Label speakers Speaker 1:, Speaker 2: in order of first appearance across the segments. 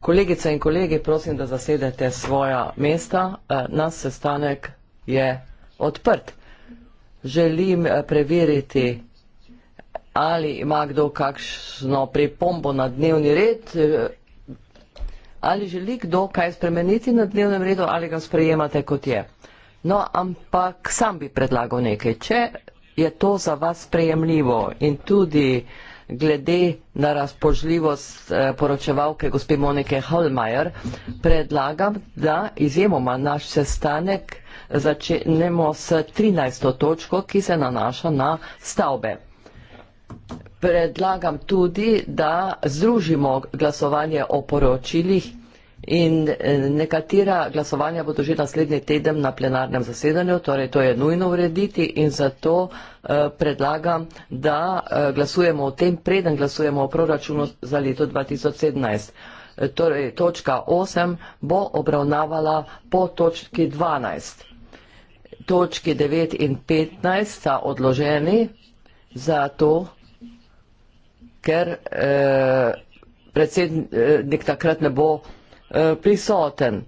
Speaker 1: Kolegice in kolegi, prosim, da zasedete svoja mesta. Eh, Nas sestanek je odprt. Želim eh, preveriti, ali ima kdo kakšno pripombo na dnevni red, eh, ali želi kdo kaj spremeniti na dnevnem redu, ali ga sprejemate kot je. No, ampak sam bi predlagal nekaj, če je to za vas sprejemljivo in tudi glede na razpožljivost eh, poročevalke gospe Monike Holmajer, predlagam, da izjemoma naš sestanek eh, začnemo s 13. točko, ki se nanaša na stavbe. Predlagam tudi, da združimo glasovanje o poročilih in eh, nekatera glasovanja bodo že naslednji teden na plenarnem zasedanju, torej to je nujno urediti in zato eh, predlagam, da eh, glasujemo o tem, preden glasujemo o proračunu za leto 2017. Torej, točka 8 bo obravnavala po točki 12. Točki 9 in 15 sta odloženi zato, ker eh, predsednik takrat ne bo Eh, prisoten.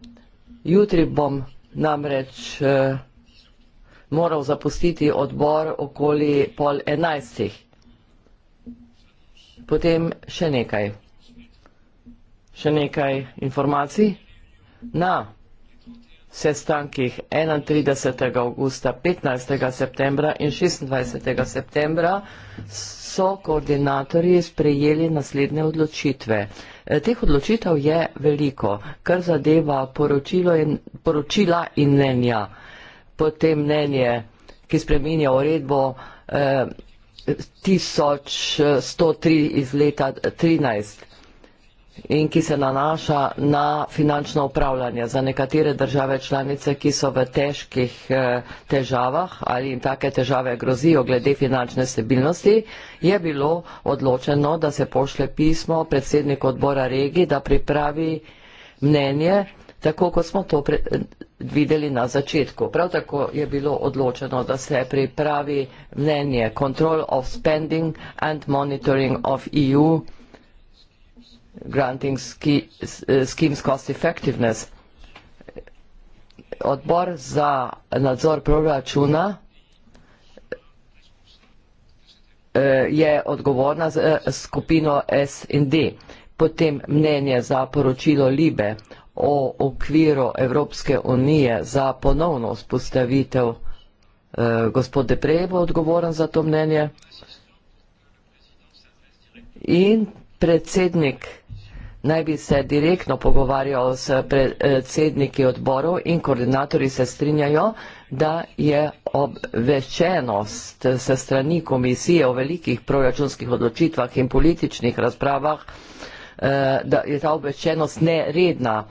Speaker 1: Jutri bom namreč eh, moral zapustiti odbor okoli pol enajstih. Potem še nekaj. Še nekaj informacij. Na sestankih 31. augusta, 15. septembra in 26. septembra so koordinatorji sprejeli naslednje odločitve. Teh odločitev je veliko, kar zadeva in, poročila in mnenja. Potem mnenje, ki spreminja uredbo eh, 1103 iz leta 13 in ki se nanaša na finančno upravljanje za nekatere države članice, ki so v težkih eh, težavah ali jim take težave grozijo glede finančne stabilnosti, je bilo odločeno, da se pošle pismo predsedniku odbora regi, da pripravi mnenje, tako kot smo to videli na začetku. Prav tako je bilo odločeno, da se pripravi mnenje Control of Spending and Monitoring of EU granting schemes cost effectiveness. Odbor za nadzor proračuna eh, je odgovorna z eh, skupino S&D. Potem mnenje za poročilo Libe o okviru Evropske unije za ponovno spostavitev. Eh, gospod Depre bo odgovoren za to mnenje. In predsednik naj bi se direktno pogovarjal s predsedniki odborov in koordinatori se strinjajo, da je obveščenost se strani komisije o velikih proračunskih odločitvah in političnih razpravah, eh, da je ta obveščenost neredna,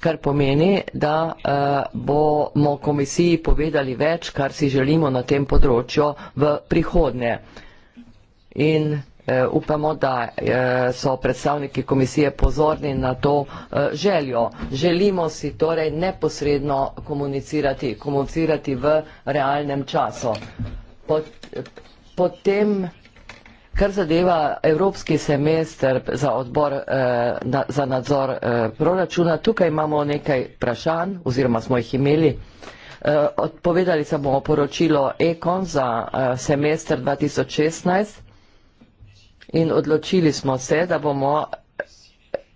Speaker 1: kar pomeni, da eh, bomo komisiji povedali več, kar si želimo na tem področju v prihodnje. In Eh, upamo, da eh, so predstavniki komisije pozorni na to eh, željo. Želimo si torej neposredno komunicirati, komunicirati v realnem času. Potem, kar zadeva Evropski semester za odbor za nadzor proračuna, tukaj imamo nekaj vprašanj oziroma smo jih imeli. Odpovedali se bomo poročilo Ekon za semester 2016 in odločili smo se, da bomo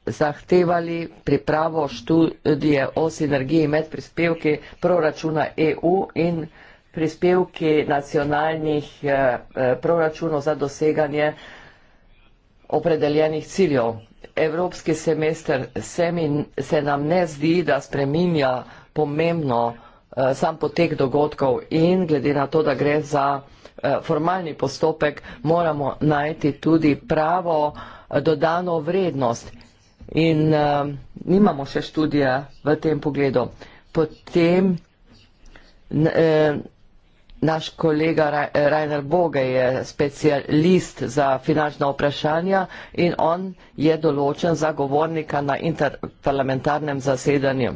Speaker 1: zahtevali pripravo študije o sinergiji med prispevki proračuna EU in prispevki nacionalnih eh, eh, proračunov za doseganje opredeljenih ciljev. Evropski semester se, mi, se nam ne zdi, da spreminja pomembno eh, sam potek dogodkov in glede na to, da gre za Eh, formalni postopek, moramo najti tudi pravo eh, dodano vrednost. In uh, nimamo še študije v tem pogledu. Potem naš kolega Rainer Boge je specialist za finančna vprašanja in on je določen zagovornika na interparlamentarnem zasedanju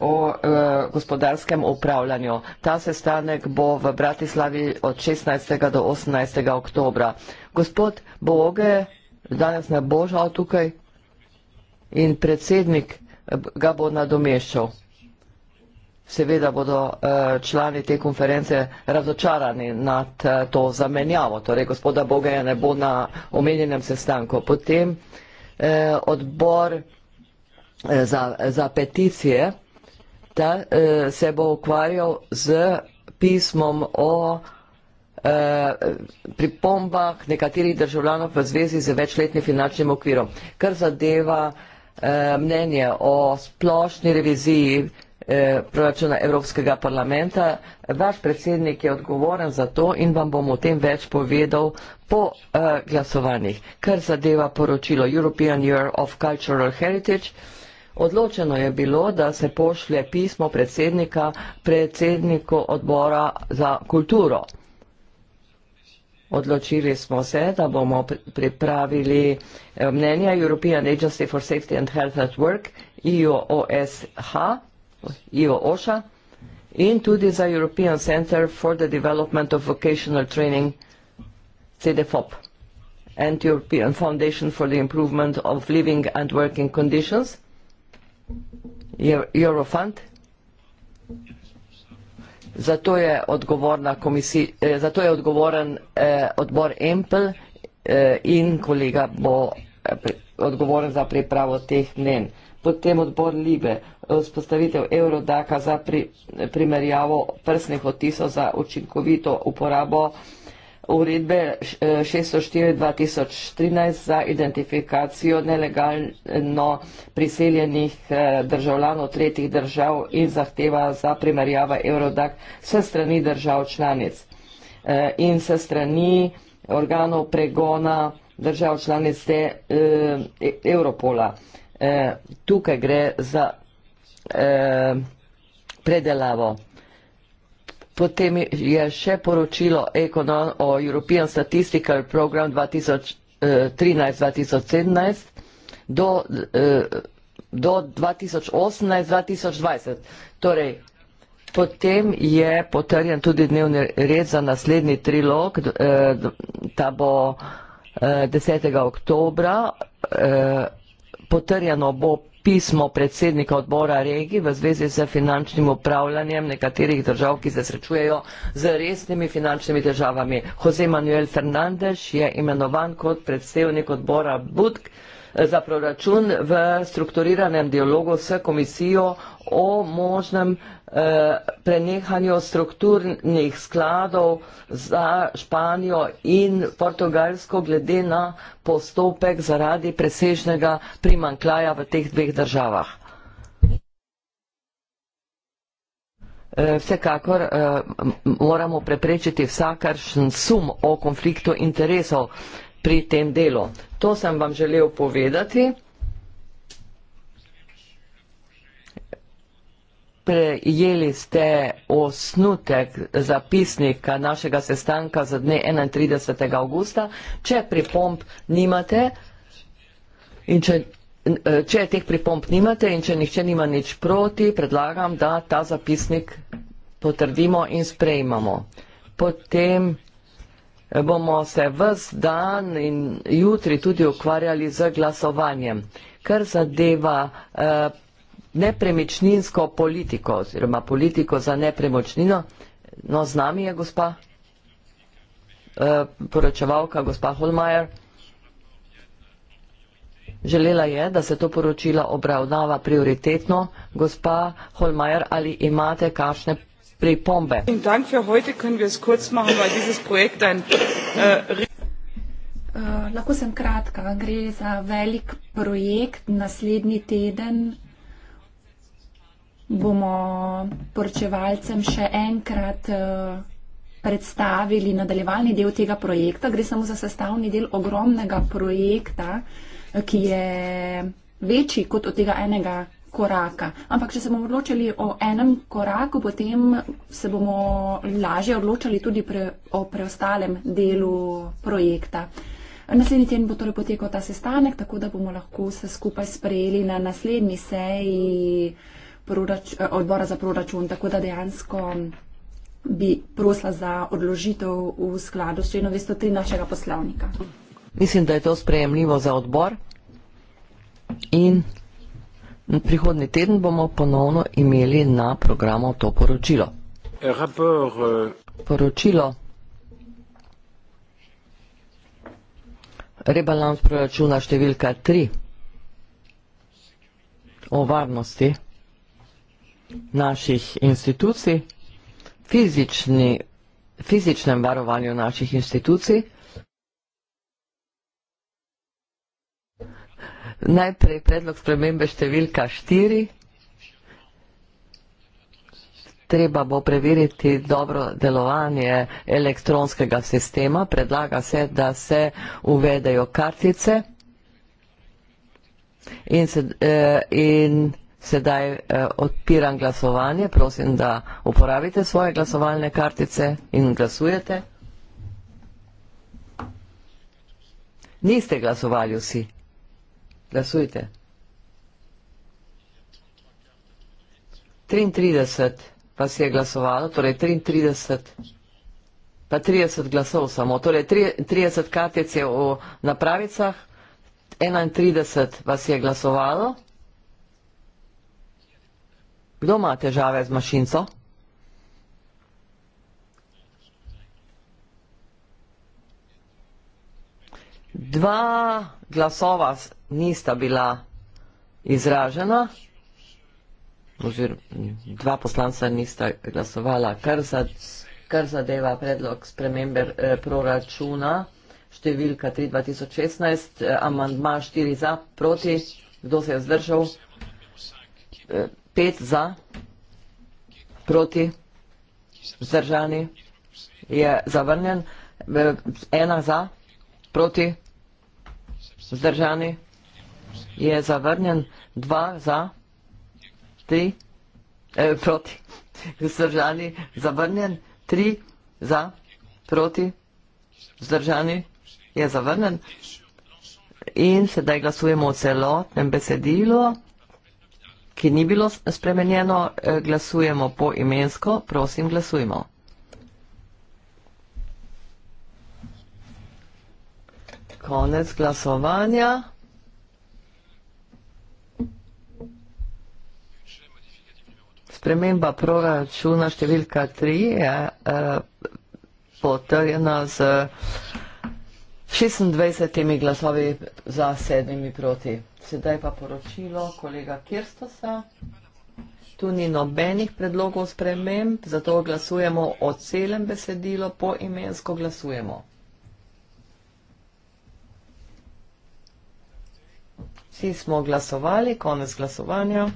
Speaker 1: o uh, gospodarskem upravljanju. Ta sestanek bo v Bratislavi od 16. do 18. oktobra. Gospod Boge, danes ne bo žal tukaj in predsednik e, ga bo nadomeščal. Seveda bodo uh, člani te konference razočarani nad uh, to zamenjavo, torej gospoda Boga ne bo na omenjenem sestanku. Potem uh, odbor uh, za, za peticije, leta eh, se bo ukvarjal z pismom o eh, pripombah nekaterih državljanov v zvezi z večletnim finančnim okvirom. Kar zadeva eh, mnenje o splošni reviziji eh, proračuna Evropskega parlamenta, vaš predsednik je odgovoren za to in vam bom o tem več povedal po glasovanjih. Kar zadeva poročilo European Year of Cultural Heritage, Odločeno je bilo, da se pošlje pismo predsednika predsedniku odbora za kulturo. Odločili smo se, da bomo pripravili eh, mnenja European Agency for Safety and Health at Work, IOSH, IOSHA, in tudi za European Center for the Development of Vocational Training, CDFOP, and European Foundation for the Improvement of Living and Working Conditions, EFOP. Eurofund. Zato je odgovorna komisija, eh, zato je odgovoren eh, odbor Empel eh, in kolega bo eh, odgovoren za pripravo teh mnen. Potem odbor Libe, vzpostavitev Eurodaka za pri, primerjavo prsnih otisov za učinkovito uporabo eh, uredbe 604-2013 eh, za identifikacijo nelegalno priseljenih eh, državljanov tretjih držav in zahteva za primerjava Eurodac se strani držav članic eh, in se strani organov pregona držav članic te Europola. Tukaj gre za predelavo. Potem je še poročilo Econon o European Statistical Program 2013-2017 eh, do, eh, do 2018-2020. Torej, potem je potrjen tudi dnevni red za naslednji trilog, eh, ta bo 10. oktobra. Potrjeno bo pismo predsednika odbora regij v zvezi z finančnim upravljanjem nekaterih držav, ki se srečujejo z resnimi finančnimi težavami. Jose Manuel Fernandez je imenovan kot predsednik odbora Budk eh, za proračun v strukturiranem dialogu s komisijo o možnem Eh, prenehanju strukturnih skladov za Španijo in Portugalsko glede na postopek zaradi presežnega primankljaja v teh dveh državah. Eh, vsekakor eh, moramo preprečiti vsakršen sum o konfliktu interesov pri tem delu. To sem vam želel povedati. Prejeli ste osnutek zapisnika našega sestanka za dne 31. augusta. Če pripomp nimate in če. E, če teh pripomp nimate in če nihče nima nič proti, predlagam, da ta zapisnik potrdimo in sprejmamo. Potem e, bomo se vz dan in jutri tudi ukvarjali z glasovanjem. Kar zadeva eh, nepremičninsko politiko oziroma politiko za nepremočnino. No, z nami je gospa eh, poročevalka, gospa Holmajer. Želela je, da se to poročilo obravnava prioritetno. Gospa Holmajer, ali imate kakšne pripombe?
Speaker 2: Uh, lahko sem kratka. Gre za velik projekt. Naslednji teden bomo poročevalcem še enkrat eh, predstavili nadaljevalni del tega projekta. Gre samo za sestavni del ogromnega projekta, eh, ki je večji kot od tega enega koraka. Ampak če se bomo odločili o enem koraku, potem se bomo lažje odločali tudi pre, o preostalem delu projekta. Naslednji teden bo torej potekal ta sestanek, tako da bomo lahko se skupaj sprejeli na naslednji seji. Eh, odbora za proračun, tako da dejansko bi prosila za odložitev v skladu s členom 203 našega poslovnika.
Speaker 1: Mislim, da je to sprejemljivo za odbor in prihodni teden bomo ponovno imeli na programu to poročilo.
Speaker 3: Euh,
Speaker 1: poročilo. Rebalans proračuna številka 3 o varnosti naših institucij, fizični, fizičnem varovanju naših institucij. Najprej predlog spremembe številka 4. Treba bo preveriti dobro delovanje elektronskega sistema. Predlaga se, da se uvedejo kartice in, se, eh, in Sedaj eh, odpiram glasovanje, prosim, da uporabite svoje glasovalne kartice in glasujete. Niste glasovali vsi. Glasujte. 33 vas je glasovalo, torej 33, pa 30 glasov samo, torej 30 kartic je v napravicah, 31 vas je glasovalo. Kdo ima težave z mašinco? Dva glasova nista bila izražena, oziroma dva poslanca nista glasovala, kar, za, kar zadeva predlog spremembe eh, proračuna, številka 3216, eh, amandma 4 za, proti, kdo se je zdržal? Eh, 5 za, proti, vzdržani, je zavrnjen, ena za, proti, vzdržani, je zavrnjen, dva za, tri, eh, proti, vzdržani, zavrnjen, tri za, proti, vzdržani, je zavrnjen. In sedaj glasujemo o celotnem besedilu ki ni bilo spremenjeno, eh, glasujemo po imensko. Prosim, glasujmo. Konec glasovanja. Sprememba proračuna številka 3 je eh, potrjena z 26 glasovi za 7 proti. Sedaj pa poročilo kolega Kirstosa. Tu ni nobenih predlogov sprememb, zato glasujemo o celem besedilu, po imensko glasujemo. Vsi smo glasovali, konec glasovanja.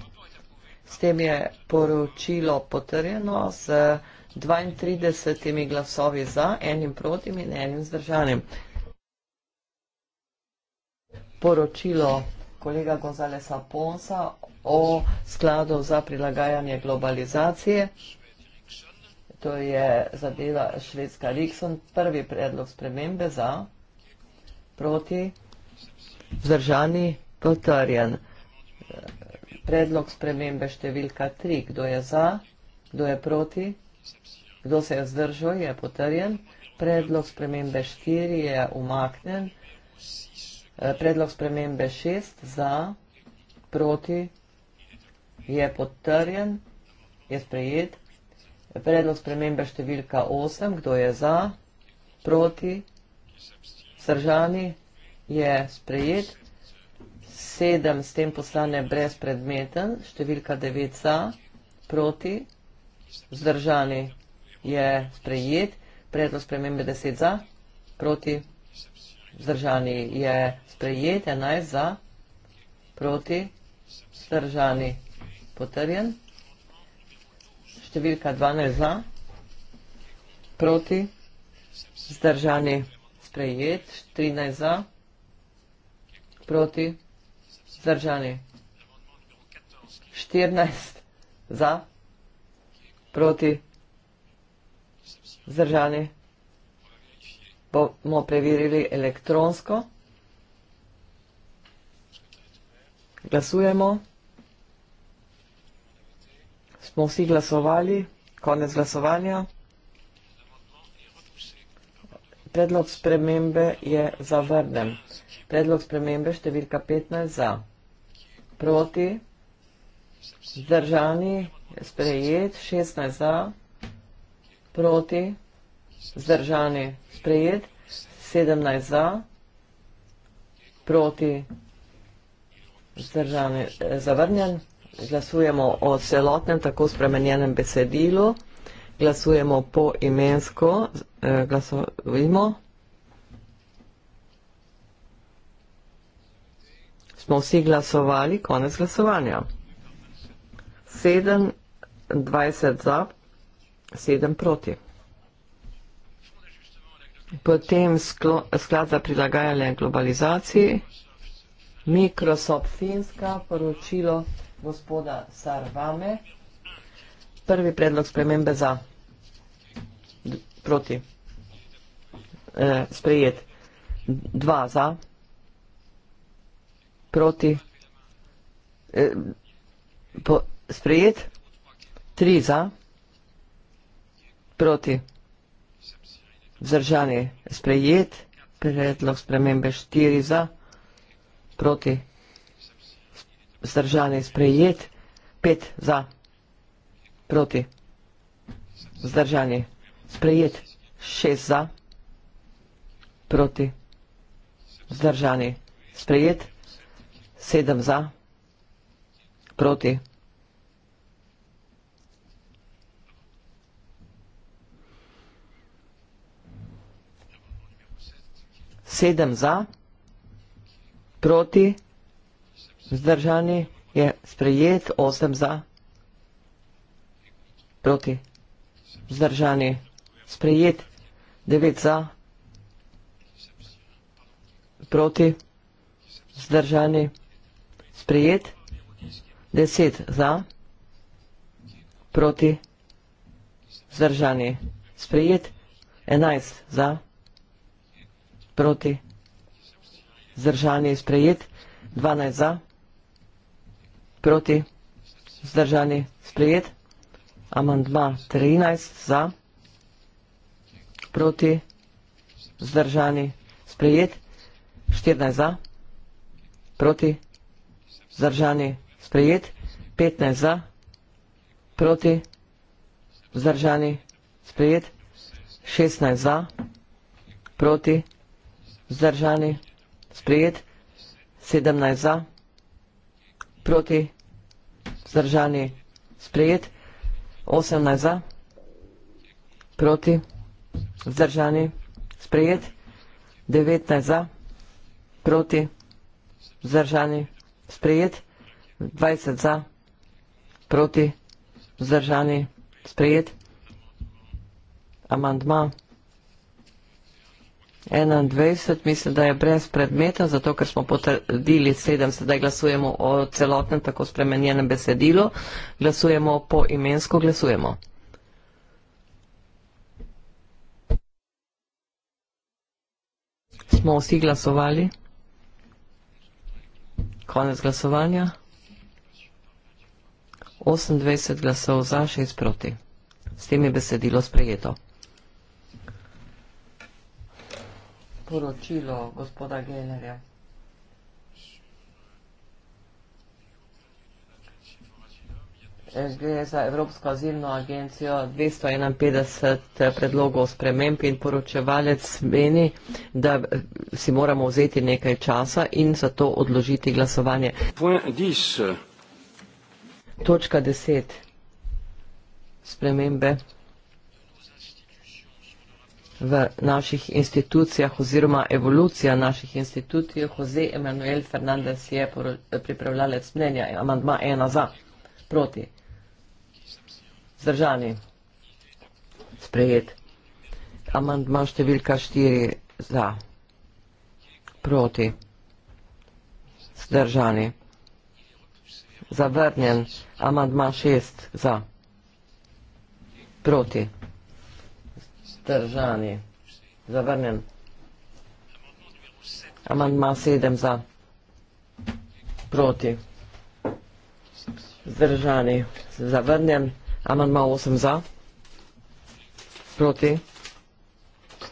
Speaker 1: S tem je poročilo potrjeno z 32 glasovi za, enim proti in enim zdržanim. Poročilo kolega Gonzalesa Ponsa o skladu za prilagajanje globalizacije. To je zadeva Švedska Rikson, prvi predlog spremembe za, proti, vzdržani, potrjen. Predlog spremembe številka 3, kdo je za, kdo je proti, kdo se je vzdržal, je potrjen. Predlog spremembe 4 je umaknen. Eh, predlog spremembe šest za, proti je potrjen, je sprejet. Predlog spremembe številka osem, kdo je za, proti, sržani je sprejet. Sedem s tem poslane brezpredmeten, številka devet za, proti, zdržani je sprejet. Predlog spremembe deset za, proti vzdržani, je sprejet, enajst za, proti, vzdržani, potrjen, številka dvanajst za, proti, vzdržani, sprejet, trinajst za, proti, vzdržani, štirinajst za, proti, vzdržani, vzdržani, bomo preverili elektronsko. Glasujemo. Smo vsi glasovali. Konec glasovanja. Predlog spremembe je zavrnem. Predlog spremembe številka 15 za. Proti. Zdržani. Sprejet. 16 za. Proti. Zdržani sprejet, 17 za, proti zdržani eh, zavrnjen. Glasujemo o celotnem tako spremenjenem besedilu. Glasujemo po imensko. Eh, glasujemo. Smo vsi glasovali, konec glasovanja. 27 za, 7 proti potem sklada prilagajale globalizaciji, Microsoft Finska, poročilo gospoda Sarvame, prvi predlog spremembe za, proti, eh, sprejet, dva za, proti, eh, sprejet, tri za, proti, sprejet, Vzdržan je sprejet, predlog spremembe 4 za, proti, vzdržan je sprejet, 5 za, proti, vzdržan je sprejet, 6 za, proti, vzdržan je sprejet, 7 za, proti, vzdržan je sprejet. sedem za, proti, vzdržani je sprejet, osem za, proti, vzdržani sprejet, devet za, proti, vzdržani sprejet, deset za, proti, vzdržani sprejet, enajst za, proti, proti, zdržan je sprejet, 12 za, proti, zdržan je sprejet, amandma 13 za, proti, zdržan je sprejet, 14 za, proti, zdržan je sprejet, 15 za, proti, zdržan je sprejet, 16 za, proti, zdržan je sprejet, vzdržani, sprejet, 17 za, proti, vzdržani, sprejet, 18 za, proti, vzdržani, sprejet, 19 za, proti, vzdržani, sprejet, 20 za, proti, vzdržani, sprejet, amandma. 21, mislim, da je brez predmeta, zato ker smo potrdili 7, sedaj glasujemo o celotnem tako spremenjenem besedilu. Glasujemo po imensko, glasujemo. Smo vsi glasovali? Konec glasovanja. 28 glasov za, 6 proti. S tem je besedilo sprejeto. poročilo gospoda Gellerja. Gre za Evropsko azilno agencijo 251 eh, predlogov sprememb in poročevalec meni, da eh, si moramo vzeti nekaj časa in za to odložiti glasovanje. Točka 10. Spremembe v naših institucijah oziroma evolucija naših institucij. Jose Emanuel Fernandez je pripravljalec mnenja. Amandma ena za. Proti. Zdržani. Sprejet. Amandma številka štiri za. Proti. Zdržani. Zavrnjen. Amandma šest za. Proti vzdržani. Zavrnjen. Amandma sedem za. Proti. Zdržani. Zavrnjen. Amandma osem za. Proti.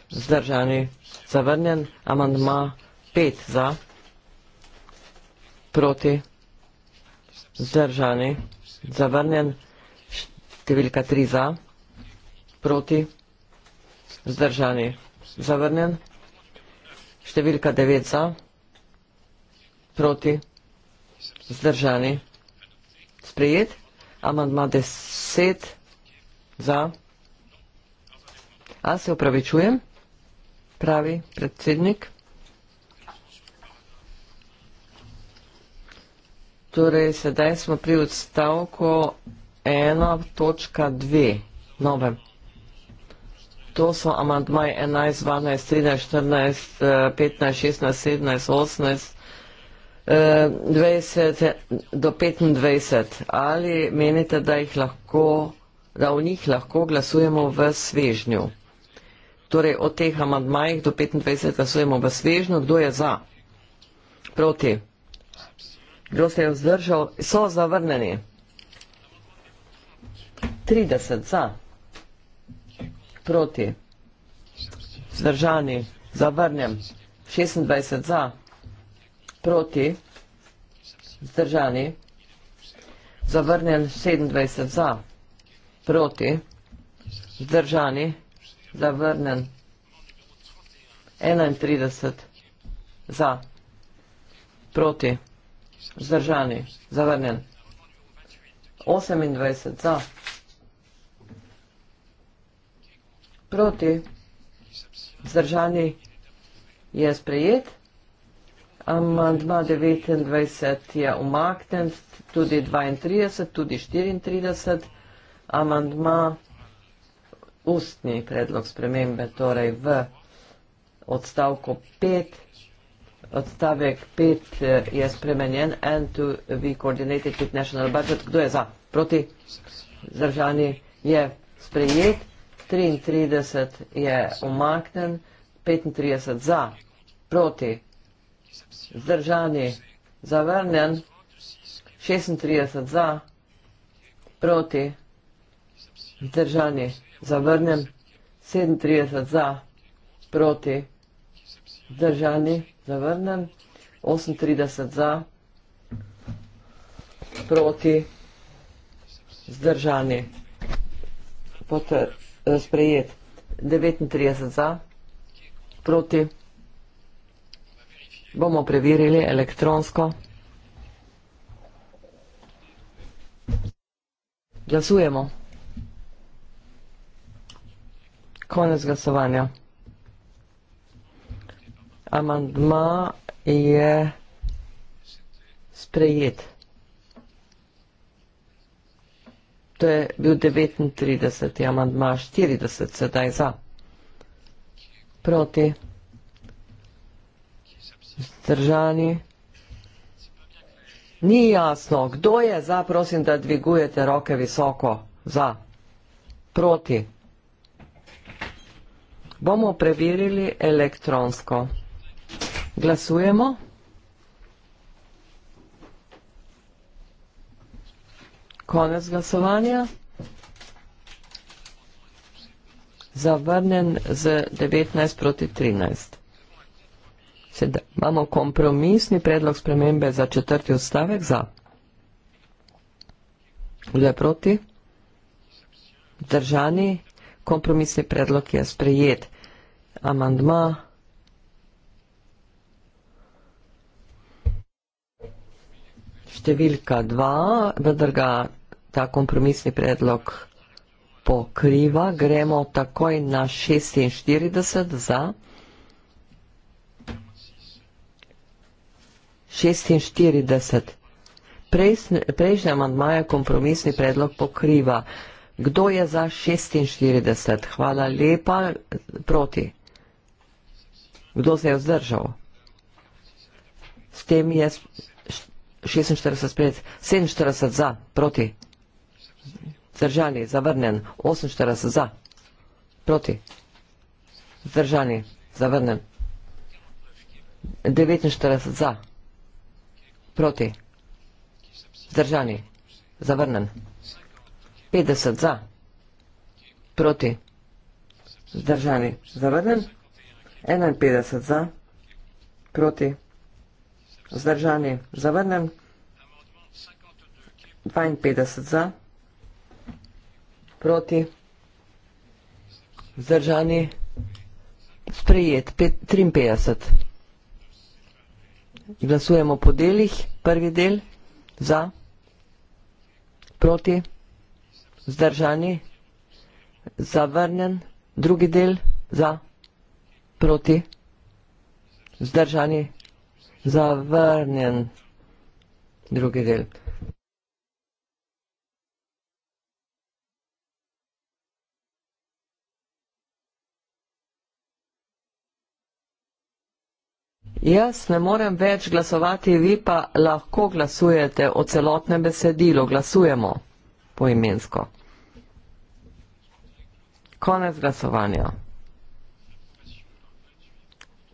Speaker 1: Zdržani. Zavrnjen. Amandma pet za. Proti. Zdržani. Zavrnjen. Številka tri za. Proti. Zdržani vzdržani. Zavrnjen. Številka 9 za. Proti. Vzdržani. Sprejet. Amandma 10 za. A se upravičujem, pravi predsednik. Torej, sedaj smo pri odstavku 1.2. Novem to so amantmaje 11, 12, 13, 14, 15, 16, 17, 18, 20 do 25. Ali menite, da, lahko, da v njih lahko glasujemo v svežnju? Torej, od teh amantmajih do 25 glasujemo v svežnju. Kdo je za? Proti. Kdo se je vzdržal? So zavrneni. 30 za proti, zdržani, zavrnjem, 26 za, proti, zdržani, zavrnjen, 27 za, proti, zdržani, zavrnjen, 31 za, proti, zdržani, zavrnjen, 28 za, proti, proti, vzdržani je sprejet. Amandma 29 je umaknen, tudi 32, tudi 34. Amandma ustni predlog spremembe, torej v odstavku 5. Odstavek 5 eh, je spremenjen. And to be coordinated with national budget. Kdo je za? Proti? Zdržani je sprejet. 33 je omaknen, 35 za, proti, zdržani, zavrnen, 36 za, proti, zdržani, zavrnen, 37 za, proti, zdržani, zavrnen, 38 za, proti, zdržani, potrd. Eh, sprejet. 39 za, proti. Bomo preverili elektronsko. Glasujemo. Konec glasovanja. Amandma je sprejet. to je bil 39. amandma, 40 sedaj za. Proti. Zdržani. Ni jasno, kdo je za, prosim, da dvigujete roke visoko. Za. Proti. Bomo preverili elektronsko. Glasujemo. Konec glasovanja. Zavrnen z 19 proti 13. Sed, imamo kompromisni predlog spremembe za četrti odstavek za. Kdo je proti? Držani. Kompromisni predlog je sprejet. Amandma. številka dva, vendar ga ta kompromisni predlog pokriva. Gremo takoj na 46 za. 46. Prejšnji amandma je kompromisni predlog pokriva. Kdo je za 46? Hvala lepa. Proti. Kdo se je vzdržal? S tem je 46 sprejet, 47 za, proti. Zdržani, zavrnen, 48 za, proti. Zdržani, zavrnen. 49 za, proti. Zdržani, zavrnen. 50 za, proti. Zdržani, zavrnen. 51 za, proti. Zdržani zavrnem. 52 za. Proti. Zdržani sprejet. 53. Glasujemo po delih. Prvi del. Za. Proti. Zdržani. Zavrnen. Drugi del. Za. Proti. Zdržani zavrnjen drugi del. Jaz ne morem več glasovati, vi pa lahko glasujete o celotnem besedilu. Glasujemo poimensko. Konec glasovanja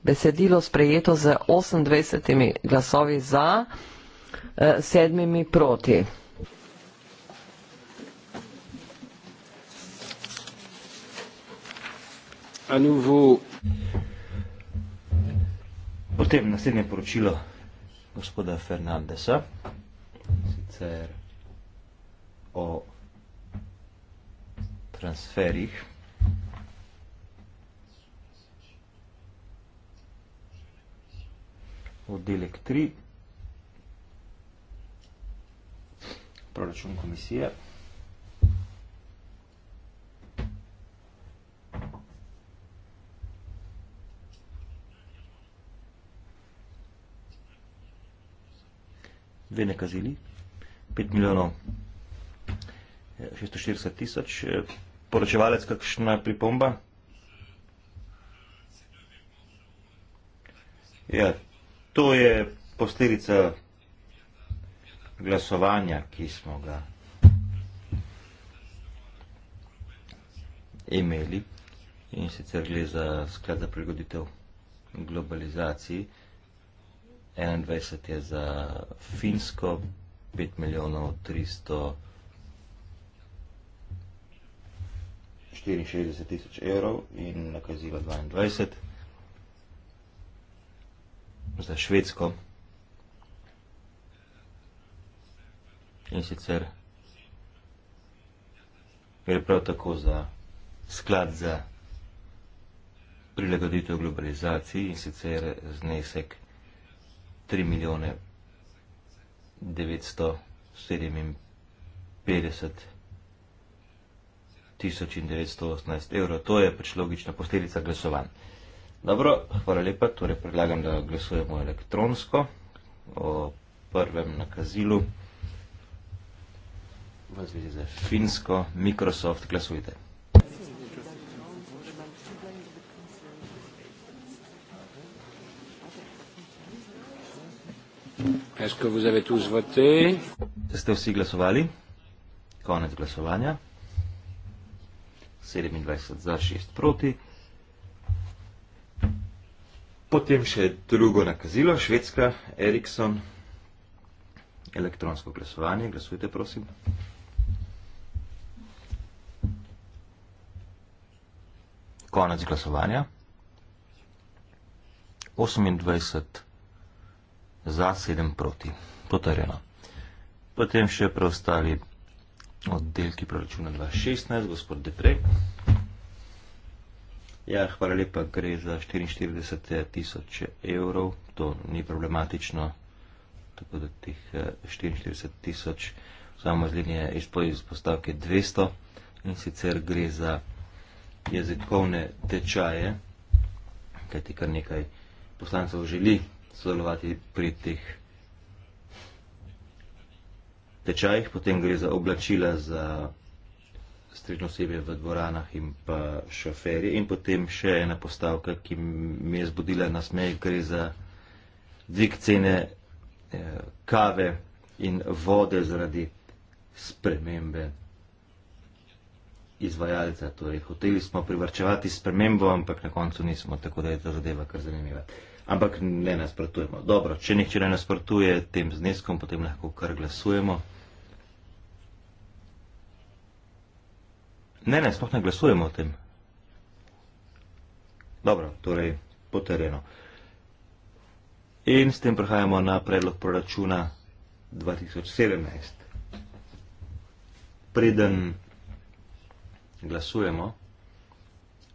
Speaker 1: besedilo sprejeto z 28 glasovi za, eh, sedmimi proti.
Speaker 4: Potem naslednje poročilo gospoda Fernandesa, sicer o transferih oddelek 3, proračun komisije. Dve nekazili, 5 milijonov 640 eh, tisoč. Eh, poročevalec, kakšna pripomba? Ja, To je posledica glasovanja, ki smo ga imeli in sicer gre za sklad za prilagoditev globalizaciji. 21 je za Finsko, 5 milijonov 364 tisoč evrov in nakazilo 22 za Švedsko. In sicer gre prav tako za sklad za prilagoditev globalizaciji in sicer znesek 3 milijone 957 tisoč in 918 evrov. To je pač logična posledica glasovanja. Dobro, hvala lepa. Torej predlagam, da glasujemo elektronsko o prvem nakazilu. V zvezi z Finsko, Microsoft, glasujte. Ste vsi glasovali? Konec glasovanja. 27 za 6 proti. Potem še drugo nakazilo, Švedska, Ericsson, elektronsko glasovanje, glasujte prosim. Konec glasovanja. 28 za, 7 proti. Potrjeno. Potem še preostali oddelki proračuna 2016, gospod Deprej. Ja, hvala lepa, gre za 44 tisoč evrov, to ni problematično, tako da eh, tih 44 tisoč vzamemo z linije izpoj iz postavke 200 in sicer gre za jezikovne tečaje, kajti kar nekaj poslancev želi sodelovati pri teh tečajih, potem gre za oblačila za strežno osebje v dvoranah in pa šoferje. In potem še ena postavka, ki mi je zbudila na smeh, gre za dvig cene eh, kave in vode zaradi spremembe izvajalca. Torej, hoteli smo privrčevati spremembo, ampak na koncu nismo, tako da je ta zadeva kar zanimiva. Ampak ne nasprotujemo. Dobro, če nihče ne nasprotuje tem zneskom, potem lahko kar glasujemo. Ne, ne, sploh ne glasujemo o tem. Dobro, torej potrjeno. In s tem prehajamo na predlog proračuna 2017. Preden glasujemo,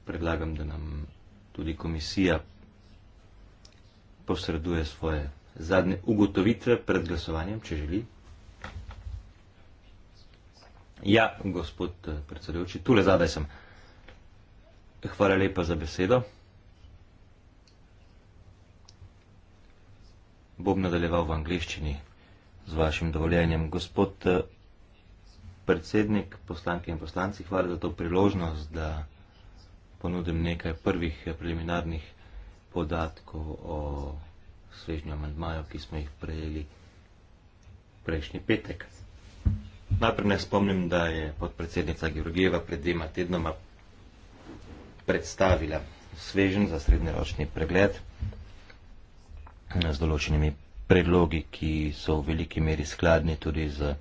Speaker 4: predlagam, da nam tudi komisija posreduje svoje zadnje ugotovitve pred glasovanjem, če želi. Ja, gospod eh, predsedujoči, tule zadaj sem. Hvala lepa za besedo. Bom nadaljeval v angliščini z vašim dovoljenjem. Gospod eh, predsednik, poslanke in poslanci, hvala za to priložnost, da ponudim nekaj prvih eh, preliminarnih podatkov o svežnju amandmaju, ki smo jih prejeli prejšnji petek. Najprej ne spomnim, da je podpredsednica Georgijeva pred dvema tednoma predstavila svežen za srednjeročni pregled eh, z določenimi predlogi, ki so v veliki meri skladni tudi z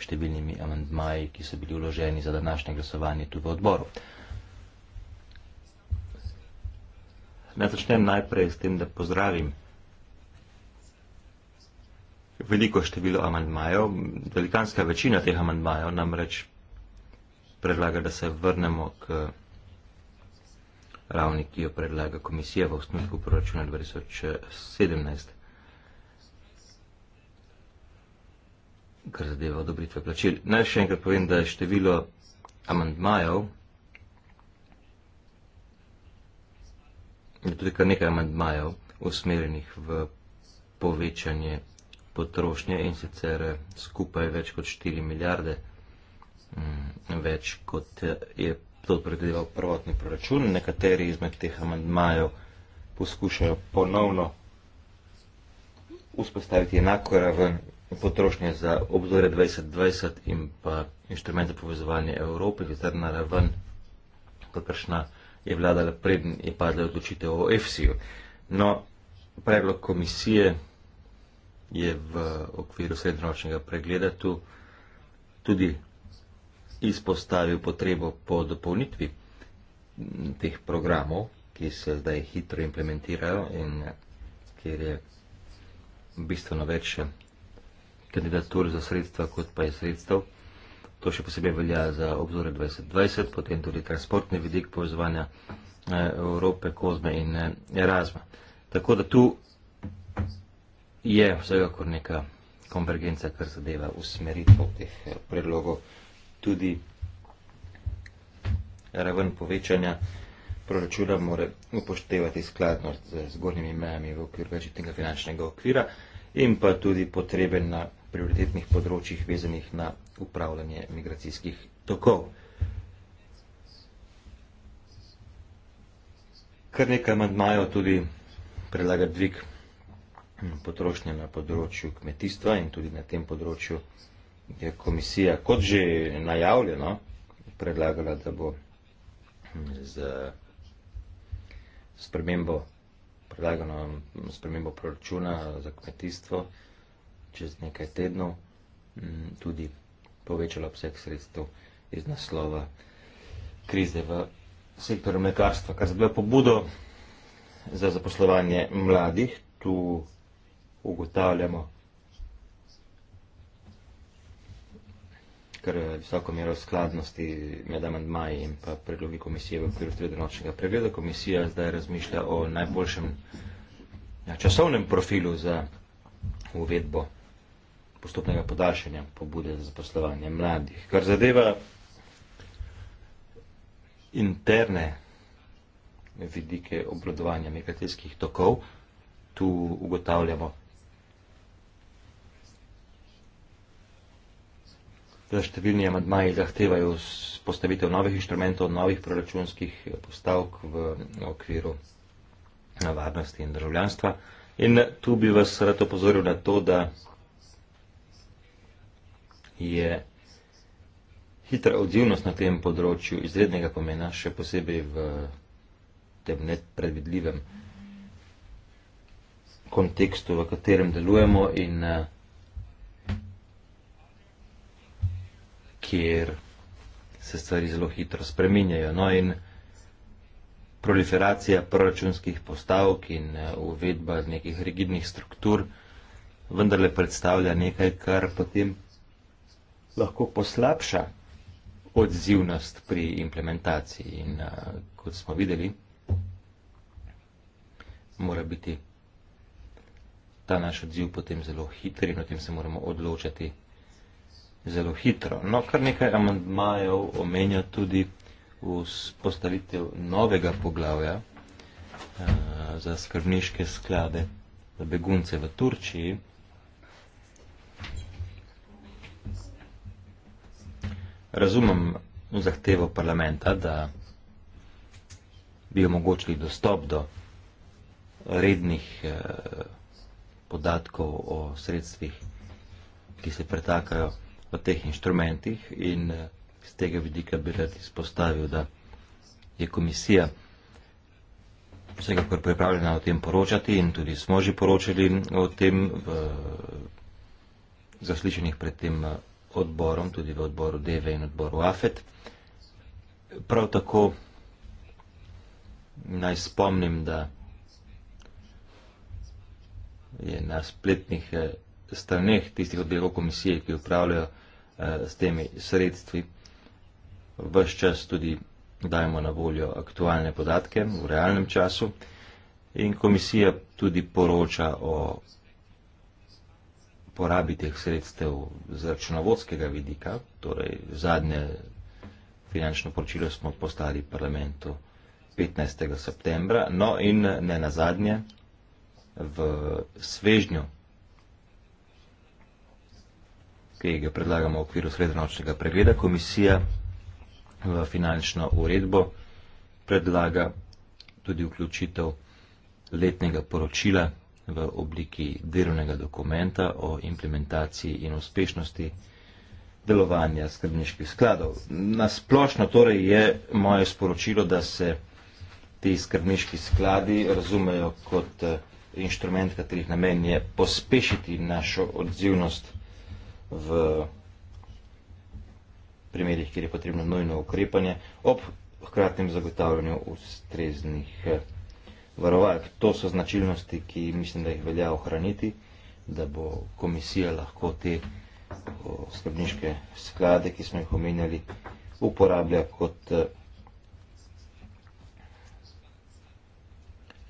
Speaker 4: številnimi amandmaji, ki so bili uloženi za današnje glasovanje tudi v odboru. Naj začnem najprej s tem, da pozdravim veliko število amandmajev, velikanska večina teh amandmajev namreč predlaga, da se vrnemo k ravni, ki jo predlaga komisija v osnutku proračuna 2017, kar zadeva odobritve plačil. Naj še enkrat povem, da je število amandmajev, je tudi kar nekaj amandmajev, usmerjenih v povečanje potrošnje in sicer skupaj več kot 4 milijarde, mm, več kot je to predvideval prvotni proračun. Nekateri izmed teh amandmajev poskušajo ponovno vzpostaviti enako raven potrošnje za obzore 2020 in pa inštrumente povezovanja Evrope, sicer na raven, kakršna je vladala pred in je padla odločitev o EFSI-ju. No, predlog komisije je v okviru srednjeročnega pregleda tu tudi izpostavil potrebo po dopolnitvi teh programov, ki se zdaj hitro implementirajo in kjer je bistveno več kandidatur za sredstva, kot pa je sredstev. To še posebej velja za obzore 2020, potem tudi transportni vidik povezovanja eh, Evrope, Kozme in eh, Erasma. Tako da tu je vsega kot neka konvergenca, kar zadeva usmeritev teh eh, predlogov, tudi raven povečanja proračuna mora upoštevati skladno z zgornjimi mejami v okviru večjetnega finančnega okvira in pa tudi potrebe na prioritetnih področjih vezanih na upravljanje migracijskih tokov. Kar nekaj amandmajo tudi predlaga dvig potrošnje na področju kmetijstva in tudi na tem področju je komisija, kot že najavljeno, predlagala, da bo hm, z spremembo, predlagano hm, spremembo proračuna za kmetijstvo čez nekaj tednov hm, tudi povečala obseg sredstev iz naslova krize v sektorju mlekarstva, kar zbila pobudo za zaposlovanje mladih. Tu ugotavljamo. kar visoko mero skladnosti med amandmaji in pa predlogi komisije v okviru tredenočnega pregleda. Komisija zdaj razmišlja o najboljšem ja, časovnem profilu za uvedbo postopnega podaljšanja pobude za zaposlovanje mladih. Kar zadeva interne vidike obrodovanja migracijskih tokov, tu ugotavljamo številni amantmaji zahtevajo postavitev novih inštrumentov, novih proračunskih postavk v okviru varnosti in državljanstva. In tu bi vas rad opozoril na to, da je hitra odzivnost na tem področju izrednega pomena, še posebej v tem nepredvidljivem kontekstu, v katerem delujemo in uh, kjer se stvari zelo hitro spreminjajo. No in proliferacija proračunskih postavk in eh, uvedba nekih rigidnih struktur vendarle predstavlja nekaj, kar potem lahko poslabša odzivnost pri implementaciji. In eh, kot smo videli, mora biti ta naš odziv potem zelo hiter in o tem se moramo odločati zelo hitro. No, kar nekaj amantmajev omenja tudi v postavitev novega poglavja uh, za skrbniške sklade za begunce v Turčiji. Razumem zahtevo parlamenta, da bi omogočili dostop do rednih eh, podatkov o sredstvih, ki se pretakajo v teh inštrumentih in z eh, tega vidika bi rad izpostavil, da je komisija vsekakor pripravljena o tem poročati in tudi smo že poročali o tem v zaslišanjih pred tem eh, odborom, tudi v odboru DEVE in odboru AFET. Prav tako naj spomnim, da je na spletnih eh, straneh tistih oddelkov komisije, ki upravljajo Eh, s temi sredstvi. Vse čas tudi dajemo na voljo aktualne podatke v realnem času in komisija tudi poroča o porabi teh sredstev z računovodskega vidika, torej zadnje finančno poročilo smo postali parlamentu 15. septembra, no in ne na zadnje v svežnju ki ga predlagamo v okviru srednjeročnega pregleda, komisija v finančno uredbo predlaga tudi vključitev letnega poročila v obliki delovnega dokumenta o implementaciji in uspešnosti delovanja skrbniških skladov. Na splošno torej je moje sporočilo, da se ti skrbniški skladi razumejo kot eh, inštrument, katerih namen je pospešiti našo odzivnost v primerih, kjer je potrebno nojno ukrepanje, ob hkratnem zagotavljanju ustreznih eh, varovalk. To so značilnosti, ki mislim, da jih velja ohraniti, da bo komisija lahko te skrbniške sklade, ki smo jih omenjali, uporablja kot eh,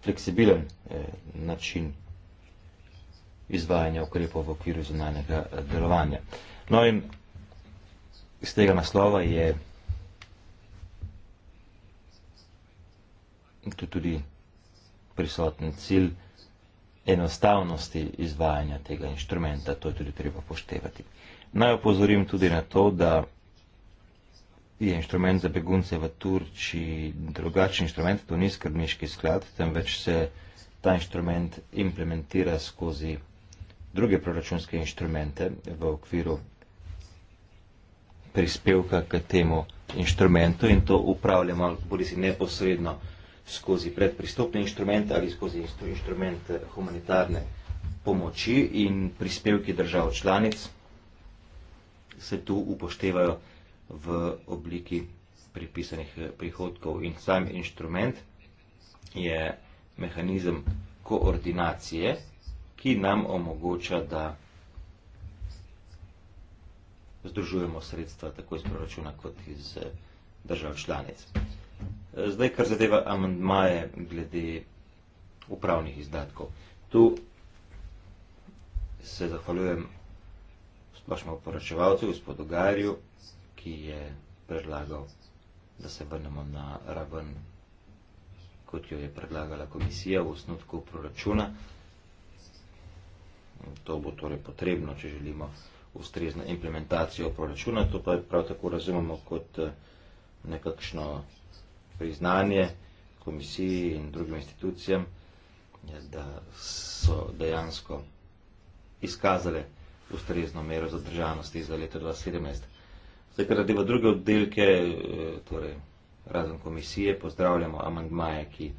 Speaker 4: fleksibilen eh, način izvajanja ukrepov v okviru zunanjega eh, delovanja. No in iz tega naslova je tu tudi prisoten cilj enostavnosti izvajanja tega inštrumenta, to je tudi treba poštevati. Naj opozorim tudi na to, da je inštrument za begunce v Turčiji drugačen inštrument, to ni skrbniški sklad, temveč se ta inštrument implementira skozi druge proračunske inštrumente v okviru prispevka k temu inštrumentu in to upravljamo bodi si neposredno skozi predpristopne inštrumente ali skozi inštrumente humanitarne pomoči in prispevki držav članic se tu upoštevajo v obliki pripisanih eh, prihodkov in sam inštrument je mehanizem koordinacije ki nam omogoča, da združujemo sredstva tako iz proračuna kot iz eh, držav članic. Eh, zdaj, kar zadeva amandmaje glede upravnih izdatkov. Tu se zahvaljujem splošnemu poročevalcu, gospodu Garju, ki je predlagal, da se vrnemo na raven, kot jo je predlagala komisija v osnutku proračuna. To bo torej potrebno, če želimo ustrezno implementacijo proračuna. To pa prav tako razumemo kot eh, nekakšno priznanje komisiji in drugim institucijam, da so dejansko izkazale ustrezno mero zadržanosti za leto 2017. Zdaj, kar zadeva druge oddelke, eh, torej razen komisije, pozdravljamo amandmaje, ki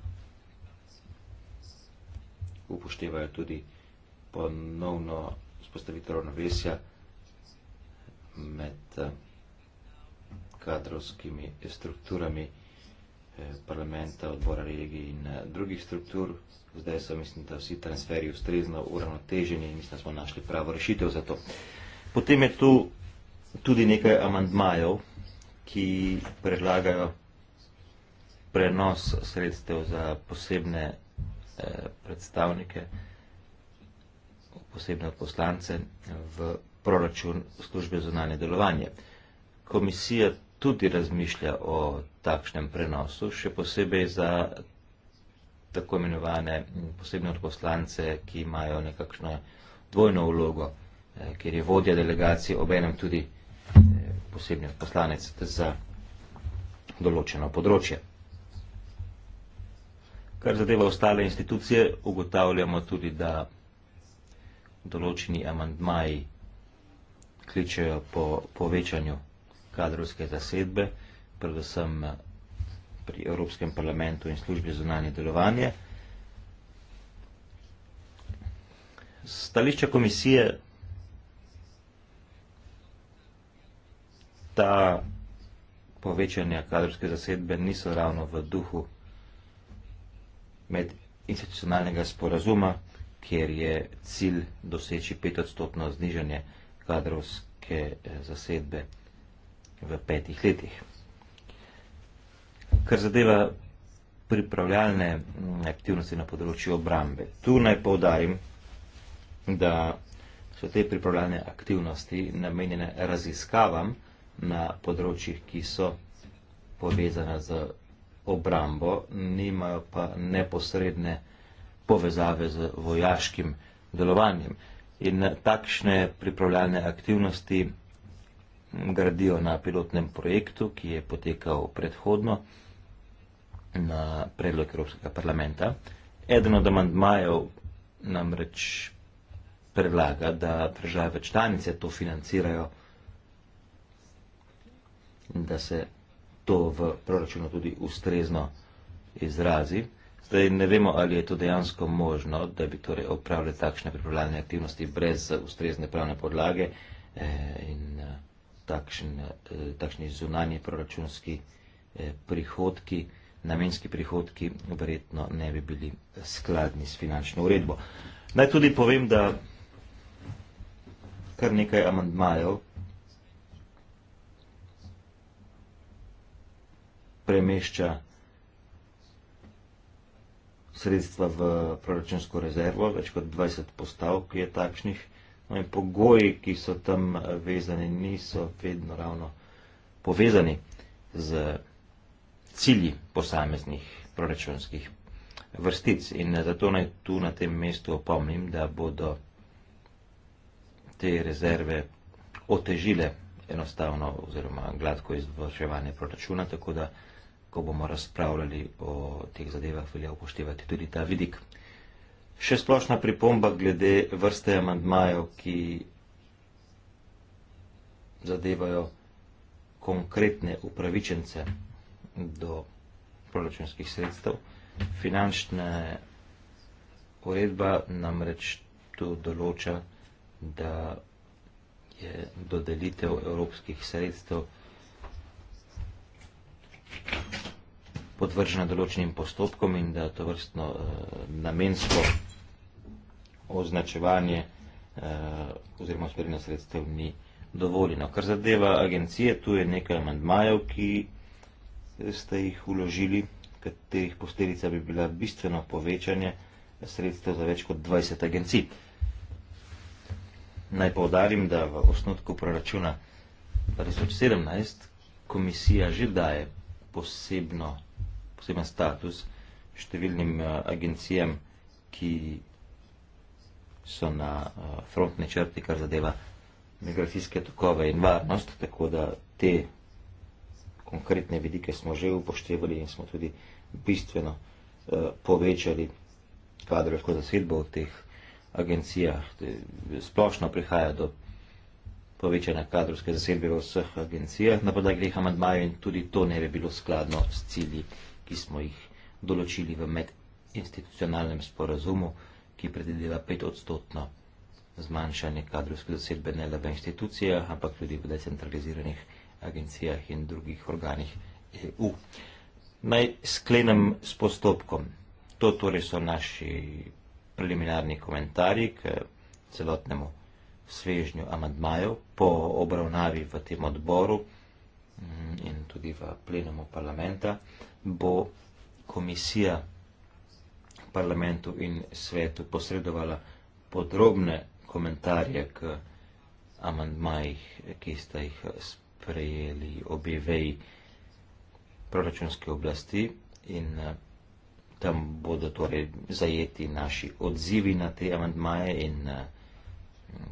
Speaker 4: upoštevajo tudi ponovno spostavitev ravnovesja med eh, kadrovskimi strukturami eh, parlamenta, odbora regij in eh, drugih struktur. Zdaj so, mislim, da vsi transferi ustrezno uravnoteženi in mislim, da smo našli pravo rešitev za to. Potem je tu tudi nekaj amandmajev, ki predlagajo prenos sredstev za posebne eh, predstavnike eh, posebne odposlance v proračun službe zunanje delovanje. Komisija tudi razmišlja o takšnem prenosu, še posebej za tako imenovane posebne odposlance, ki imajo nekakšno dvojno vlogo, eh, kjer je vodja delegacije obenem tudi eh, posebni odposlanec za določeno področje. Kar zadeva ostale institucije, ugotavljamo tudi, da določeni amandmaji kličejo po povečanju kadrovske zasedbe, predvsem eh, pri Evropskem parlamentu in službi zunanje delovanje. Stališče komisije ta povečanja kadrovske zasedbe niso ravno v duhu med institucionalnega sporazuma, kjer je cilj doseči petodstotno znižanje kadrovske eh, zasedbe v petih letih. Kar zadeva pripravljalne mm, aktivnosti na področju obrambe. Tu naj povdarim, da so te pripravljalne aktivnosti namenjene raziskavam na področjih, ki so povezane z obrambo, nimajo pa neposredne aktivnosti povezave z vojaškim delovanjem. In takšne pripravljalne aktivnosti gradijo na pilotnem projektu, ki je potekal predhodno na predlog Evropskega parlamenta. Eden od amandmajev namreč predlaga, da države članice to financirajo in da se to v proračunu tudi ustrezno izrazi. Zdaj ne vemo, ali je to dejansko možno, da bi torej opravljali takšne pripravljalne aktivnosti brez eh, ustrezne pravne podlage eh, in eh, takšen, takšni zunanji proračunski prihodki, namenski prihodki, verjetno ne bi bili skladni s finančno uredbo. Naj tudi povem, da kar nekaj amandmajev premešča sredstva v proračunsko rezervo, več kot 20 postavk je takšnih. No in pogoji, ki so tam eh, vezani, niso vedno ravno povezani z cilji posameznih proračunskih vrstic. In eh, zato naj tu na tem mestu opomnim, da bodo te rezerve otežile enostavno oziroma gladko izvrševanje proračuna, tako da ko bomo razpravljali o teh zadevah, velja upoštevati tudi ta vidik. Še splošna pripomba glede vrste amantmajev, ki zadevajo konkretne upravičence do proračunskih sredstev. Finančna uredba namreč tu določa, da je dodelitev evropskih sredstev podvržena določenim postopkom in da to vrstno uh, namensko označevanje uh, oziroma usmerjeno sredstev ni dovoljeno. Kar zadeva agencije, tu je nekaj amandmajev, ki ste jih uložili, katerih posledica bi bila bistveno povečanje sredstev za več kot 20 agencij. Naj poudarim, da v osnotku proračuna 2017 komisija že daje posebno poseben status številnim eh, agencijam, ki so na eh, frontni črti, kar zadeva migracijske tokove in varnost, tako da te konkretne vidike smo že upoštevali in smo tudi bistveno eh, povečali kadrovsko zasedbo v teh agencijah. Splošno prihaja do povečanja kadrovske zasedbe v vseh agencijah na podlagi teh amadmajev in tudi to ne bi bilo skladno s cilji ki smo jih določili v medinstitucionalnem sporazumu, ki predvideva pet odstotno zmanjšanje kadrovske zasedbe ne le v institucijah, ampak tudi v decentraliziranih agencijah in drugih organih EU. Naj sklenem s postopkom. To torej so naši preliminarni komentarji k celotnemu svežnju amadmajev po obravnavi v tem odboru mm, in tudi v plenumu parlamenta bo komisija parlamentu in svetu posredovala podrobne komentarje k amandmajih, ki sta jih sprejeli obi veji proračunske oblasti in eh, tam bodo torej zajeti naši odzivi na te amandmaje in eh,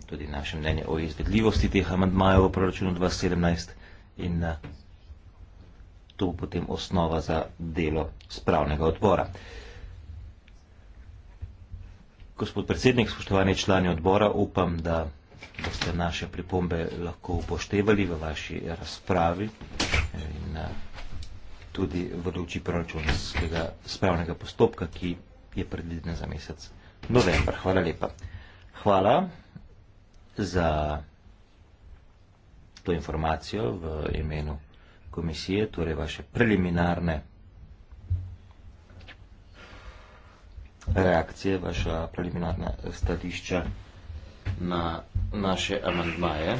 Speaker 4: tudi naše mnenje o izvedljivosti teh amandmajev v proračunu 2017 in eh, to potem osnova za delo spravnega odbora. Gospod predsednik, spoštovani člani odbora, upam, da boste naše pripombe lahko upoštevali v vaši razpravi eh, in eh, tudi v luči proračunskega spravnega postopka, ki je predviden za mesec novembra. Hvala lepa. Hvala za to informacijo v imenu komisije, torej vaše preliminarne reakcije, vaša preliminarna stališča na naše amandmaje.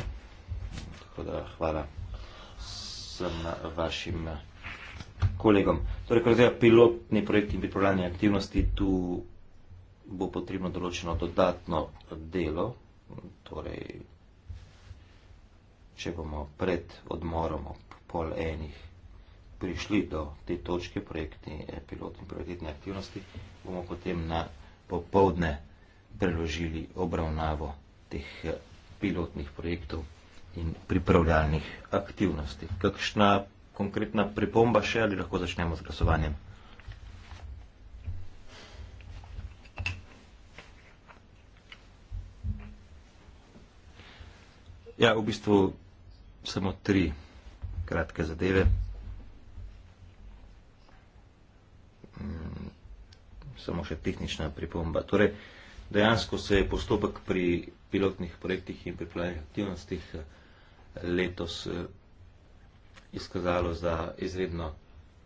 Speaker 4: Tako da hvala sem vašim kolegom. Torej, kar zdaj pilotni projekt in pripravljanje aktivnosti, tu bo potrebno določeno dodatno delo, torej, če bomo pred odmorom pol enih prišli do te točke projektni eh, pilot in projektne aktivnosti, bomo potem na popovdne preložili obravnavo teh eh, pilotnih projektov in pripravljalnih aktivnosti. Kakšna konkretna pripomba še ali lahko začnemo z glasovanjem? Ja, v bistvu samo tri kratke zadeve. Mm, samo še tehnična pripomba. Torej, dejansko se je postopek pri pilotnih projektih in pripravljenih aktivnostih eh, letos eh, izkazalo za izredno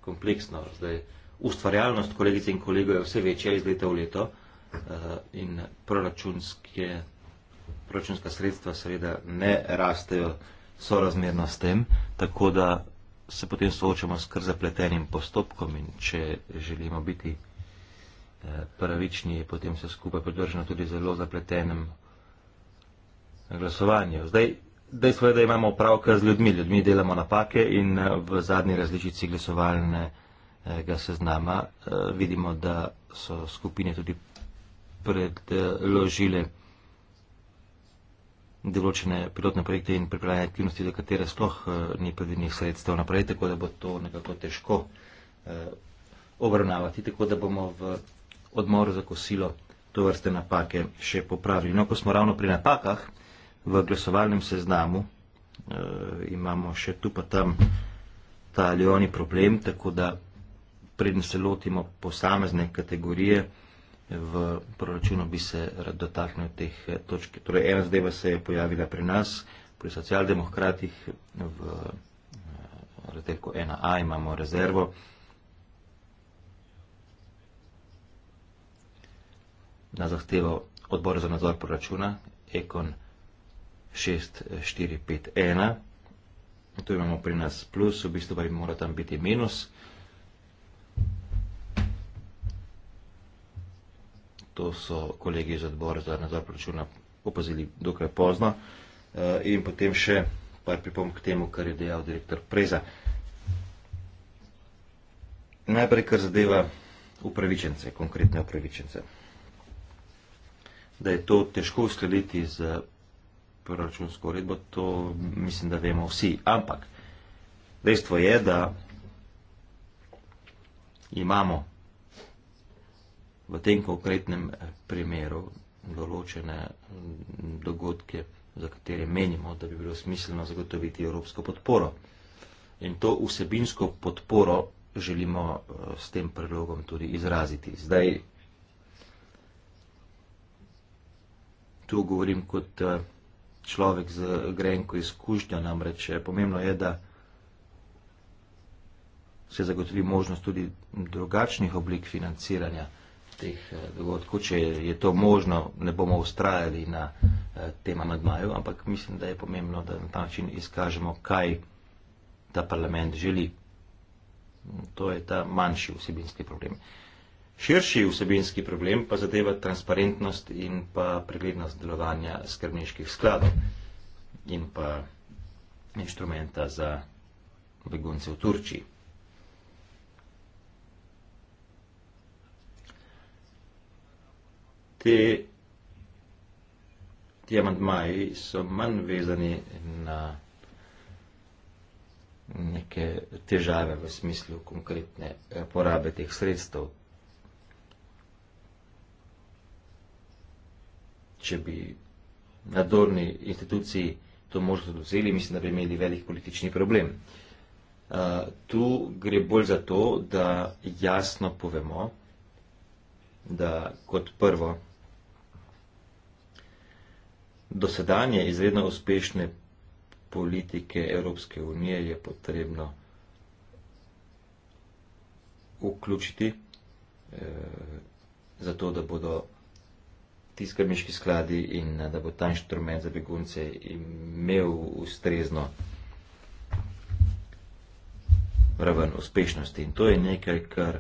Speaker 4: kompleksno. Zdaj, ustvarjalnost kolegice in kolegov je vse večja iz leta v leto eh, in proračunske, proračunska sredstva seveda ne rastejo sorazmerna s tem, tako da se potem soočamo s kar zapletenim postopkom in če želimo biti eh, pravični, je potem se skupaj podvrženo tudi zelo zapletenem glasovanju. Zdaj, dejstvo je, da imamo opravka z ljudmi. Ljudmi delamo napake in eh, v zadnji različici glasovalnega eh, seznama vidimo, da so skupine tudi predložile določene pilotne projekte in pripravljene aktivnosti, za katere sploh eh, ni predvidnih sredstev naprej, tako da bo to nekako težko eh, obravnavati, tako da bomo v odmor za kosilo to vrste napake še popravili. No, ko smo ravno pri napakah, v glasovalnem seznamu eh, imamo še tu pa tam ta ali oni problem, tako da predn se lotimo posamezne kategorije, v proračunu bi se rad dotaknil teh eh, točk. Torej, ena zadeva se je pojavila pri nas, pri socialdemokratih, v eh, razdelku 1a imamo rezervo. Na zahtevo odbora za nadzor proračuna, ekon 6451, tu imamo pri nas plus, v bistvu pa bi mora tam biti minus, to so kolegi iz odbora za nadzor proračuna opazili dokaj pozno. Eh, in potem še par pripomb k temu, kar je dejal direktor Preza. Najprej, kar zadeva upravičence, konkretne upravičence. Da je to težko uskladiti z proračunsko uredbo, to mislim, da vemo vsi. Ampak dejstvo je, da imamo v tem konkretnem eh, primeru določene mm, dogodke, za katere menimo, da bi bilo smiselno zagotoviti evropsko podporo. In to vsebinsko podporo želimo eh, s tem predlogom tudi izraziti. Zdaj, tu govorim kot eh, človek z grenko izkušnjo, namreč pomembno je, da se zagotovi možnost tudi drugačnih oblik financiranja teh eh, dogodkov. Če je to možno, ne bomo ustrajali na eh, tem amadmaju, ampak mislim, da je pomembno, da na ta način izkažemo, kaj ta parlament želi. To je ta manjši vsebinski problem. Širši vsebinski problem pa zadeva transparentnost in pa preglednost delovanja skrbniških skladov in pa inštrumenta za begunce v Turčiji. te, ti amantmaji so manj vezani na neke težave v smislu konkretne eh, porabe teh sredstev. Če bi nadorni instituciji to možnost odvzeli, mislim, da bi imeli velik politični problem. Uh, tu gre bolj za to, da jasno povemo, da kot prvo dosedanje izredno uspešne politike Evropske unije je potrebno vključiti, eh, zato da bodo ti skrbniški skladi in eh, da bo ta inštrument za begunce imel ustrezno raven uspešnosti. In to je nekaj, kar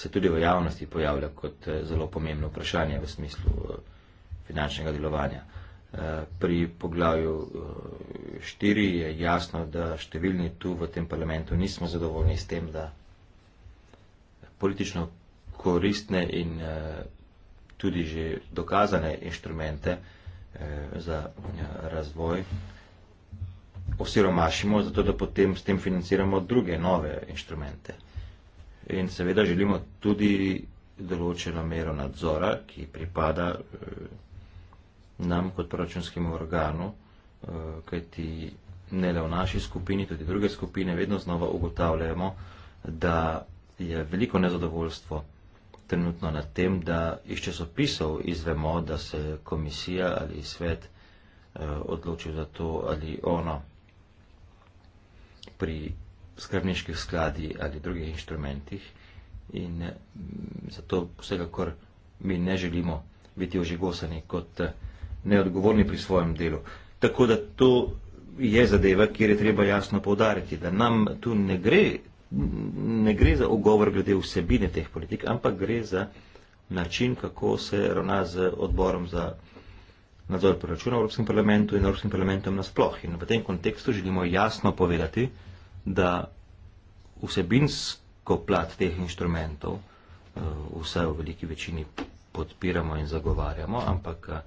Speaker 4: se tudi v javnosti pojavlja kot eh, zelo pomembno vprašanje v smislu eh, finančnega delovanja. Eh, pri poglavju 4 je jasno, da številni tu v tem parlamentu nismo zadovoljni s tem, da politično koristne in tudi že dokazane inštrumente za razvoj osiromašimo, zato da potem s tem financiramo druge nove inštrumente in seveda želimo tudi določeno mero nadzora, ki pripada eh, nam kot proračunskemu organu, eh, kajti ne le v naši skupini, tudi druge skupine vedno znova ugotavljamo, da je veliko nezadovoljstvo trenutno na tem, da iz časopisov izvemo, da se komisija ali svet eh, odločil za to ali ono pri skrbniških skladi ali drugih inštrumentih in mm, zato vsekakor mi ne želimo biti ožigosani kot eh, neodgovorni pri svojem delu. Tako da to je zadeva, kjer je treba jasno povdariti, da nam tu ne gre, ne gre za ogovor glede vsebine teh politik, ampak gre za način, kako se ravna z odborom za nadzor proračuna v Evropskem parlamentu in Evropskim parlamentom nasploh. In v tem kontekstu želimo jasno povedati, da vsebinsko plat teh inštrumentov eh, vse v veliki večini podpiramo in zagovarjamo, ampak eh,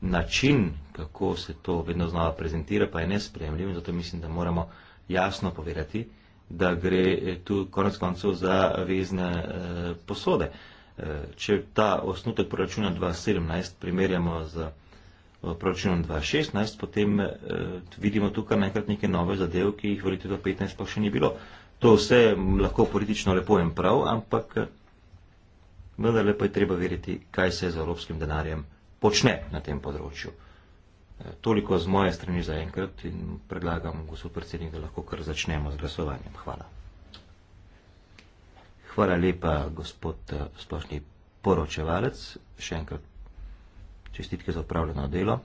Speaker 4: način, kako se to vedno znova prezentira, pa je nespremljiv in zato mislim, da moramo jasno povedati, da gre eh, tu konec koncev za vezne posode. Če ta osnutek proračuna 2017 primerjamo z v proračunu 2016, potem eh, vidimo tukaj nekrat neke nove zadeve, ki jih v letu 2015 pa še ni bilo. To vse lahko politično lepo in prav, ampak eh, vendar lepo je treba veriti, kaj se z evropskim denarjem počne na tem področju. Eh, toliko z moje strani za enkrat in predlagam, gospod predsednik, da lahko kar začnemo z glasovanjem. Hvala. Hvala lepa, gospod eh, splošni poročevalec. Še enkrat čestitke za upravljeno delo.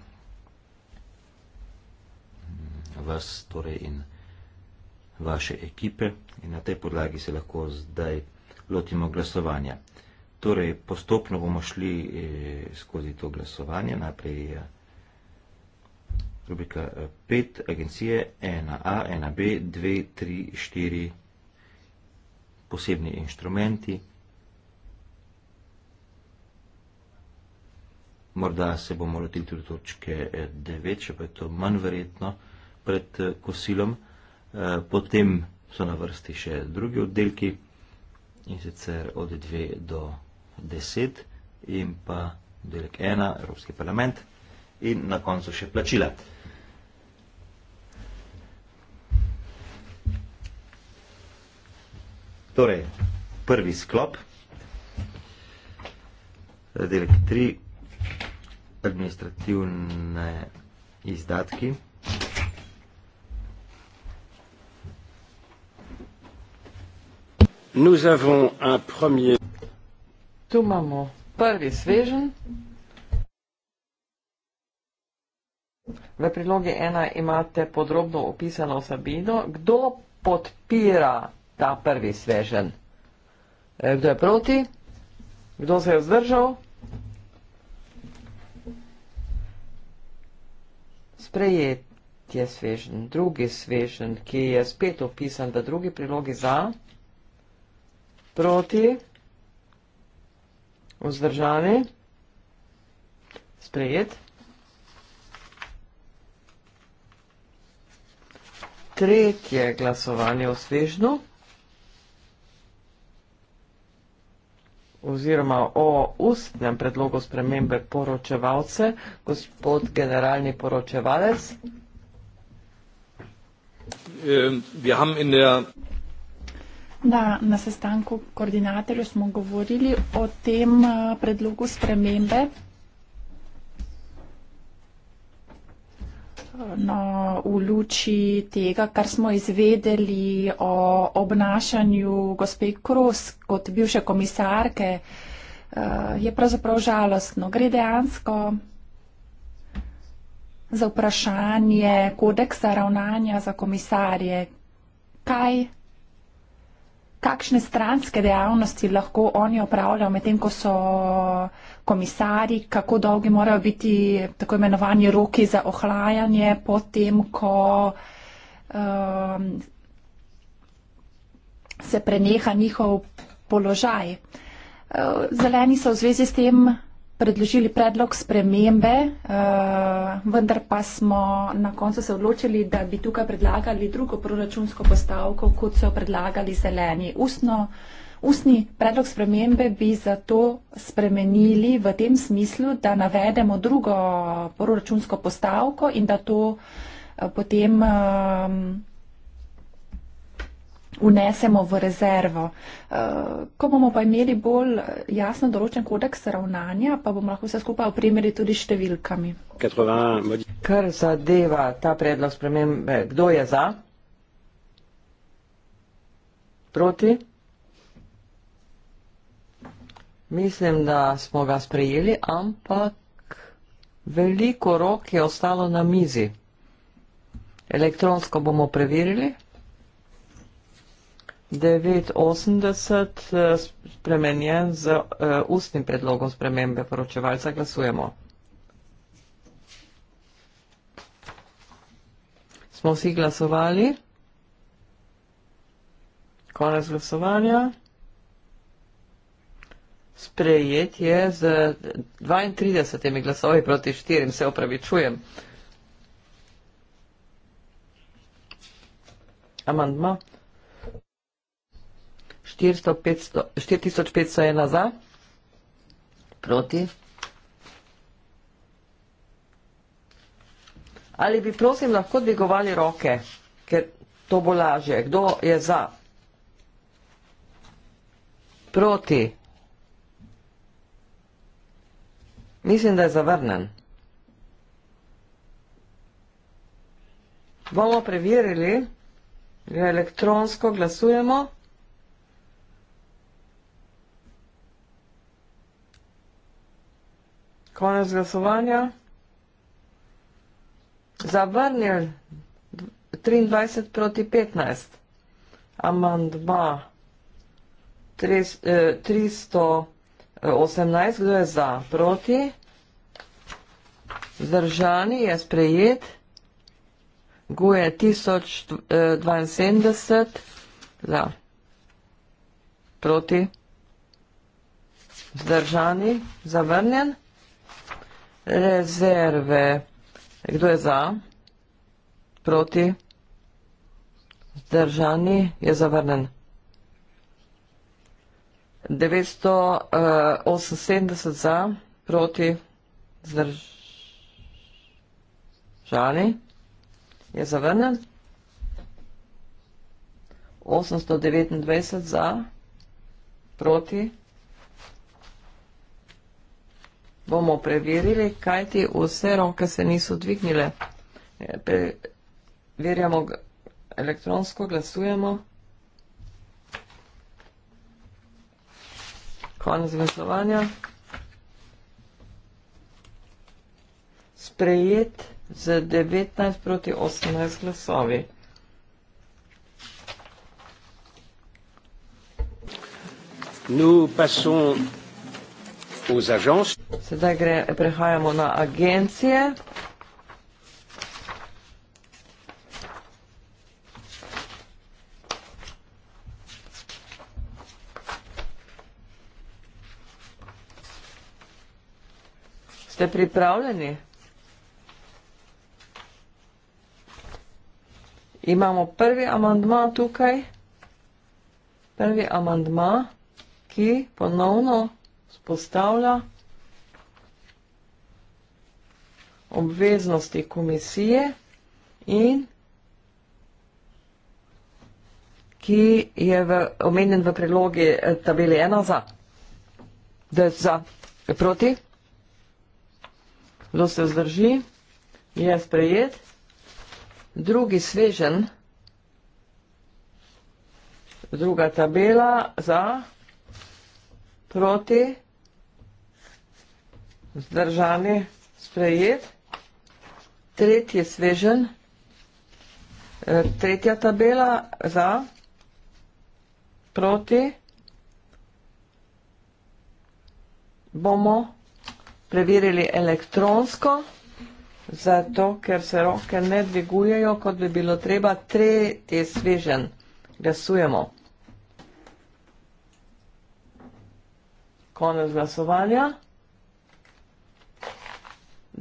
Speaker 4: Vas torej in vaše ekipe in na tej podlagi se lahko zdaj lotimo glasovanja. Torej, postopno bomo šli eh, skozi to glasovanje. Najprej je eh, rubrika 5, eh, agencije 1A, 1B, 2, 3, 4 posebni inštrumenti. morda se bomo lotili tudi točke 9, eh, če pa je to manj verjetno pred eh, kosilom. Eh, potem so na vrsti še drugi oddelki in sicer od 2 do 10 in pa oddelek 1, Evropski parlament in na koncu še plačila. Torej, prvi sklop, delek 3, administrativne izdatki. Nous
Speaker 3: avons un premier... Tu imamo prvi svežen.
Speaker 1: V prilogi ena imate podrobno opisano sabino. Kdo podpira ta prvi svežen? Eh, kdo je proti? Kdo se je vzdržal? Kdo je proti? sprejetje svežen, drugi svežen, ki je spet opisan v drugi prilogi za, proti, vzdržani, sprejet. Tretje glasovanje o svežnu. oziroma o ustnem predlogu spremembe poročevalce, gospod generalni poročevalec.
Speaker 2: Da, na sestanku koordinatorjev smo govorili o tem eh, predlogu spremembe no, v luči tega, kar smo izvedeli o obnašanju gospe Kros kot bivše komisarke, eh, je pravzaprav žalostno. Gre dejansko za vprašanje kodeksa ravnanja za komisarje. Kaj, kakšne stranske dejavnosti lahko oni opravljajo, medtem ko so komisari, kako dolgi morajo biti tako imenovani roki za ohlajanje potem, ko um, se preneha njihov položaj. Eh, zeleni so v zvezi s tem predložili predlog spremembe, eh, vendar pa smo na koncu se odločili, da bi tukaj predlagali drugo proračunsko postavko, kot so predlagali zeleni. Ustno Ustni predlog spremembe bi zato spremenili v tem smislu, da navedemo drugo proračunsko postavko in da to eh, potem unesemo ehm, v rezervo. Eh, ko bomo pa imeli bolj jasno določen kodeks ravnanja, pa bomo lahko vse skupaj opremili tudi številkami.
Speaker 1: Kar zadeva ta predlog spremembe, kdo je za? Proti? Mislim, da smo ga sprejeli, ampak veliko rok je ostalo na mizi. Elektronsko bomo preverili. 980 eh, spremenjen z eh, ustnim predlogom spremembe poročevalca. Glasujemo. Smo vsi glasovali. Konec glasovanja sprejet je z 32 glasovi proti 4, se opravičujem. Amandma. 4501 za, proti. Ali bi prosim lahko dvigovali roke, ker to bo lažje. Kdo je za? Proti. Mislim, da je zavrnen. Bomo preverili, da ja, elektronsko glasujemo. Konec glasovanja. Zavrnil 23 proti 15. Amandma 300. 18, kdo je za, proti, zdržani je sprejet, guje 1072, eh, za, proti, zdržani, zavrnjen, rezerve, kdo je za, proti, zdržani je zavrnjen. 978 eh, za, proti, zdržani, je zavrnen. 829 za, proti, bomo preverili, kaj ti vse roke se niso dvignile. Preverjamo elektronsko, glasujemo. Konec glasovanja. Sprejet za 19 proti 18 glasovi. Sedaj prehajamo na agencije. Ste pripravljeni? Imamo prvi amandma tukaj, prvi amandma, ki ponovno spostavlja obveznosti komisije in ki je v, omenjen v prilogi tabeli 1 za, da je za, proti. Kdo se vzdrži, je sprejet. Drugi svežen, druga tabela za, proti, vzdržani, sprejet. Tretji svežen, e, tretja tabela za, proti, bomo vzdržani preverili elektronsko, zato ker se roke ne dvigujejo, kot bi bilo treba, tretji svežen. Glasujemo. Konec glasovanja.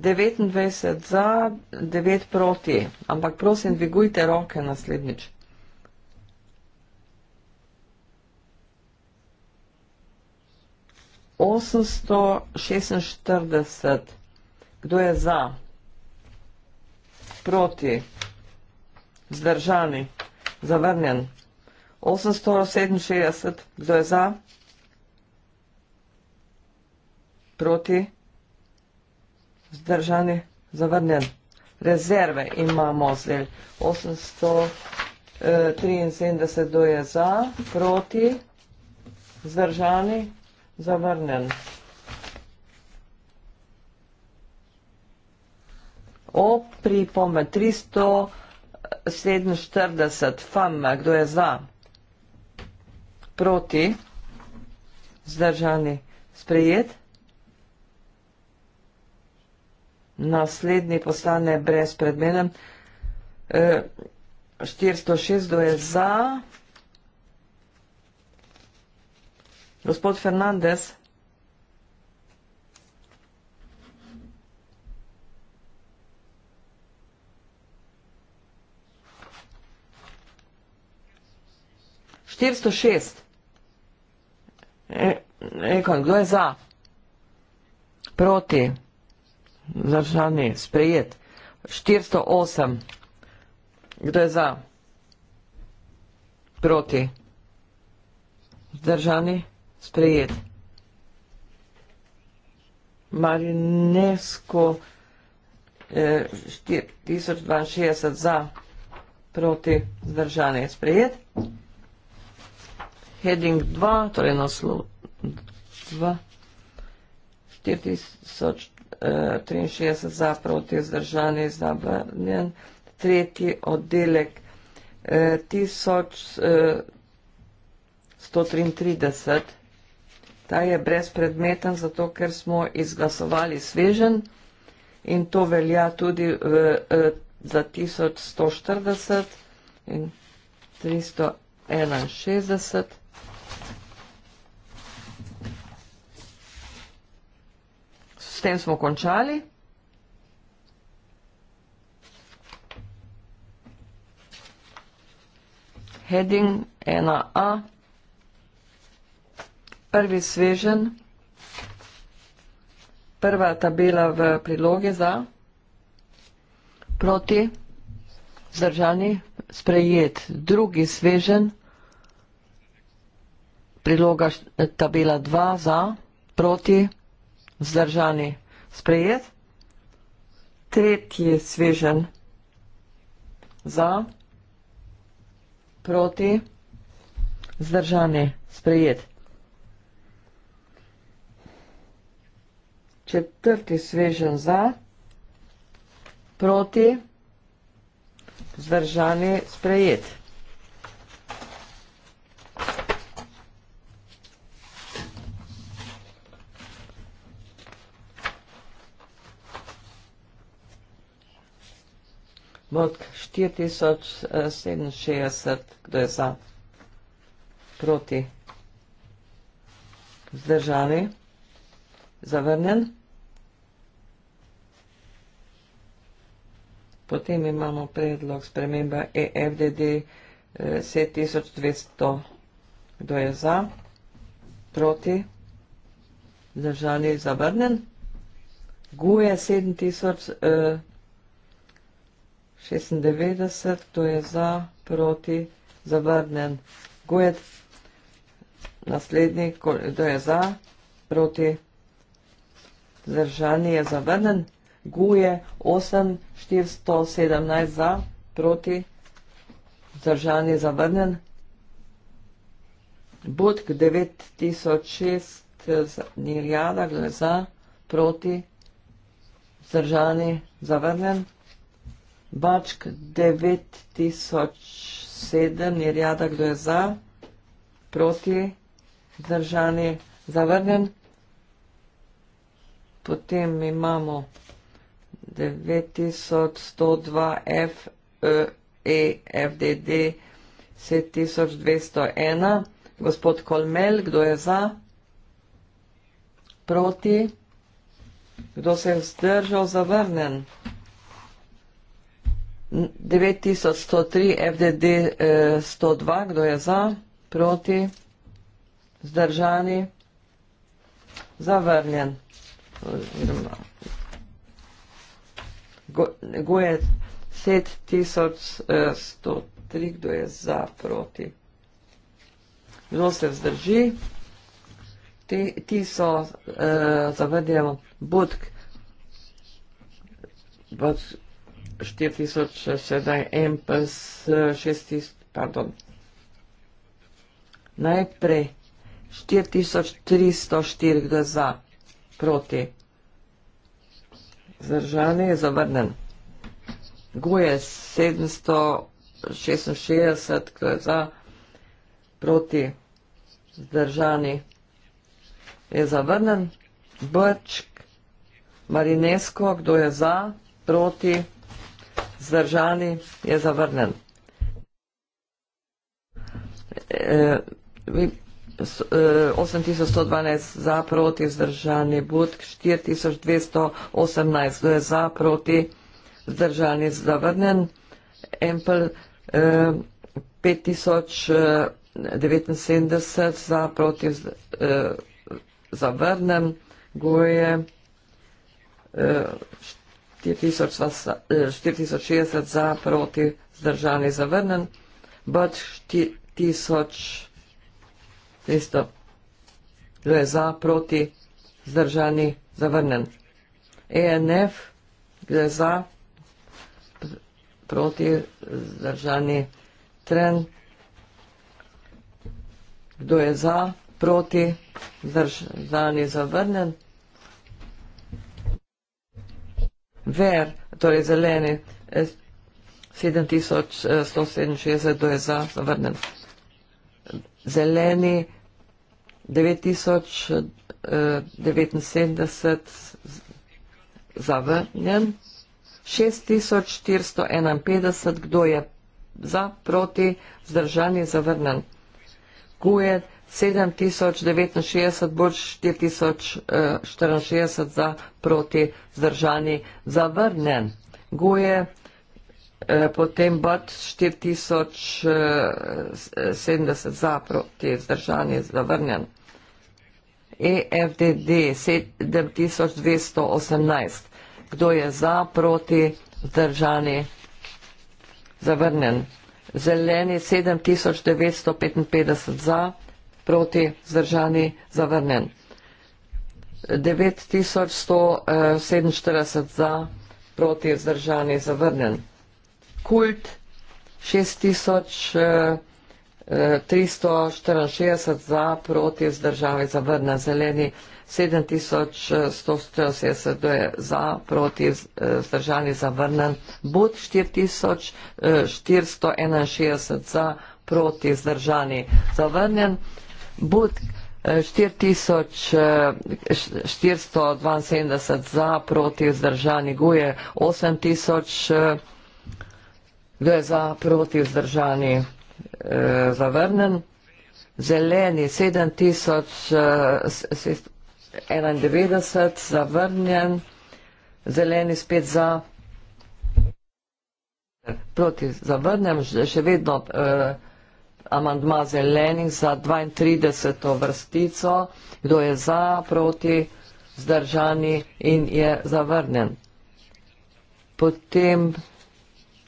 Speaker 1: 29 za, 9 proti. Ampak prosim, dvigujte roke naslednjič. 846. Kdo je za? Proti? Zdržani? Zavrnjen? 867. Kdo je za? Proti? Zdržani? Zavrnjen? Rezerve imamo zdaj. 873. Eh, Kdo je za? Proti? Zdržani? Zdržani? zavrnjen. O, pripome, 347 FM, kdo je za? Proti? Zdržani? Sprejet? Naslednji postane brez predmenem. E, 406 do je za. Gospod Fernandez. Štiristo šest. E, Ekon, kdo je za? Proti. Zdržani, sprejet. Štiristo osem. Kdo je za? Proti. Zdržani. Zdržani sprejet. Marinesko eh, 4062 za proti zdržanje je sprejet. Heading 2, torej naslov 2, 4063 eh, za proti zdržanje je zabranjen. Tretji oddelek 1133. Eh, eh ta je brezpredmeten, zato ker smo izglasovali svežen in to velja tudi v, e, za 1140 in 361. S tem smo končali. Heading 1A prvi svežen, prva tabela v prilogi za, proti, zdržani, sprejet, drugi svežen, priloga eh, tabela 2 za, proti, zdržani, sprejet, tretji svežen, za, proti, zdržani, sprejet. četrti svežen za, proti, zdržani sprejet. Mod 4067, kdo je za, proti, zdržani, zavrnjen. Zdržani. Potem imamo predlog sprememba EFDD 7200. Kdo je za? Proti? Zdržan je zavrnen. Guje 7096. Eh, kdo je za? Proti? Zavrnen. Guje naslednji. Kdo je za? Proti? Zdržan je zavrnen. Guje 8096. 417 za, proti, vzdržan je zavrnen. Budk 9006 milijada za, proti, vzdržan je zavrnen. Bačk 9007 milijada za, proti, vzdržan je zavrnen. Potem imamo vzdržan. 9102F, E, F, D, D, 7201. Gospod Kolmel, kdo je za? Proti? Kdo se je vzdržal zavrnen? 9103 FDD 102, kdo je za, proti, zdržani, zavrnjen. Zdravljamo go je 7103, eh, kdo je za, proti. Zelo se vzdrži. Ti, ti so uh, eh, zavrnjeno budk, bod 4000, eh, sedaj en pes, 6000, pardon. Najprej 4304, kdo je za, proti. Zdržanje je zavrnen. Guje 766, kdo je za, proti zdržani je zavrnen. Brčk, marinesko, kdo je za, proti zdržani je zavrnen. E, 8112 e, za, proti, zdržani, bud, 4218, kdo je za, proti, zdržani, zavrnen, empel, eh, 5079 e, za, proti, eh, zavrnen, goje, eh, 4060 e, za, proti, zdržani, zavrnen, bud, 4000 Tisto. Kdo je za, proti, zdržani, zavrnen. ENF, kdo je za, proti, zdržani, tren. Kdo je za, proti, zdržani, zavrnen. Ver, torej zeleni, 7167, eh, kdo je za, zavrnen zeleni 9079 eh, zavrnjen, 6451 kdo je za, proti, zdržan je zavrnjen. Kuje 7069 bolj 4064 za, proti, zdržan je zavrnjen. Guje Eh, potem bat 4070 za proti zdržanje zavrnjen. EFDD 7218. Kdo je za proti zdržanje zavrnjen? Zeleni 7955 za proti zdržanje zavrnjen. 9147 eh, za proti zdržanje zavrnjen kult 6364 eh, eh, za proti z države za vrna zeleni, 7164 eh, za proti z države za vrna bud, 4461 za proti z države za vrna bud. 4472 za proti zdržani guje, 8000 Kdo je za proti vzdržani e, zavrnen? Zeleni 7091 eh, zavrnjen. Zeleni spet za. Proti zavrnem, še vedno eh, amandma zelenih za 32. vrstico, kdo je za, proti, zdržani in je zavrnen. Potem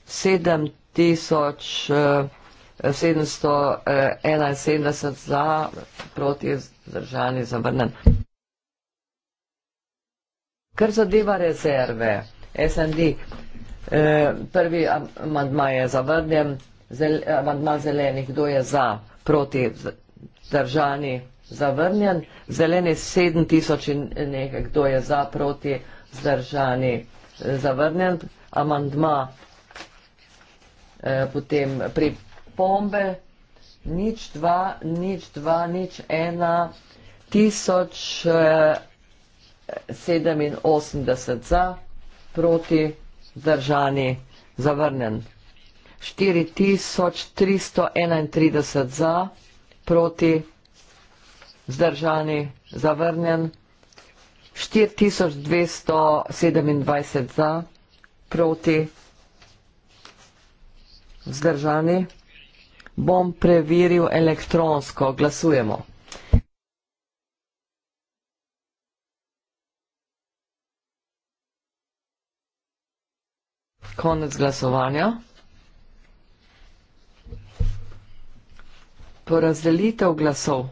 Speaker 1: 771 eh, eh, za, proti je zdržan in zavrnen. Kar zadeva rezerve, SND, eh, prvi amandma je zavrnjen, amandma zelenih, kdo je za, proti zdržani, zavrnjen, zeleni 7000 in nekaj, kdo je za, proti zdržani, zavrnjen, amandma Eh, potem pripombe, nič dva, nič dva, nič ena, tisoč eh, sedeminosemdeset za, proti držani, zavrnen. 4331 za, proti, zdržani, zavrnjen. 4227 za, proti vzdržani. Bom preveril elektronsko. Glasujemo. Konec glasovanja. Porazdelitev glasov.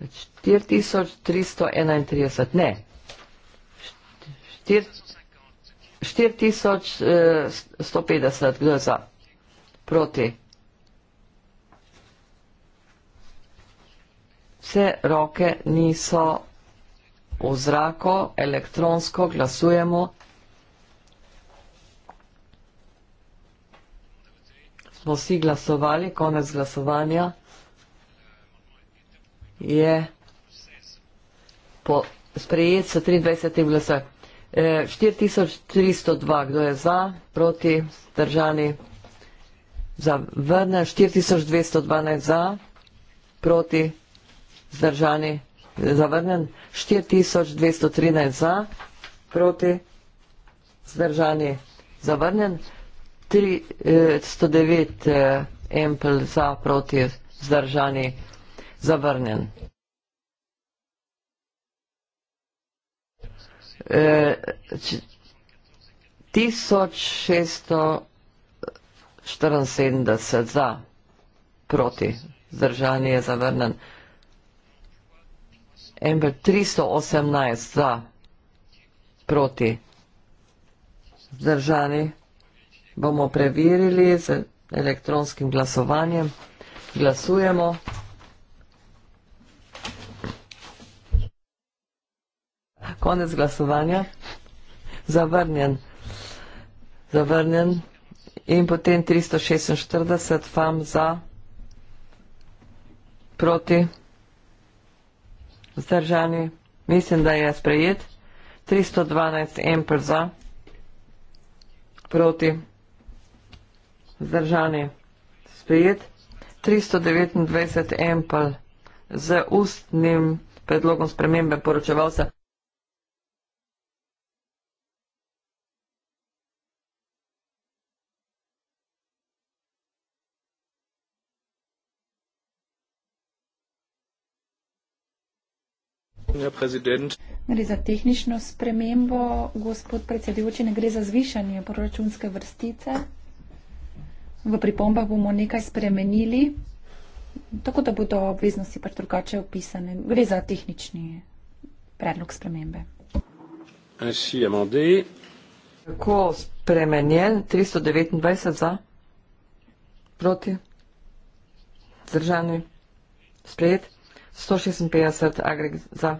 Speaker 1: 4331. Ne. 4331. 4150, eh, kdo je za? Proti. Vse roke niso v zraku, elektronsko glasujemo. Smo vsi glasovali, konec glasovanja je po, sprejet s 23 glasovanjem. 4302, kdo je za, proti, zdržani, zavrne, 4212 za, proti, zdržani, zavrnen, 4213 za, proti, zdržani, zavrnen, 309 eh, eh, empel za, proti, zdržani, zavrnen. 1674 eh, za, proti, zdržanje je zavrnen. Ember 318 za, proti, zdržani. Bomo preverili z elektronskim glasovanjem. Glasujemo. Konec glasovanja. Zavrnjen. Zavrnjen. In potem 346 fam za. Proti. Zdržani. Mislim, da je sprejet. 312 emper za. Proti. Zdržani. Sprejet. 329 empel z ustnim predlogom spremembe poročevalca.
Speaker 5: Herr Präsident.
Speaker 2: Gre za tehnično spremembo, gospod predsedujoči, ne gre za zvišanje proračunske vrstice. V pripombah bomo nekaj spremenili, tako da bodo obveznosti pač drugače opisane. Gre za tehnični predlog spremembe.
Speaker 1: Tako spremenjen, 329 za, proti, zdržani, sprejet, 156 agregat za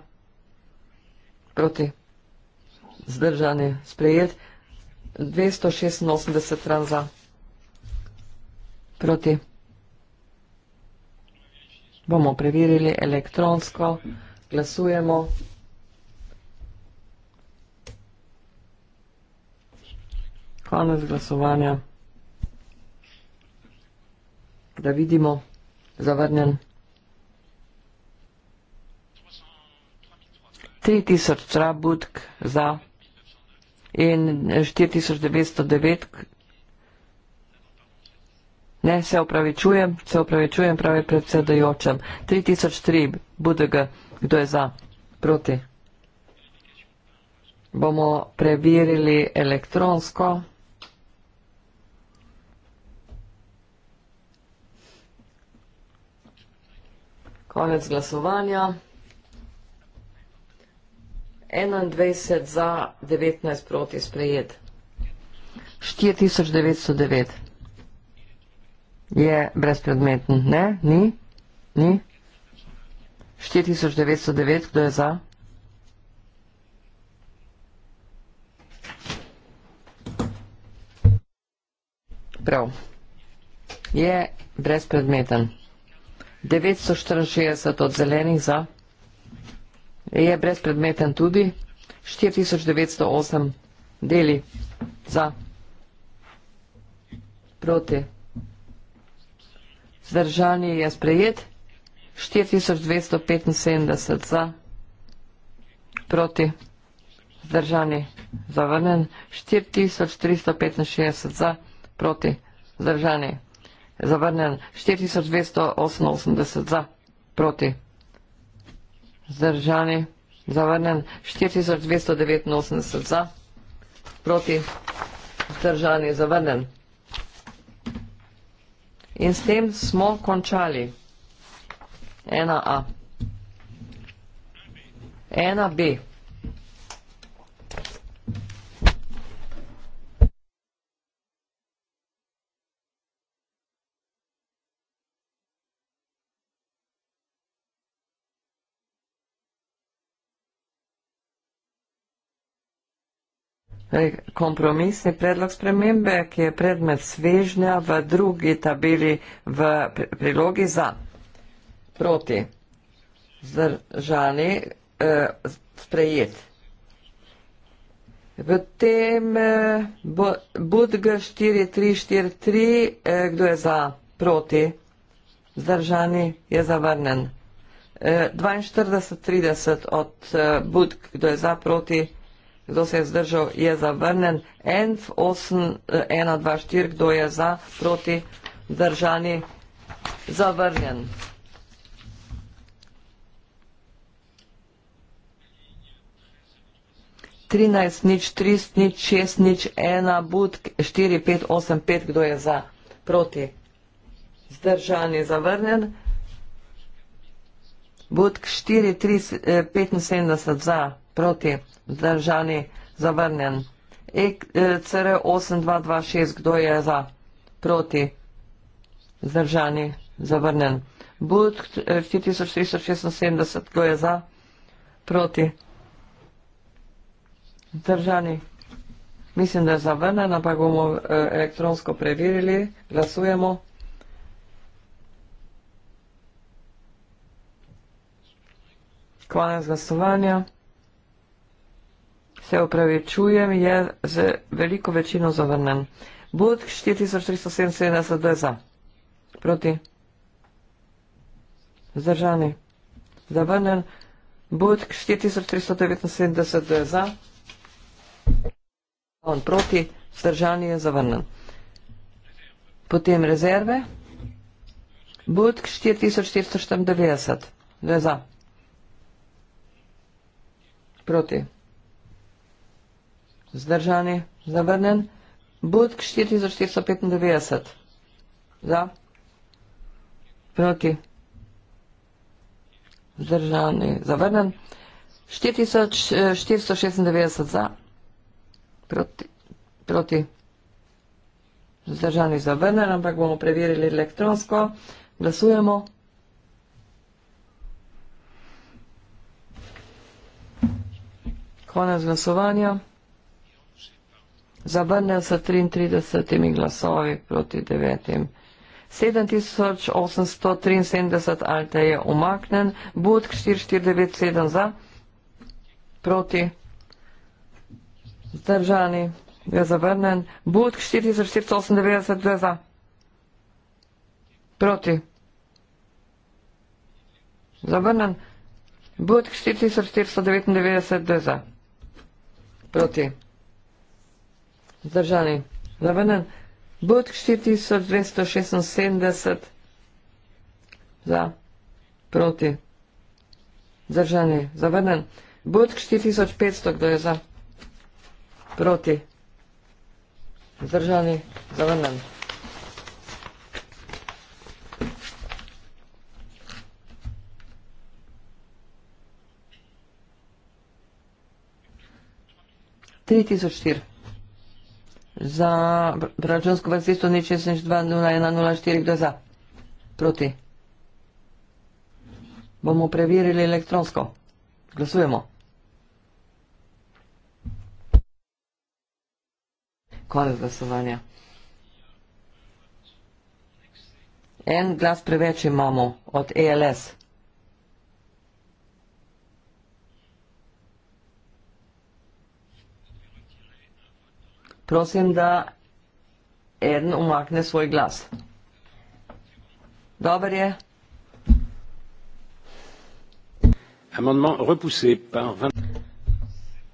Speaker 1: proti zdržanje sprejet, 286 ran za proti. Bomo preverili elektronsko, glasujemo. Konec glasovanja. Da vidimo, zavrnjen. 3000 trabutk za in 4909, ne, se opravičujem, se opravičujem, pravi predsedajočem, 3003 budega, kdo je za, proti. Bomo preverili elektronsko. Konec glasovanja. 21 za, 19 proti sprejet. 4909 je brezpredmeten, ne? Ni? Ni? 4909, kdo je za? Prav. Je brezpredmeten. 964 od zelenih za? je brezpredmeten tudi 4908 deli za proti. Zdržanje je sprejet 4275 za proti. Zdržanje zavrnen 4365 za proti. Zdržanje zavrnen 4288 za proti. Zdržani, zavrnjen 4289 za, proti zdržani, zavrnjen. In s tem smo končali. 1A. 1B. 1B. Torej, kompromisni predlog spremembe, ki je predmet svežnja v drugi tabeli v prilogi za proti zdržani eh, sprejet. V tem eh, Budg 4343, eh, kdo je za proti zdržani, je zavrnen. Eh, 42.30 od eh, Budg, kdo je za proti zdržani kdo se je zdržal, je zavrnen. En, osem, eh, ena, dva, štir, kdo je za, proti, držani, zavrnen. Trinajst, nič, trist, nič, šest, nič, ena, bud, štiri, pet, osem, pet, kdo je za, proti, zdržani, zavrnen. Budk 4, 3, 75 za, proti, vzdržani, zavrnjen. ECR e, 8226, kdo je za, proti, vzdržani, zavrnjen. BUD 4376, kdo je za, proti, vzdržani. Mislim, da je zavrnjen, ampak bomo e, elektronsko preverili, glasujemo. Konec glasovanja se opravičujem, je z veliko večino zavrnen. Bud 4377 je za. Proti. Zdržani. Zavrnen. Bud 4379 je za. On proti. Zdržani je zavrnen. Potem rezerve. Bud 4490 je za. Proti. Zdržani, zavrnen. Budk 4495. Za. Proti. Zdržani, zavrnen. 4496 za. Proti. Proti. Zdržani, zavrnen, ampak bomo preverili elektronsko. Glasujemo. Konec glasovanja zavrnil s 33 glasovi proti 9. 7873 Alte je umaknen, Bud 4497 za, proti zdržani je zavrnen, Bud 4498 za, proti zavrnen, Bud 4499 za, proti zdržani. Zavrnen. Budk 4276 za proti. Zdržani. Zavrnen. Budk 4500, kdo je za proti. Zdržani. Zavrnen. Три тысячи четыре za proračunsko vrstisto ni 6.2.0104, kdo je za? Proti. Bomo preverili elektronsko. Glasujemo. Konec glasovanja. En glas preveč imamo od ALS. E Hvala. prosim, da eden umakne svoj glas. Dober je.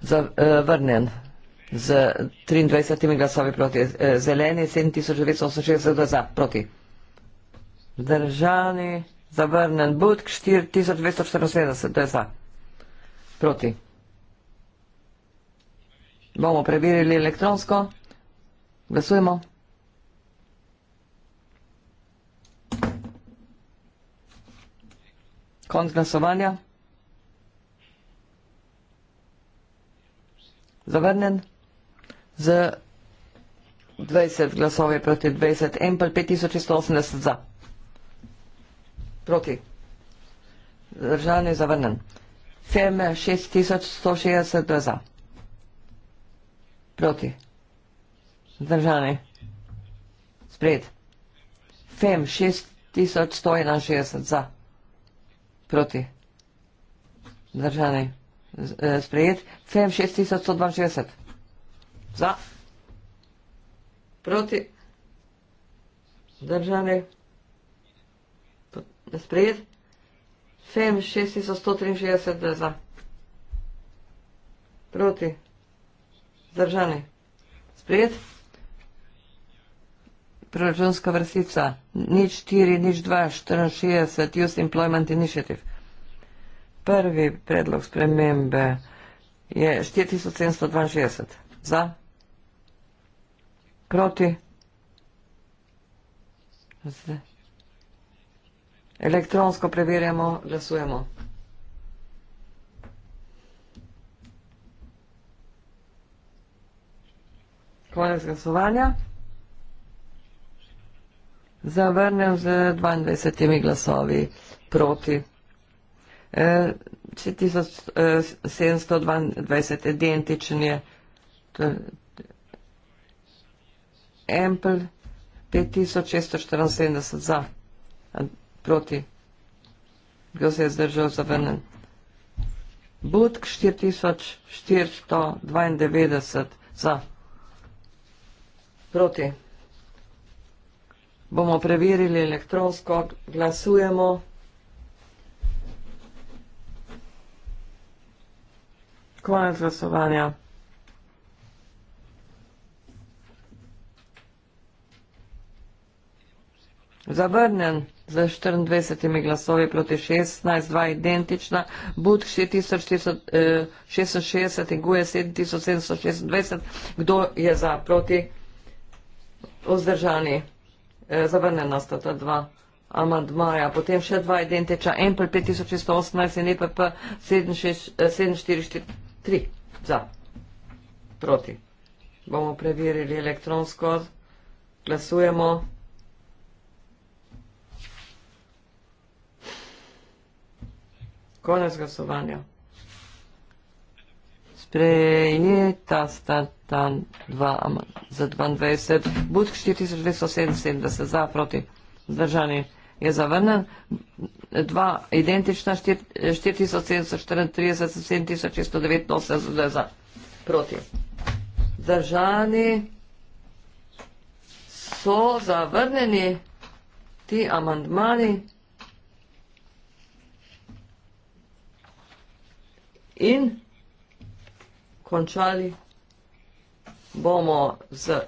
Speaker 1: Zavrnen eh, z 23 glasovi proti. Eh, zeleni 7968 za proti. Zdržani, zavrnen Budk 4274 za proti. Bomo preverili elektronsko. Glasujemo. Konc glasovanja. Zavrnen. Z 20 glasove proti 20, en pa 5180 za. Proti. Zdržanje zavrnen. FEM 6160 za. Proti. Zdržani. Spred. Fem, 6161 za. Proti. Zdržani. Eh, Spred. Fem, 6162. Za. Proti. Zdržani. Spred. Fem, 6163 za. Proti. Zdržani. Sprejet. Proračunska vrstica. Nič 4, nič 2, 64, Youth Employment Initiative. Prvi predlog spremembe je 4762. Za. Proti. Zdaj. Elektronsko preverjamo, glasujemo. Konec glasovanja. Zavrnem z 22 glasovi proti. 7722 e, e, identičen je Ampel 5674 za proti. Kdo se je zdržal zavrnen? Budk 4492 za proti. Proti. Bomo preverili elektronsko. Glasujemo. Konec glasovanja. Zavrnen z 24 glasovi proti 16, dva identična, Bud 6466 eh, in Guje 7726. Kdo je za proti? vzdržani, e, zavrnjena sta ta dva amadmaja, potem še dva identiča, en pri 5618 in EPP 7.4.4.3 e, za, proti. Bomo preverili elektronsko, glasujemo. Konec glasovanja sprejeta sta dan dva, za 22, bud 4277 za, proti zdržani je zavrnen, dva identična 4734, 7689 za, proti zdržani so zavrnjeni ti amandmani in končali bomo z, eh,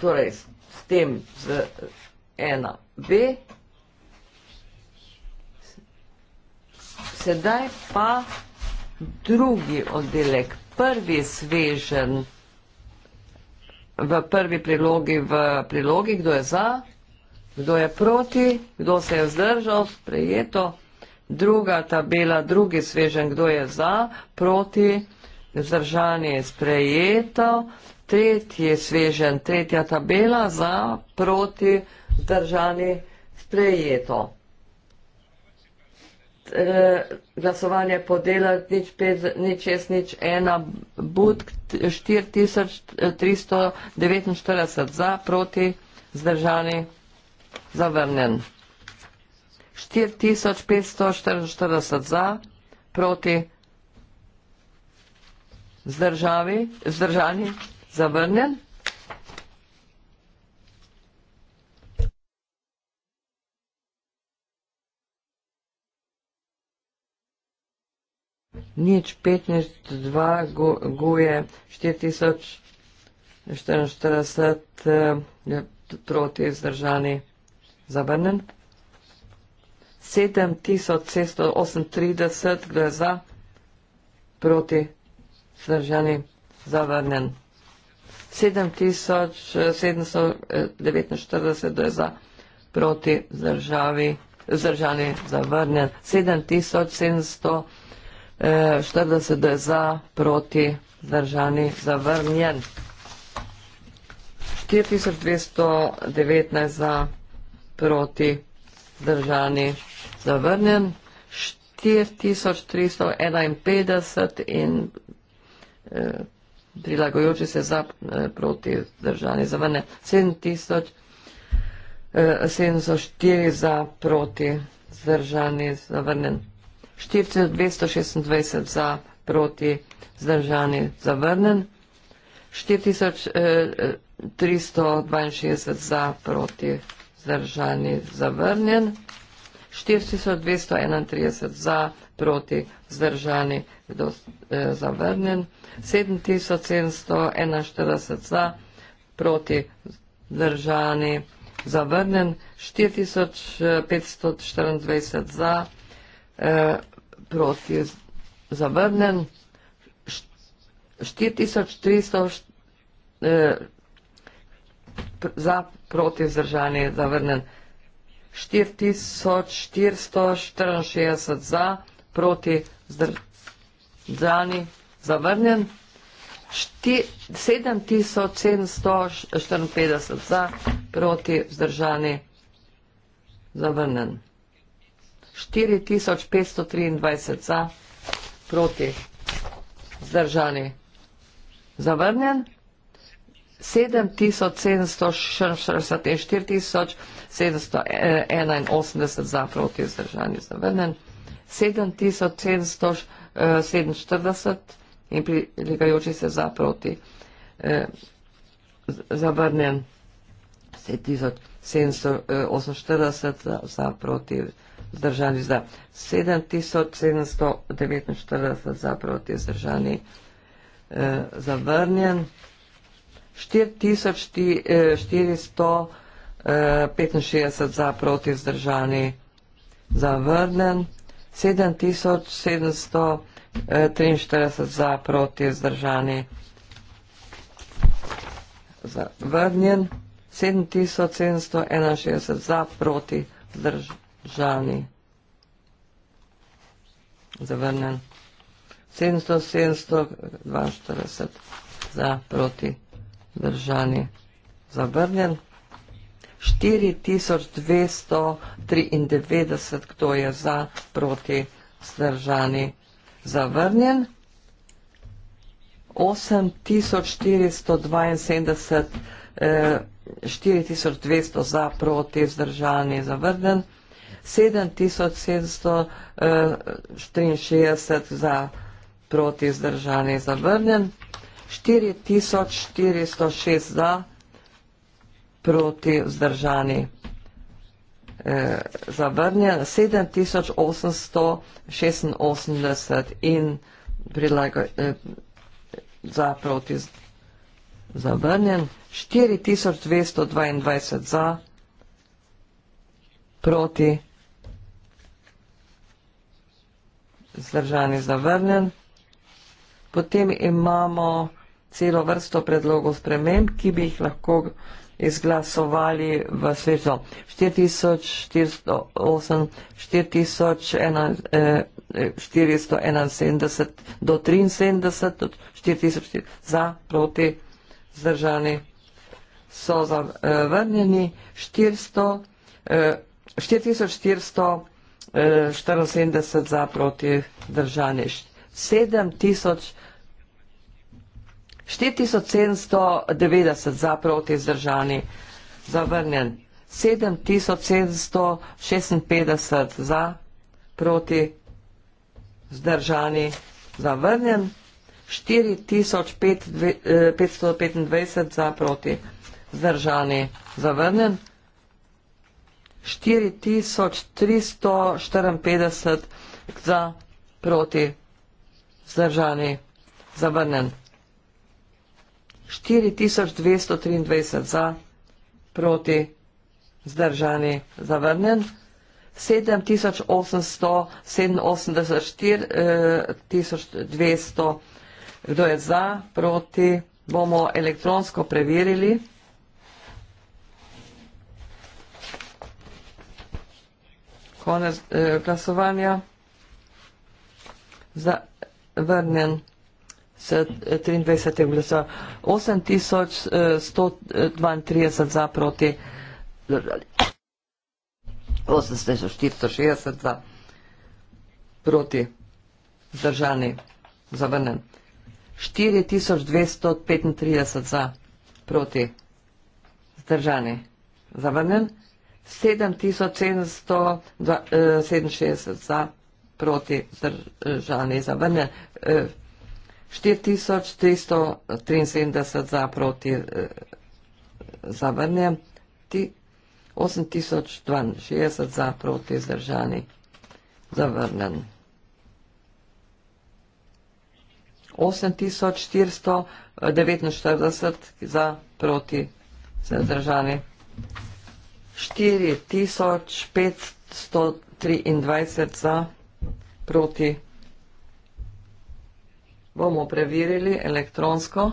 Speaker 1: torej, s tem z 1b. Eh, Sedaj pa drugi oddelek, prvi svežen v prvi prilogi v prilogi, kdo je za, kdo je proti, kdo se je zdržal, sprejeto. Druga tabela, drugi svežen, kdo je za, proti. Zdržanje je sprejeto, tretji je svežen, tretja tabela za, proti, zdržanje sprejeto. Glasovanje podelati, nič pet, nič jaz, nič ena, bud 4349 za, proti, zdržanje zavrnen. 4544 za, proti, zdržanje zavrnen. Zdržavi, zdržani, zavrnjen. Nič, 15, 2, guje, 4044, eh, proti zdržani, zavrnjen. 7638, kdo je za, proti zdržani zdržani, zavrnjen. 7749 eh, eh, je za proti zdržavi, zdržani, zavrnjen. 7740 eh, je za proti zdržani, zavrnjen. 4219 za proti zdržani, zavrnjen. 4351 in Eh, prilagojoči se za eh, proti državni zavrne. 7704 za proti zdržani zavrnen. 4226 za proti zdržani zavrnen. 4362 eh, za proti zdržani zavrnen. 4231 za proti zdržani zavrnen zdržani, kdo je eh, zavrnjen, 7741 za, proti zdržani, zavrnjen, 4524 eh, eh, za, proti zavrnjen, 4300 za, proti zdržani, zavrnjen, 4464 za, proti zdržani, zdržani, zavrnjen, 7754 za, proti, zdržani, zavrnjen, 4523 za, proti, zdržani, zavrnjen, 7764 in 4781 za, proti, zdržani, zavrnjen, 7747 eh, in prilegajoči se zaproti. Zavrnjen 7748 zaproti zdržani za 7749 zaproti zdržani zavrnjen. 4465 za proti zdržani zavrnen, 743 eh, za proti zdržani za vrnjen, 7761 za proti zdržani za vrnjen, 7742 za proti zdržani za vrnjen. 4293, kdo je za, proti, zdržani, zavrnjen. 8472, 4200 eh, za, proti, zdržani, zavrnjen. 7763 eh, za, proti, zdržani, zavrnjen. 4406 za, proti vzdržani eh, zavrnjen 7886 in prilago, eh, za proti zavrnjen 4222 za proti zdržani zavrnjen. Potem imamo celo vrsto predlogov sprememb, ki bi jih lahko izglasovali v svežo. 4471 eh, do 73, 4400 za, proti, zdržani so zavrnjeni, eh, 4474 eh, za, proti, držani. 7000 4790 za proti zdržani, zavrnjen. 7756 za proti zdržani, zavrnjen. 4525 eh, za proti zdržani, zavrnjen. 4354 za proti zdržani, zavrnjen. 4223 za, proti, zdržani, zavrnjen, 7887-4200, eh, kdo je za, proti, bomo elektronsko preverili. Konec eh, glasovanja. Zavrnjen. 2023 je glasoval eh, eh, 8132 za proti 8462 proti zdržani zavrnen 4235 za proti zdržani zavrnen 7767 za proti zdržani zavrnen 4373 za proti eh, zavrnjem, ti 8062 za proti zdržani zavrnjen. 8449 za proti zdržani. 4523 za proti zdržani bomo preverili elektronsko.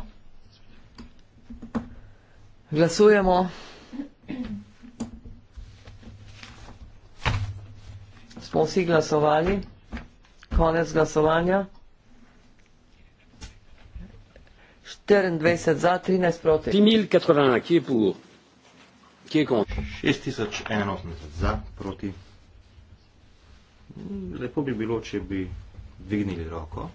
Speaker 1: Glasujemo. Smo vsi glasovali. Konec glasovanja. 24 za, 13 proti.
Speaker 4: 3081, kje je pogo? Kje je konec? 6081 za, proti. Lepo bi bilo, če bi dvignili roko.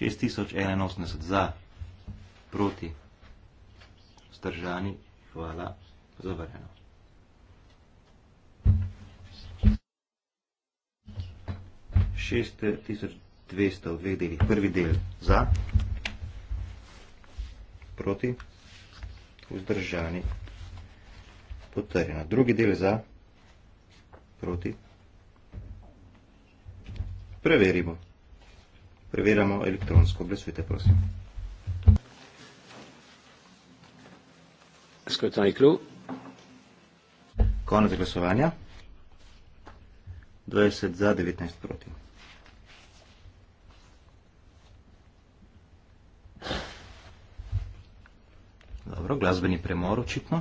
Speaker 4: 6081 za, proti, zdržani, hvala, zavrjeno. Šest tisoč dvesto v dveh delih. Prvi del za, proti, vzdržani, potrjeno. Drugi del za, proti, preverimo. Preverjamo elektronsko. Glasujte, prosim. Skrtani kljub. Konec glasovanja. 20 za, 19 proti. Dobro, glasbeni premor očitno.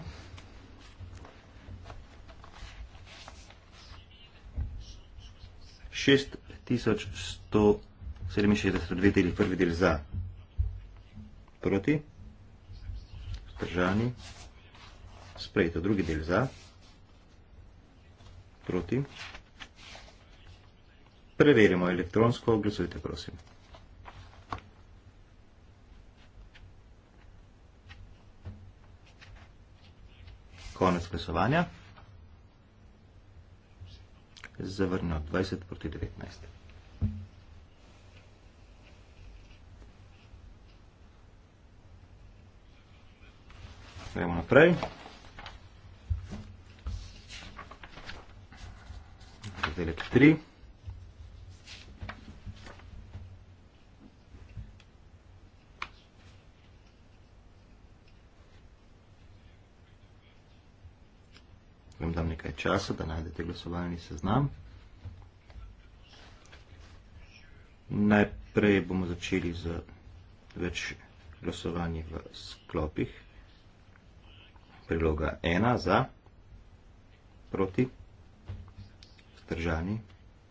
Speaker 4: Šest tisoč sto 67 deli, prvi del za, proti, vzdržani, sprejeto, drugi del za, proti. Preverimo elektronsko, glasujte prosim. Konec glasovanja. Zavrnjo 20 proti 19. Gremo naprej. Zdelek 3. Vem, dam nekaj časa, da najdete glasovalni seznam. Najprej bomo začeli z več glasovanji v sklopih priloga 1 za, proti, vzdržani,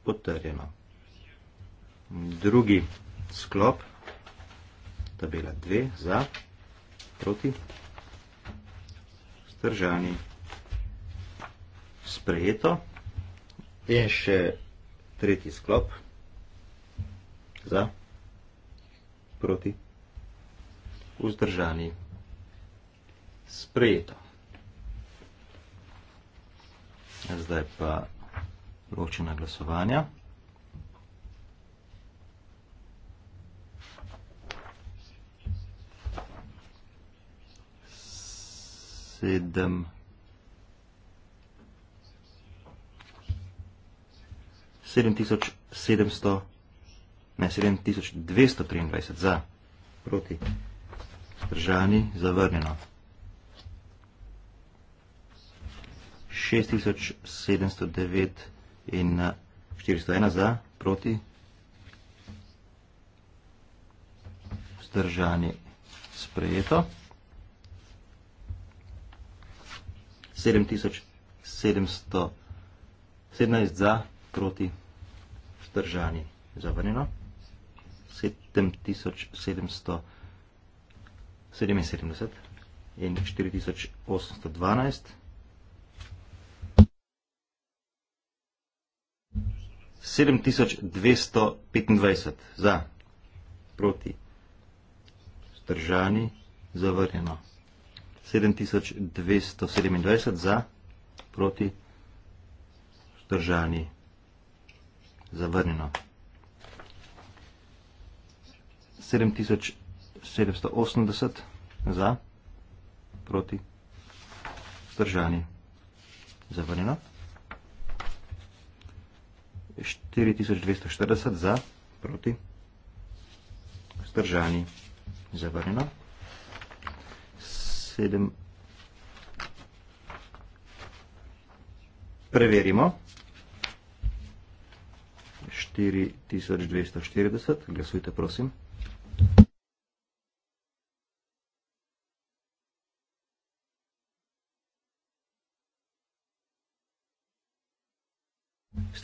Speaker 4: potrjeno. Drugi sklop, tabela 2 za, proti, vzdržani, sprejeto. In še tretji sklop, za, proti, vzdržani, sprejeto. Zdaj pa ločena glasovanja. Sedem. Sedem tisoč sedemsto, ne, sedem tisoč dvesto triindvajset za, proti, zdržani, zavrnjeno. 6709 in 401 eh, za, proti, vzdržani, sprejeto. 7717 za, proti, vzdržani, zavrnjeno. 7777 in 4812. 7225 za, proti, zdržani, zavrjeno. 7227 za, proti, zdržani, zavrnjeno. 7780 za, proti, zdržani, zavrnjeno. 7780 za, proti, zdržani, zavrnjeno. 4240 za, proti, zdržani, zavrnjeno, 7, preverimo, 4240, glasujte prosim,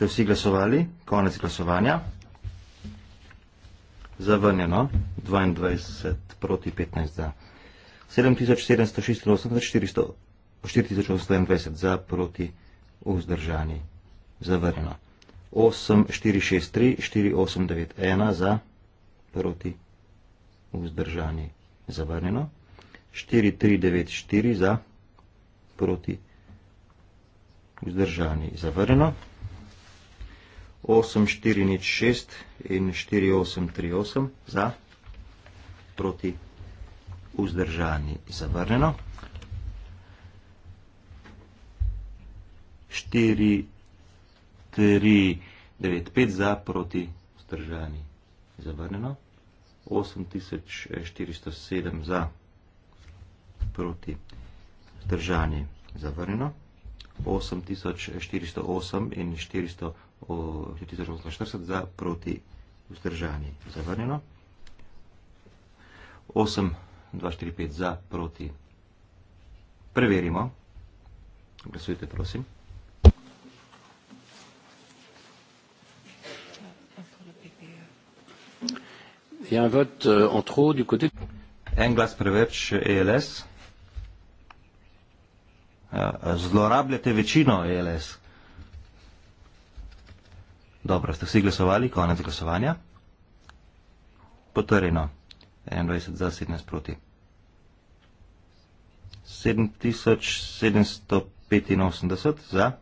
Speaker 4: ste vsi glasovali, konec glasovanja. Zavrnjeno, 22 proti 15 za. 7786 za, proti vzdržani. Zavrnjeno. 8463 4891 za, proti vzdržani. Zavrnjeno. 4394 za, proti vzdržani. Zavrnjeno. 8406 in 4838 za, proti vzdržani zavrneno. 4395 za, proti vzdržani zavrneno. 8407 za, proti vzdržani zavrneno. 8408 in 400 1840 za proti vzdržani zavrnjeno. 8, 2, 4, 5 za proti. Preverimo. Glasujte, prosim. Un vote, euh, en trop, du côté... En glas preveč ELS. E zlorabljate večino ELS. Dobro, ste vsi glasovali, konec glasovanja. Potrjeno. 21 za 17 proti. 7785 za.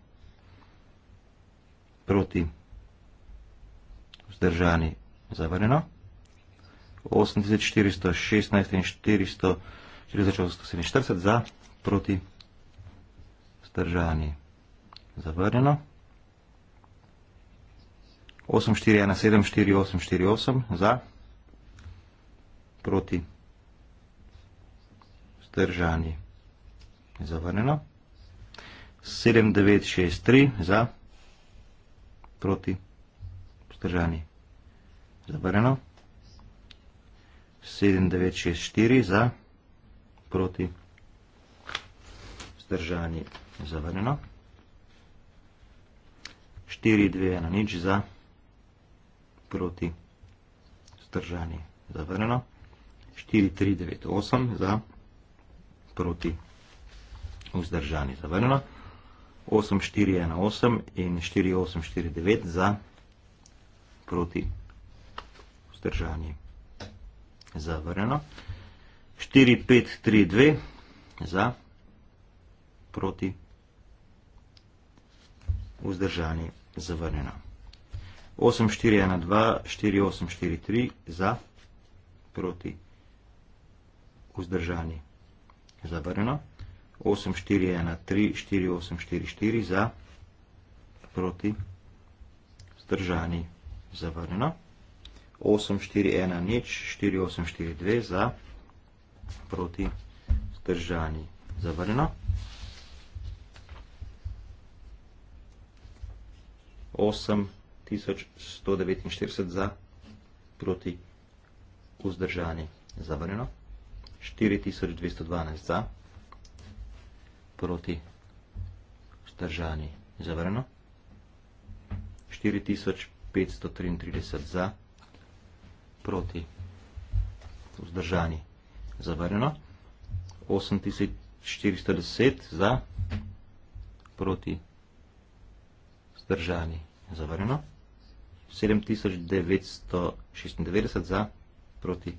Speaker 4: Proti. Zdržani. Zavrjeno. 8416 in 4847 za. Proti. Zdržani. Zavrjeno. 841-74848 za, proti, vzdržani, zavrnjeno. 7963 za, proti, vzdržani, zavrnjeno. 7964 za, proti, vzdržani, zavrnjeno. 421 nič za proti zdržani zavrneno, 4398 za proti vzdržani zavrneno, 8418 in 4849 za proti vzdržani zavrneno, 4532 za proti vzdržani zavrneno. 8-4-1-2-4-8-4-3 za, proti, vzdržani, zavrneno. 8-4-1-3-4-8-4-4 za, proti, vzdržani, zavrneno. 8-4-1-0-4-8-4-2 za, proti, vzdržani, zavrneno. 8-4-1-0-4-8-4-2 za, proti, vzdržani, zavrneno. 1149 za, proti vzdržani zavrjeno, 4212 za, proti vzdržani zavrjeno, 4533 za, proti vzdržani zavrjeno, 8410 za, proti vzdržani zavrjeno, 8410 za, proti vzdržani zavrjeno, 7996 za, proti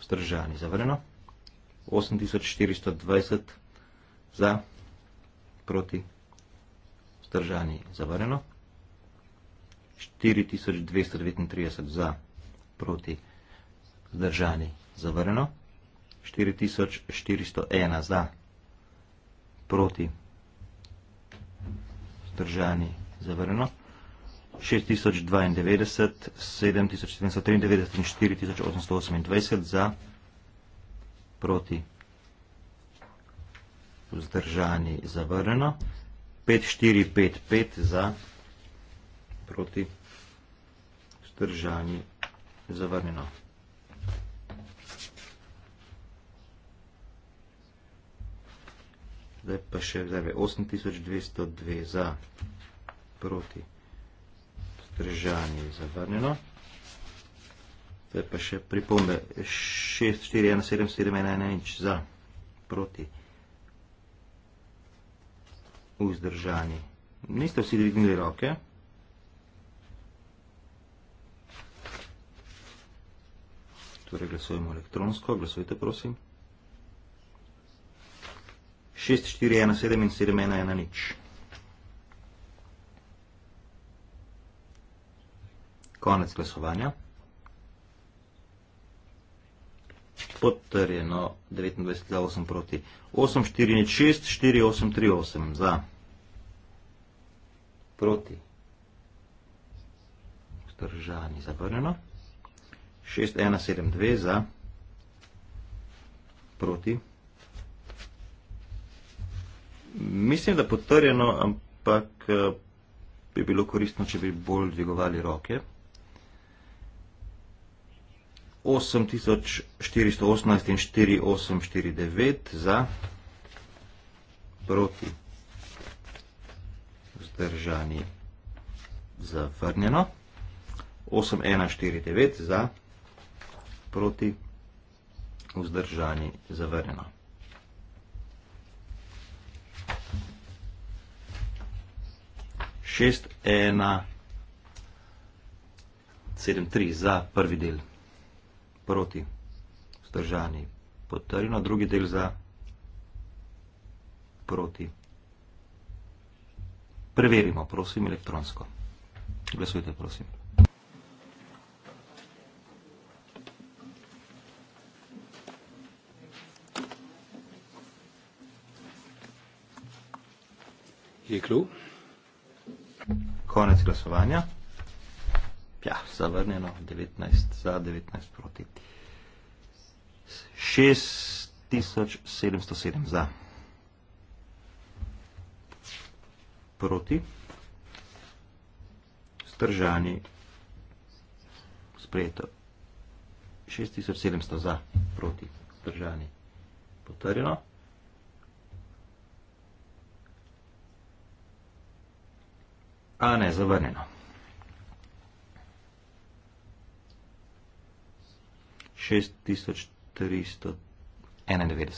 Speaker 4: vzdržani, zavrjeno. 8420 za, proti vzdržani, zavrjeno. 4239 za, proti vzdržani, zavrjeno. 4401 za, proti vzdržani, zavrjeno. 4401 za, proti vzdržani, zavrjeno. 6092, 7793 in 4828 za, proti, vzdržani, zavrneno, 5455 za, proti, vzdržani, zavrneno. Zdaj pa še 8202 za, proti, vzdržani, zavrneno vzdržan je zavrnjeno. To je pa še pripombe 6417711 za proti vzdržani. Niste vsi dvignili roke. Torej glasujemo elektronsko, glasujte prosim. 6417711. Konec glasovanja. Potrjeno 29,8 proti 8, 4 nič 6, 4, 8, 3, 8 za. Proti. Zdržani zavrnjeno. 6, 1, 7, 2 za. Proti. Mislim, da potrjeno, ampak eh, bi bilo koristno, če bi bolj dvigovali roke. 8418 in 4849 za, proti, vzdržani, zavrnjeno, 8149 za, proti, vzdržani, zavrnjeno. Šest, ena, sedem, tri za prvi del proti, vzdržani, potrjeno, drugi del za, proti. Preverimo, prosim, elektronsko. Glesujte, prosim. Je kljub? Konec glasovanja. Ja, zavrnjeno, 19 za, 19 proti. 6707 za. Proti. Stržani. Sprejeto. 6700 za. Proti. Stržani. Potrjeno. A ne, zavrnjeno. 6391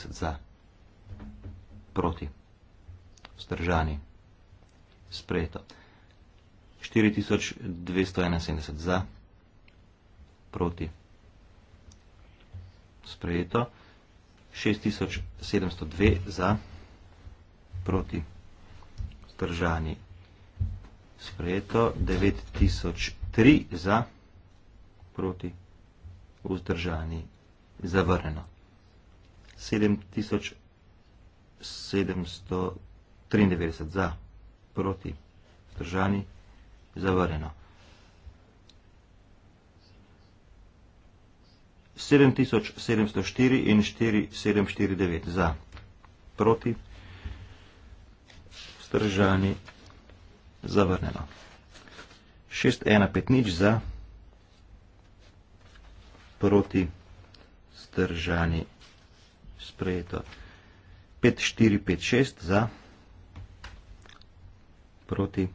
Speaker 4: za, proti, vzdržani, sprejeto. 4271 za, proti, sprejeto. 6702 za, proti, vzdržani, sprejeto. 9003 za, proti, sprejeto vzdržani, zavrneno. 7793 za, proti, vzdržani, zavrneno. 7704 in 4749 za, proti, vzdržani, zavrneno. 6150 za, proti, zdržani, sprejeto. 5, 4, 5, 6 za, proti,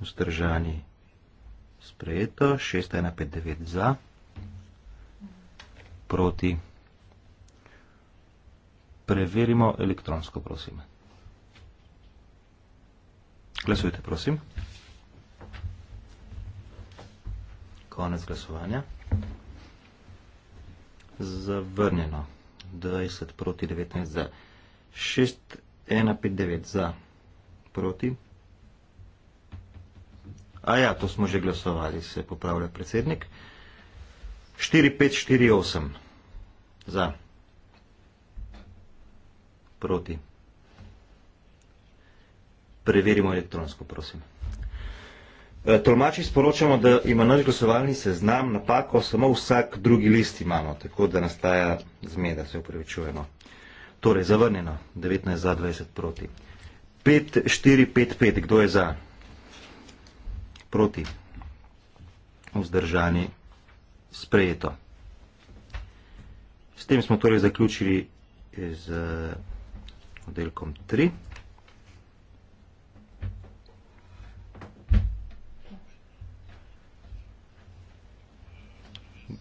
Speaker 4: zdržani, sprejeto. 6, 1, 5, 9 za, proti. Preverimo elektronsko, prosim. Glasujte, prosim. Glasujte, prosim. Konec glasovanja. Zavrnjeno. 20 proti 19 za. 6, 1, 5, 9 za. Proti. A ja, to smo že glasovali, se popravlja predsednik. 4, 5, 4, 8 za. Proti. Preverimo elektronsko, prosim. Eh, tolmači sporočamo, da ima naš glasovalni seznam napako, samo vsak drugi list imamo, tako da nastaja zmeda, se upravičujemo. Torej, zavrnjeno, 19 za 20 proti. 5, 4, 5, 5, kdo je za? Proti. Vzdržani. Sprejeto. S tem smo torej zaključili z oddelkom 3.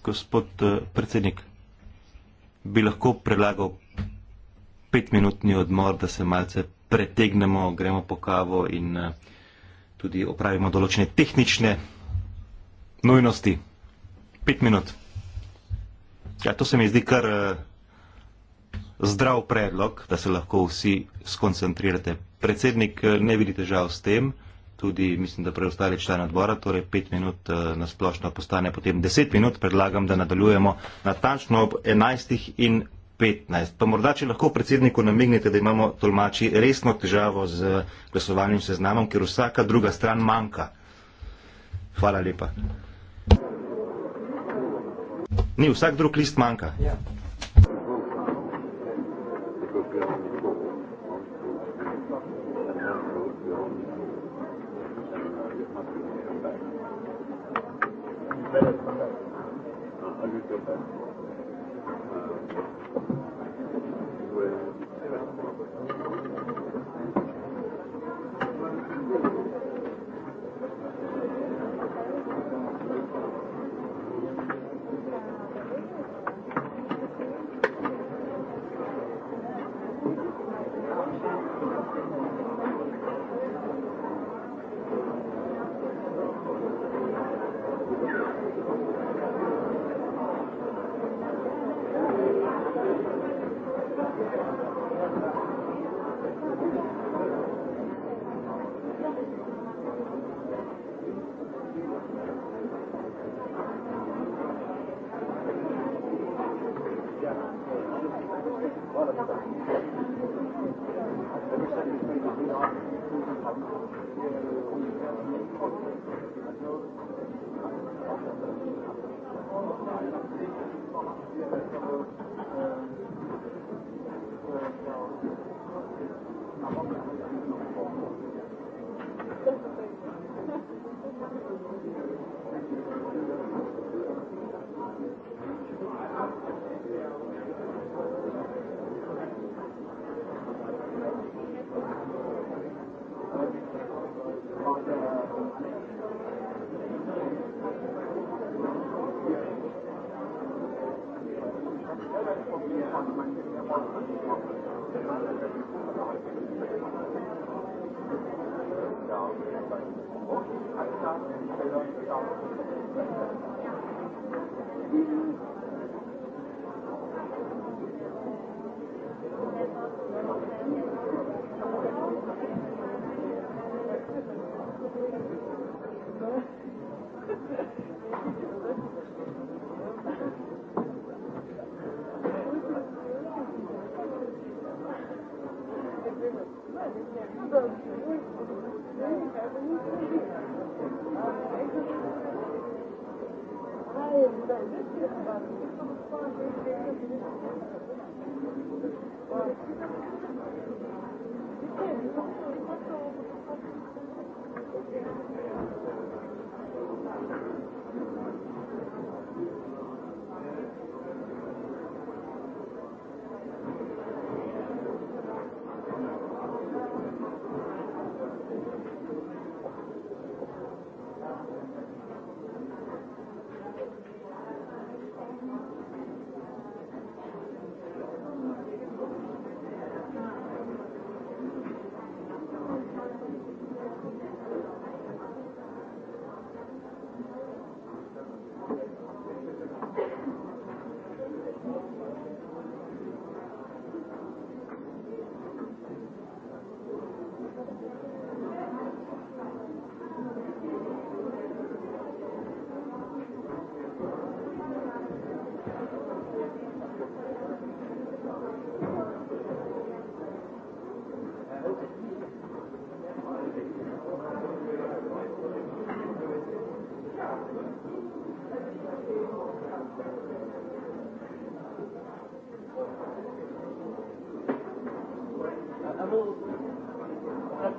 Speaker 4: gospod eh, predsednik, bi lahko prelagal petminutni odmor, da se malce pretegnemo, gremo po kavo in eh, tudi opravimo določene tehnične nujnosti. Pet minut. Ja, to se mi zdi kar eh, zdrav predlog, da se lahko vsi skoncentrirate. Predsednik, ne vidite žal s tem tudi, mislim, da preostali član odbora, torej pet minut eh, na splošno postane potem deset minut, predlagam, da nadaljujemo natančno ob enajstih in petnajst. Pa morda, če lahko predsedniku namignete, da imamo tolmači resno težavo z eh, glasovalnim seznamom, ker vsaka druga stran manjka. Hvala lepa. Ni, vsak drug list manjka. Ja.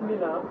Speaker 5: Mila.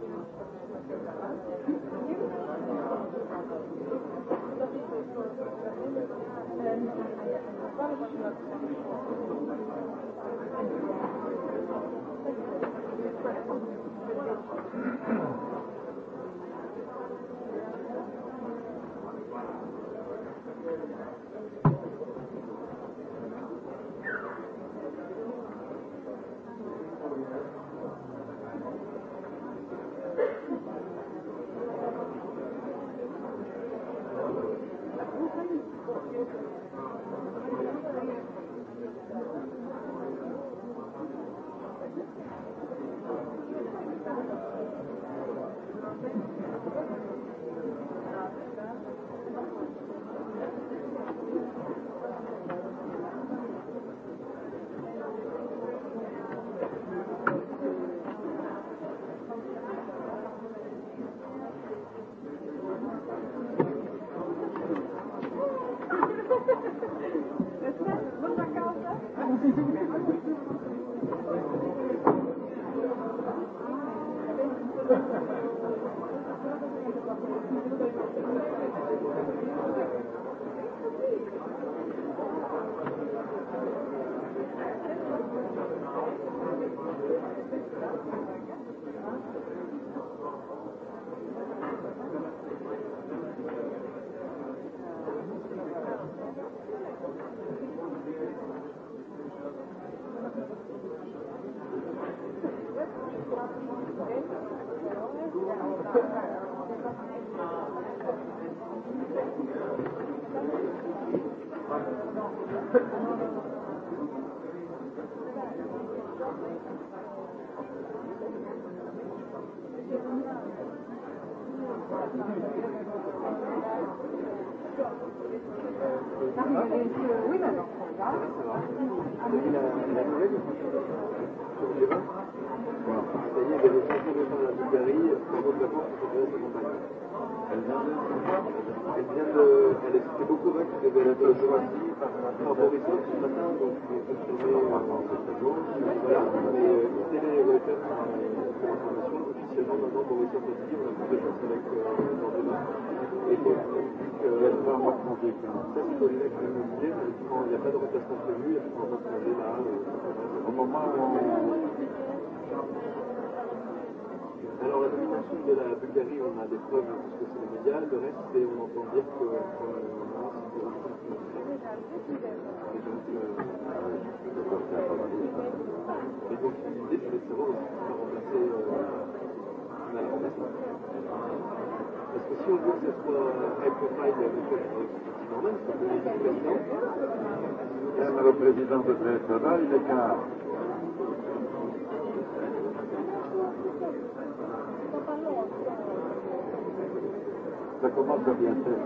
Speaker 5: Thank you. si eh, on veut être être faible, il faut être normal. Le président de la République, il est car. Ça commence à bien faire.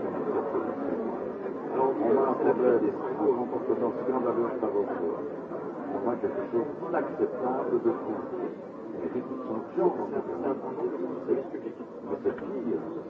Speaker 5: On a un problème, un comportement scandaleux par rapport. On a quelque chose d'acceptable de tout. Il y a des sanctions, en fait. Mais cette fille.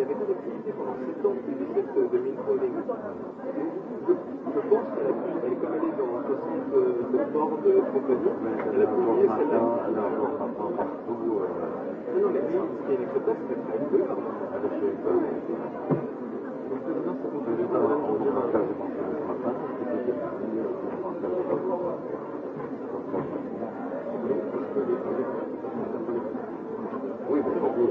Speaker 5: qui avait été utilisée pendant 7 ans plus euh, vite de, de Mint Holding. Je, je pense qu'elle a pu, elle, comme elle est dans un possible de port de compagnie, elle a pu oublier celle-là.
Speaker 4: Elle a un rapport euh, partout. Euh... Non, non, mais lui, ce qui est inacceptable, c'est qu'elle
Speaker 5: travaille deux heures. Avec chez Apple. Donc, c'est euh, bien, c'est pour que j'ai pas de rendre bien. Oui, c'est pour vous.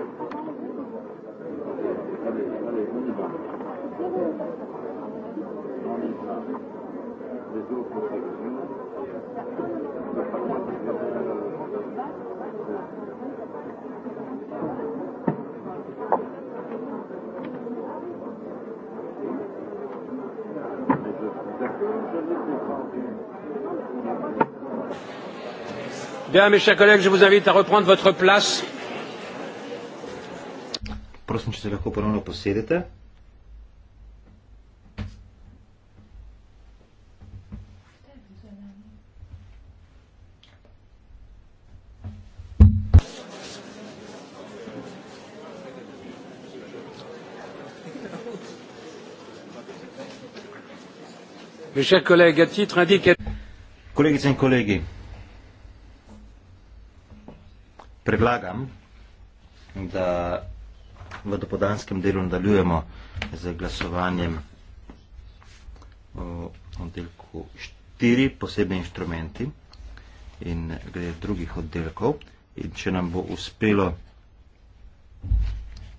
Speaker 3: Bien, mes chers collègues, je vous invite à reprendre votre place.
Speaker 4: Prosim, če se lahko ponovno posedete. Kolegice in kolegi, predlagam, da v dopodanskem delu nadaljujemo z glasovanjem o oddelku 4 posebni inštrumenti in glede drugih oddelkov. In če nam bo uspelo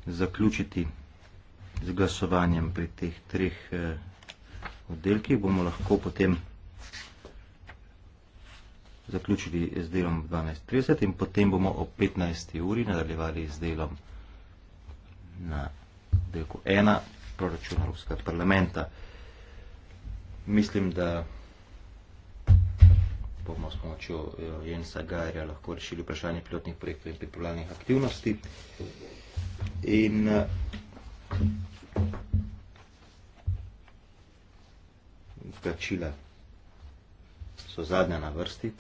Speaker 4: zaključiti z glasovanjem pri teh treh eh, oddelkih, bomo lahko potem zaključili z delom 12.30 in potem bomo ob 15. uri nadaljevali z delom na delku 1 proračuna Evropskega parlamenta. Mislim, da bomo s pomočjo eh, Jensa Gajerja lahko rešili vprašanje pilotnih projektov in pripravljalnih aktivnosti. In eh, plačila so zadnja na vrsti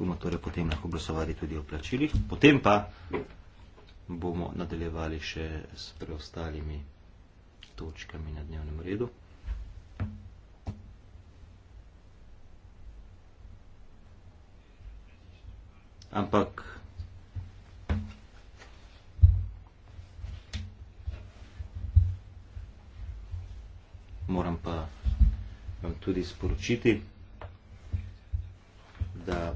Speaker 4: bomo torej potem lahko glasovali tudi o plačilih. Potem pa bomo nadaljevali še s preostalimi točkami na dnevnem redu. Ampak moram pa vam tudi sporočiti, da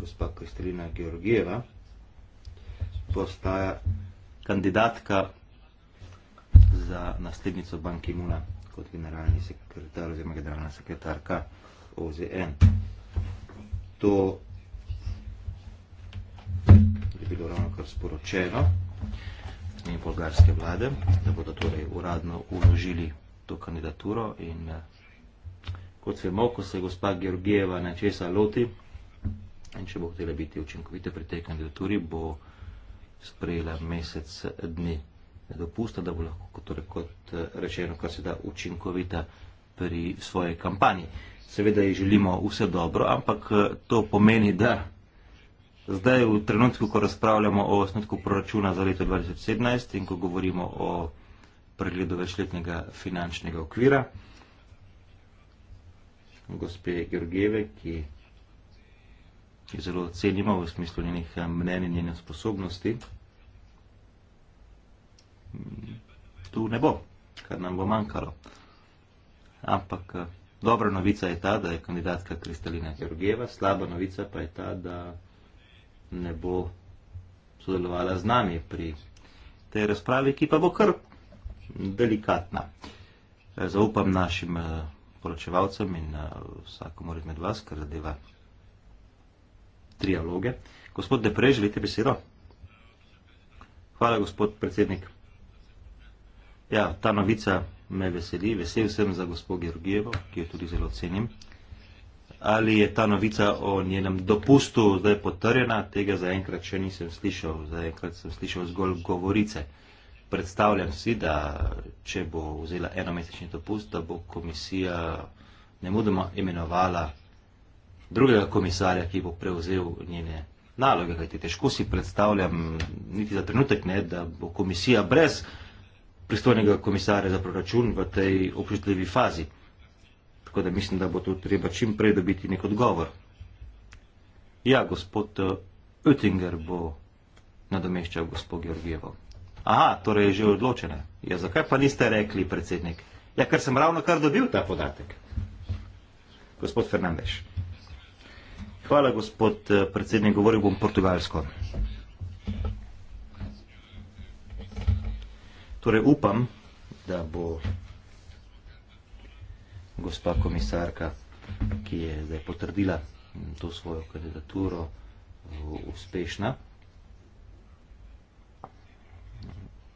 Speaker 4: gospa Kristina Georgijeva, postaja kandidatka za naslednico Banki Muna kot generalni sekretar oziroma generalna sekretarka OZN. To je bilo ravno kar sporočeno in bolgarske vlade, da bodo torej uradno uložili to kandidaturo in eh, kot se je mogo, ko se gospa Georgijeva nečesa loti, In če bo hotela biti učinkovita pri tej kandidaturi, bo sprejela mesec dni dopusta, da bo lahko, kot, torej, kot eh, rečeno, kar se da učinkovita pri svoji kampanji. Seveda ji želimo vse dobro, ampak eh, to pomeni, da zdaj v trenutku, ko razpravljamo o osnutku proračuna za leto 2017 in ko govorimo o pregledu večletnega finančnega okvira, gospe Georgijeve, ki ki jo zelo cenimo v smislu njenih eh, mnen in njene sposobnosti, tu ne bo, kar nam bo manjkalo. Ampak eh, dobra novica je ta, da je kandidatka Kristalina Georgieva, slaba novica pa je ta, da ne bo sodelovala z nami pri tej razpravi, ki pa bo kar delikatna. Eh, zaupam našim poročevalcem in vsakomor izmed vas, kar zadeva trialoge. Gospod Deprej, želite besedo? Hvala, gospod predsednik. Ja, ta novica me veseli. Vesel sem za gospod Georgijevo, ki jo tudi zelo cenim. Ali je ta novica o njenem dopustu zdaj potrjena, tega zaenkrat še nisem slišal. Zaenkrat sem slišal zgolj govorice. Predstavljam si, da če bo vzela enomesečni dopust, da bo komisija ne mudoma imenovala drugega komisarja, ki bo prevzel njene naloge. Kajti težko si predstavljam, niti za trenutek ne, da bo komisija brez pristojnega komisarja za proračun v tej občutljivi fazi. Tako da mislim, da bo tu treba čim prej dobiti nek odgovor. Ja, gospod eh, Oettinger bo nadomeščal gospod Georgijevo. Aha, torej je že odločena. Ja, zakaj pa niste rekli, predsednik? Ja, ker sem ravno kar dobil ta podatek. Gospod Fernandez. Hvala, gospod eh, predsednik. Govoril bom portugalsko. Torej, upam, da bo gospa komisarka, ki je zdaj potrdila to svojo kandidaturo, uspešna.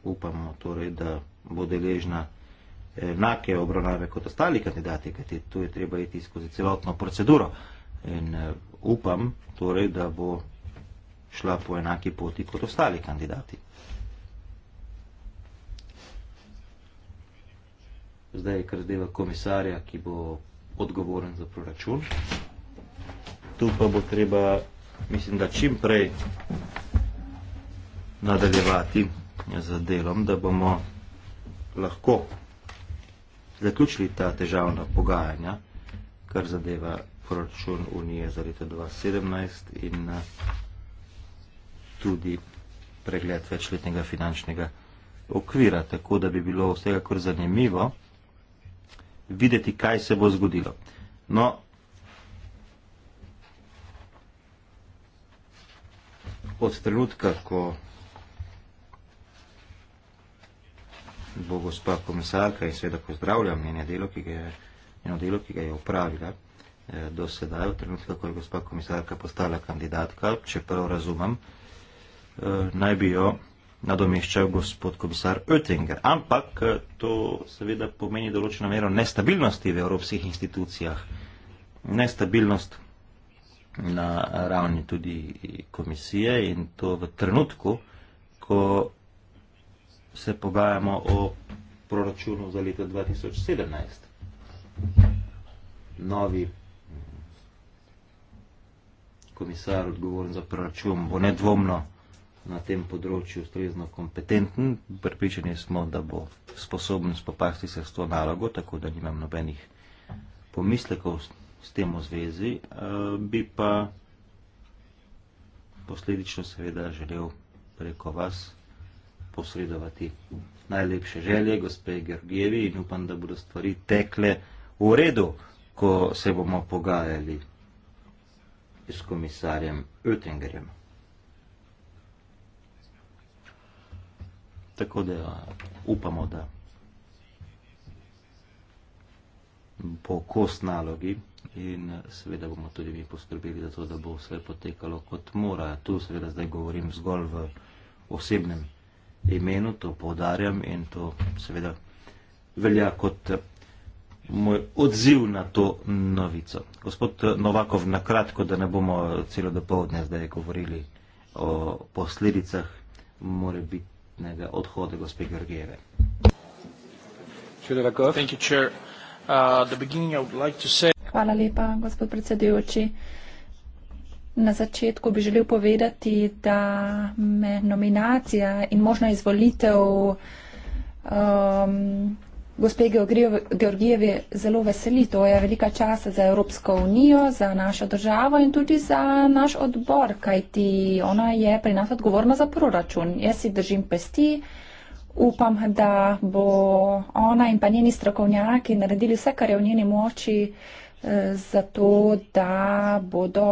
Speaker 4: Upamo torej, da bo deležna enake obravnave kot ostali kandidati, kajti tu je treba iti skozi celotno proceduro. In eh, upam, torej, da bo šla po enaki poti kot ostali kandidati. Zdaj je kar zdeva komisarja, ki bo odgovoren za proračun. Tu pa bo treba, mislim, da čim prej nadaljevati z delom, da bomo lahko zaključili ta težavna pogajanja, kar zadeva proračun Unije za leto 2017 in eh, tudi pregled večletnega finančnega okvira, tako da bi bilo vsega kar zanimivo videti, kaj se bo zgodilo. No, od trenutka, ko bo gospa komisarka in seveda pozdravljam njeno delo, ki ga je, njeno delo, ki ga je upravila, Eh, do sedaj, v trenutku, ko je gospa komisarka postala kandidatka, če prav razumem, eh, naj bi jo nadomeščal gospod komisar Oettinger. Ampak eh, to seveda pomeni določeno mero nestabilnosti v evropskih institucijah. Nestabilnost na ravni tudi komisije in to v trenutku, ko se pogajamo o proračunu za leto 2017. Novi komisar odgovoren za proračun bo nedvomno na tem področju ustrezno kompetenten. Pripričani smo, da bo sposoben spopasti se s to nalogo, tako da nimam nobenih pomislekov s tem v zvezi. Eh, bi pa posledično seveda želel preko vas posredovati najlepše želje gospe Georgijevi in upam, da bodo stvari tekle v redu, ko se bomo pogajali s komisarjem Oettingerjem. Tako da upamo, da bo kost nalogi in seveda bomo tudi mi poskrbeli za to, da bo vse potekalo kot mora. Tu seveda zdaj govorim zgolj v osebnem imenu, to poudarjam in to seveda velja kot moj odziv na to novico. Gospod Novakov, na kratko, da ne bomo celo dopoledne zdaj govorili o posledicah morebitnega odhoda gospe Gergijeve.
Speaker 3: Uh,
Speaker 2: Hvala lepa, gospod predsedujoči. Na začetku bi želel povedati, da me nominacija in možna izvolitev um, Gospe Georgijevi zelo veseli, to je velika časa za Evropsko unijo, za našo državo in tudi za naš odbor, kajti ona je pri nas odgovorna za proračun. Jaz si držim pesti, upam, da bo ona in pa njeni strokovnjaki naredili vse, kar je v njeni moči, eh, zato da bodo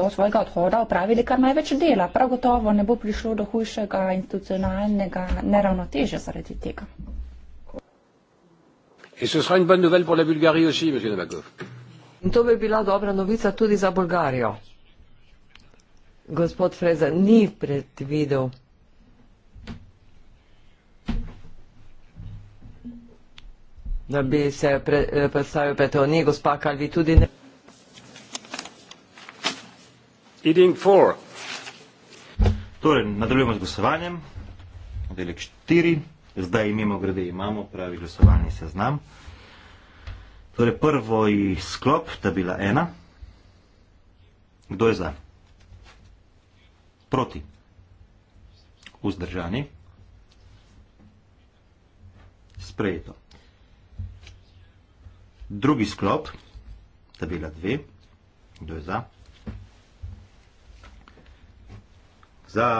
Speaker 2: do svojega odhoda opravili kar največ dela. Prav gotovo ne bo prišlo do hujšega institucionalnega neravnoteže zaradi tega
Speaker 3: in
Speaker 1: to bi bila dobra novica tudi za Bolgarijo. Gospod Freza ni predvidel. da bi se pre, eh, predstavil peto ni gospa Kalvi tudi ne.
Speaker 4: Eating four. Torej, nadaljujemo z glasovanjem. Oddelek štiri. Zdaj imamo grede, imamo pravi glasovalni seznam. Torej, prvo je sklop, ta bila ena. Kdo je za? Proti. Vzdržani. Sprejeto. Drugi sklop, ta bila dve. Kdo je za? Za.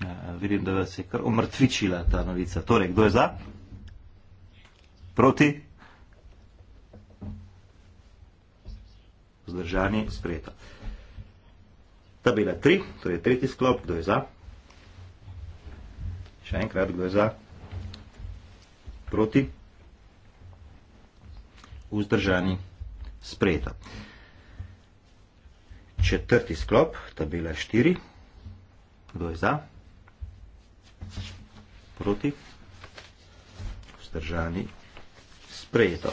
Speaker 4: Eh, vidim, da vas je kar omrtvičila ta novica. Torej, kdo je za? Proti? Zdržani, sprejeto. Tabela 3, to je tretji sklop, kdo je za? Še enkrat, kdo je za? Proti? Vzdržani, sprejeto. Četrti sklop, tabela 4, kdo je za? Kdo je za? proti, vzdržani, sprejeto.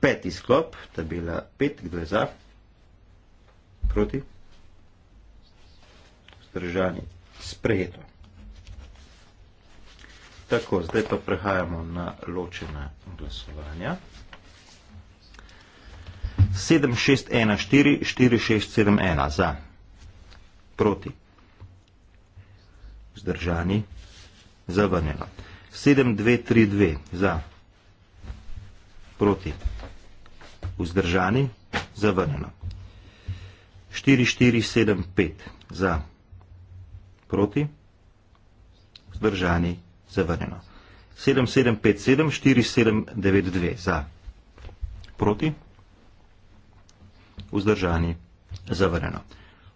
Speaker 4: Peti sklop, tabela 5, kdo je za, proti, vzdržani, sprejeto. Tako, zdaj pa prehajamo na ločena glasovanja. 7614, 4671, za, proti, vzdržani, sprejeto vzdržani, zavrnjeno. 7-2-3-2 za, proti, vzdržani, zavrnjeno. 4-4-7-5 za, proti, vzdržani, zavrnjeno. 7-7-5-7-4-7-9-2 za, proti, vzdržani, zavrnjeno. 4-4-7-5 za, proti, vzdržani, zavrnjeno.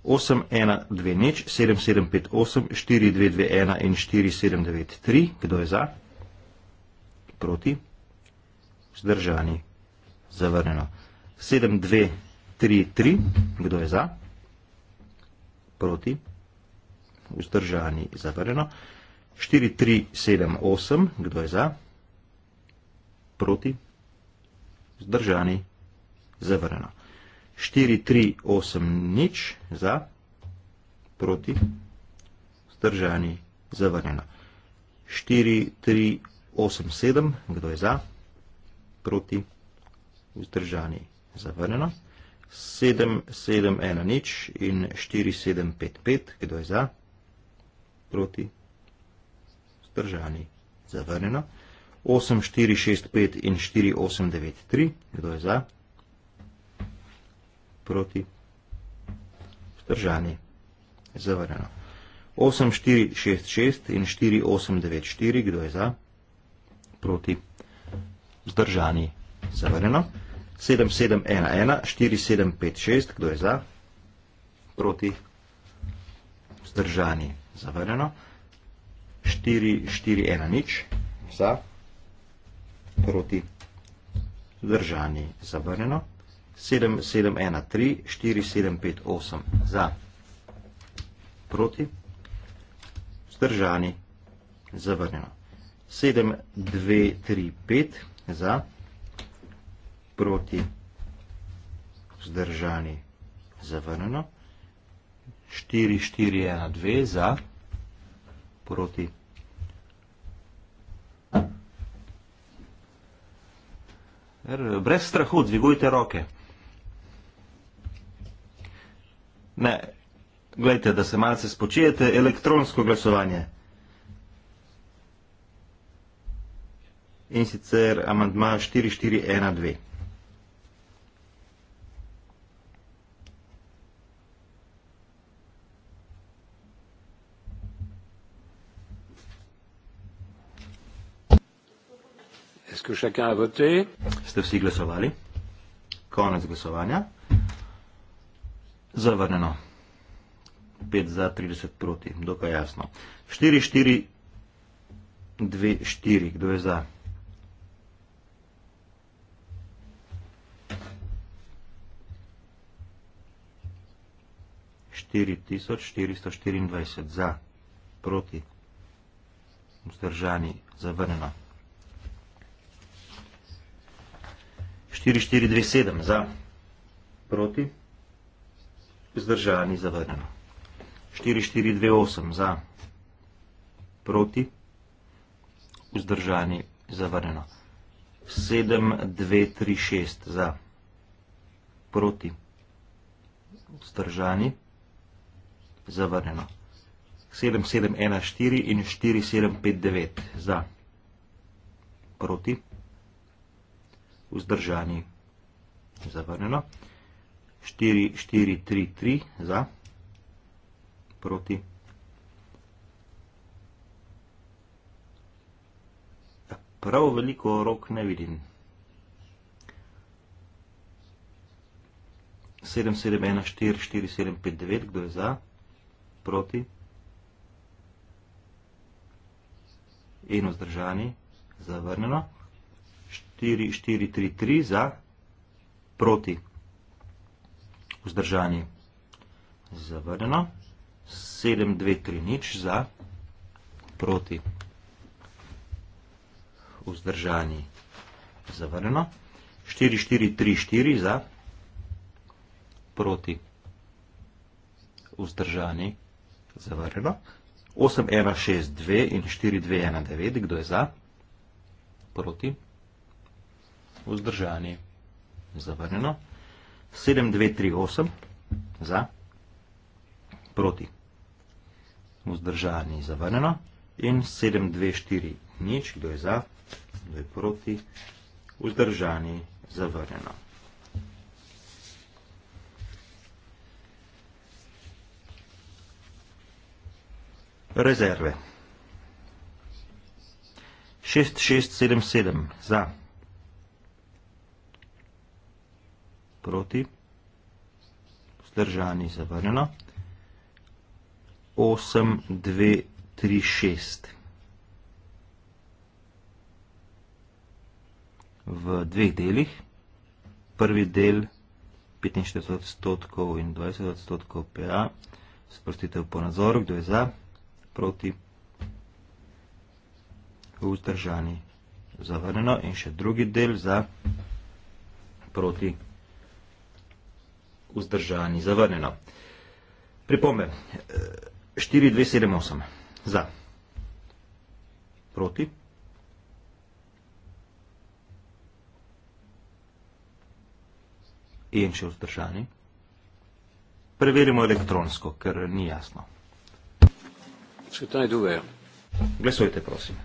Speaker 4: 812 nič 7758 4221 in 4793. Kdo je za? Proti? Zdržani. Zavrnjeno. 7233. Kdo je za? Proti? Vzdržani. Zavrnjeno. 4378. Kdo je za? Proti? Zdržani. Zavrnjeno. 4, 3, 8, nič, za, proti, vzdržani, zavrnjeno. 4, 3, 8, 7, kdo je za, proti, vzdržani, zavrnjeno. 7, 7, 1, nič in 4, 7, 5, 5, kdo je za, proti, vzdržani, zavrnjeno. 8, 4, 6, 5 in 4, 8, 9, 3, kdo je za, proti, vzdržani, zavrnjeno proti vzdržani. Zavrjeno. 8466 in 4894, kdo je za? Proti vzdržani. Zavrjeno. 7711, 4756, kdo je za? Proti vzdržani. Zavrjeno. 4410, nič. Za? Proti vzdržani. Zavrjeno. 7711. 7713-4758 za, proti, vzdržani, zavrnjeno. 7235 za, proti, vzdržani, zavrnjeno. 4412 za, proti, brez strahu, dvigujte roke. Ne, gledajte, da se malce spočijete, elektronsko glasovanje. In sicer amantma 4412. Ste vsi glasovali? Konec glasovanja. Zavrnjeno. 5 za 30 proti, dokaj jasno. 4, 4, 2, 4, kdo je za? Štiri tisoč, štiristo, štirindvajset, za, proti, vzdržani, zavrneno. Štiri, štiri, dve, sedem, za, proti, vzdržani. Zdržani zavrnjeno. 4428 za. Proti. Vzdržani zavrnjeno. 7236 za. Proti. Vzdržani zavrnjeno. 7714 in 4759 za. Proti. Vzdržani zavrnjeno. 4, 4, 3, 3 za, proti. Ja, prav veliko rok ne vidim. 7, 7, 1, 4, 4, 7, 5, 9, kdo je za, proti. Eno zdržani, zavrneno. 4, 4, 3, 3 za, proti. Proti vzdržani. Zavrneno. 7, 2, 3, nič za, proti, vzdržani, zavrneno. 4, 4, 3, 4 za, proti, vzdržani, zavrneno. 8, 1, 6, 2 in 4, 2, 1, 9, kdo je za, proti, vzdržani, zavrneno. 7238 za, proti, vzdržani zavrneno in 724 nič, kdo je za, kdo je proti, vzdržani zavrneno. Rezerve. 6677 za. proti, vzdržani zavrnjeno, 8, 2, 3, 6. V dveh delih, prvi del 45 odstotkov in 20 odstotkov PA, sprostitev po nadzoru, kdo je za, proti, vzdržani zavrnjeno in še drugi del za proti vzdržani vzdržani, zavrnjeno. Pripombe. 4, 2, 7, 8. Za. Proti. In še vzdržani. Preverimo elektronsko, ker ni jasno. Če taj duvejo. Glesujte, prosim.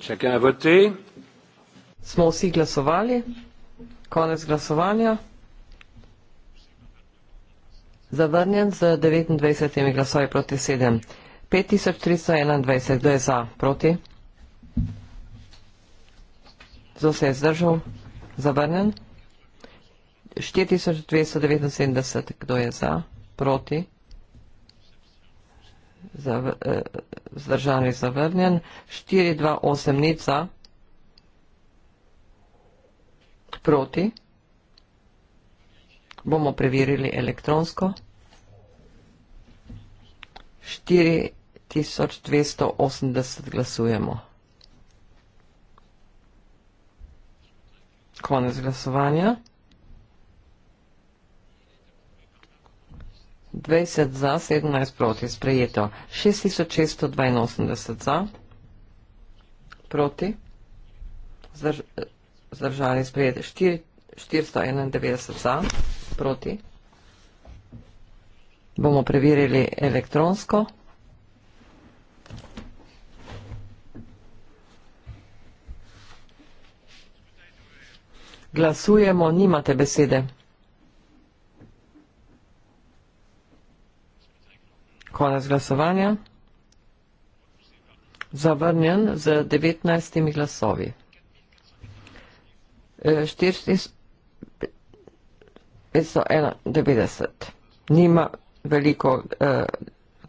Speaker 3: Chacun a voté
Speaker 1: smo vsi glasovali. Konec glasovanja. Zavrnjen z 29 glasovi proti 7. 5321, kdo je za, proti? Zdo se je zdržal, zavrnjen. 4279, kdo je za, proti? Eh, Zdržan je zavrnjen. 428, nič za proti. Bomo preverili elektronsko. 4280 glasujemo. Konec glasovanja. 20 za, 17 proti, sprejeto. 6682 za, proti, zdrž, zdržali sprejete 491 za, proti. Bomo preverili elektronsko. Glasujemo, nimate besede. Konec glasovanja. Zavrnjen z 19 glasovi. 491. Nima veliko, uh, eh,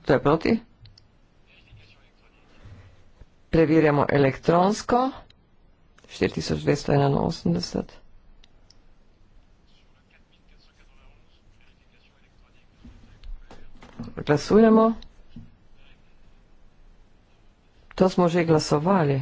Speaker 1: to je proti. Preverjamo elektronsko. 4281. Glasujemo. To smo že glasovali.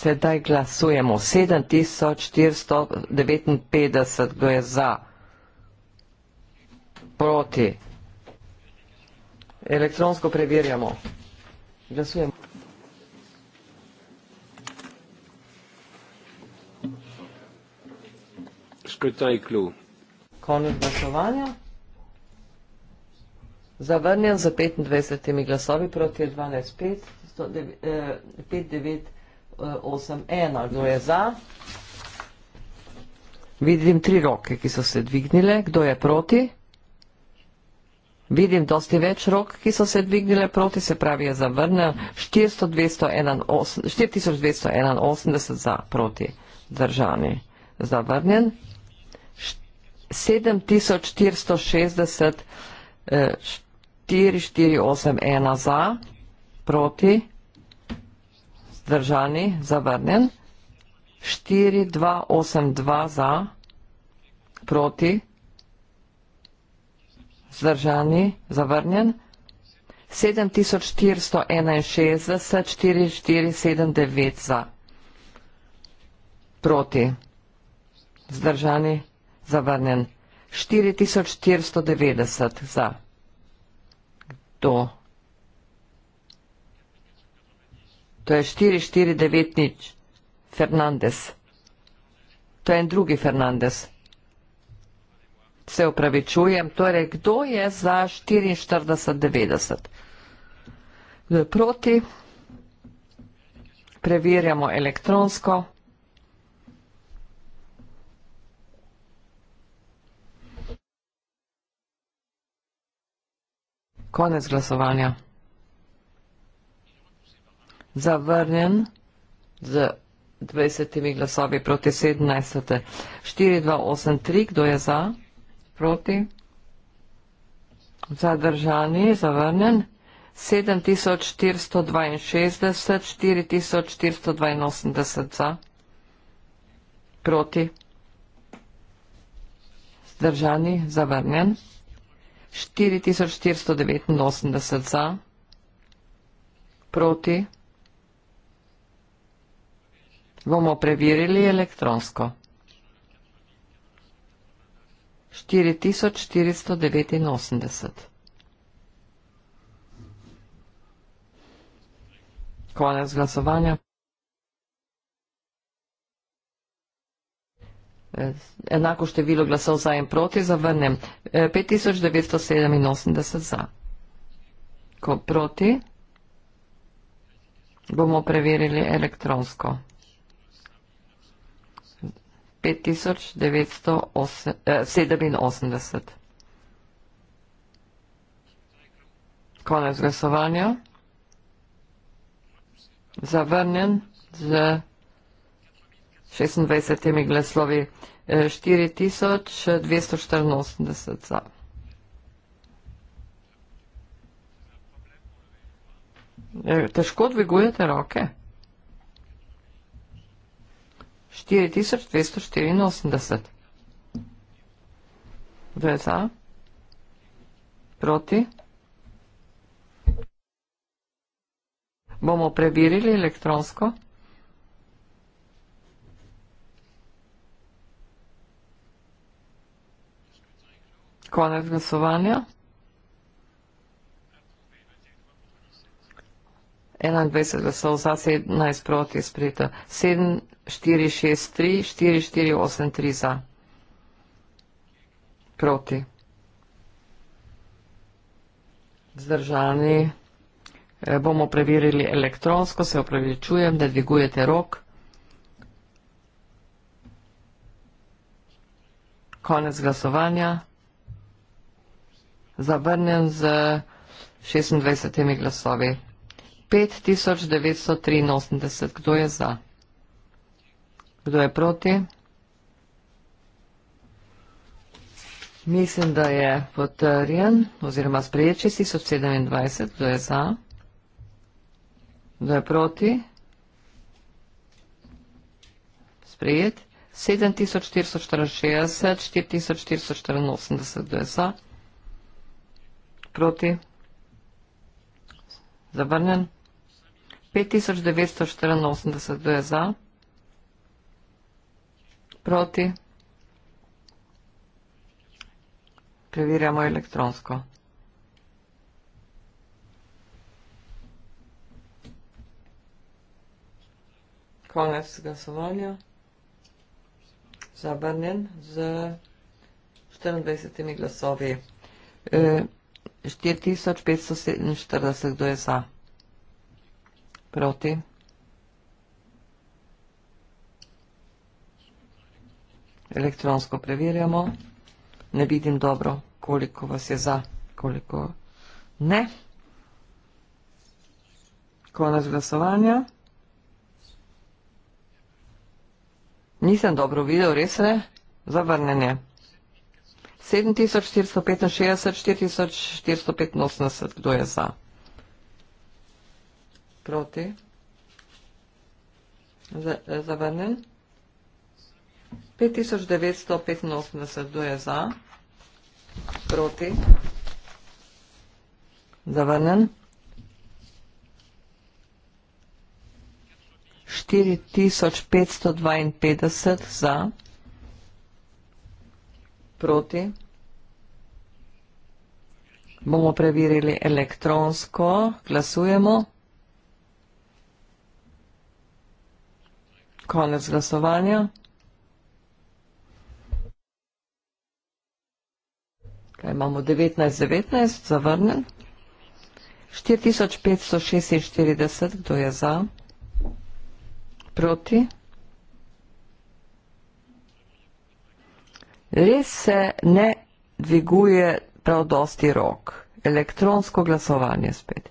Speaker 1: sedaj glasujemo. 7459 go je za. Proti. Elektronsko preverjamo. Glasujemo.
Speaker 3: Skrtaj klu.
Speaker 1: Konec glasovanja. Zavrnjen za 25 glasovi proti 12.5, 5.9. 8.1. Kdo je za? Vidim tri roke, ki so se dvignile. Kdo je proti? Vidim dosti več rok, ki so se dvignile proti, se pravi je zavrnjen. 4281 za proti držani zavrnjen. 7460 4481 eh, za proti vzdržani, zavrnjen. 4, 2, 8, 2 za, proti, vzdržani, zavrnjen. 7461, 4, 4, 7, 9 za, proti, vzdržani, zavrnjen. 4490 za. Kdo? To je 449 nič. Fernandez. To je en drugi Fernandez. Se upravičujem. Torej, kdo je za 44,90? Kdo je proti? Preverjamo elektronsko. Konec glasovanja zavrnjen z 20 glasovi proti 17. 4283, kdo je za? Proti? Zadržani, zavrnjen. 7462, 4482 za. Proti? Zdržani, zavrnjen. 4489 za. Proti? bomo preverili elektronsko. 4489. Konec glasovanja. E, enako število glasov za in proti zavrnem. 5987 e, za. Ko proti, bomo preverili elektronsko. 5987. Eh, Konec glasovanja. Zavrnjen z 26 glasovi 4284 eh, za. Eh, težko dvigujete roke? Okay. 4284. Kdo je za? Proti? Bomo preverili elektronsko. Konec glasovanja. 21 glasov za, 17 proti, sprejeto. 7, 4, 6, 3, 4, 4, 8, 3 za. Proti. Zdržani. E, bomo preverili elektronsko, se opravičujem, da dvigujete rok. Konec glasovanja. Zavrnjen z 26 glasovi. 5983. Kdo je za? Kdo je proti? Mislim, da je potrjen oziroma sprejet 6027. Kdo je za? Kdo je proti? Sprejet 7464, 4484. Kdo je za? Proti? Zavrnjen? 5984 je za, proti, preverjamo elektronsko. Konec glasovanja, zabrnen z 24 glasovi, 4547 eh, je za. Proti. Elektronsko preverjamo. Ne vidim dobro, koliko vas je za, koliko ne. Konec glasovanja. Nisem dobro videl, res ne. Zavrnenje. 7465, 4485, kdo je za? nasproti, zavrnjen. 5985 je za, proti, zavrnen, 4552 za, proti, bomo preverili elektronsko, glasujemo, Konec glasovanja. Kaj imamo 19-19, zavrnen. 4546, kdo je za? Proti? Res se ne dviguje prav dosti rok. Elektronsko glasovanje spet.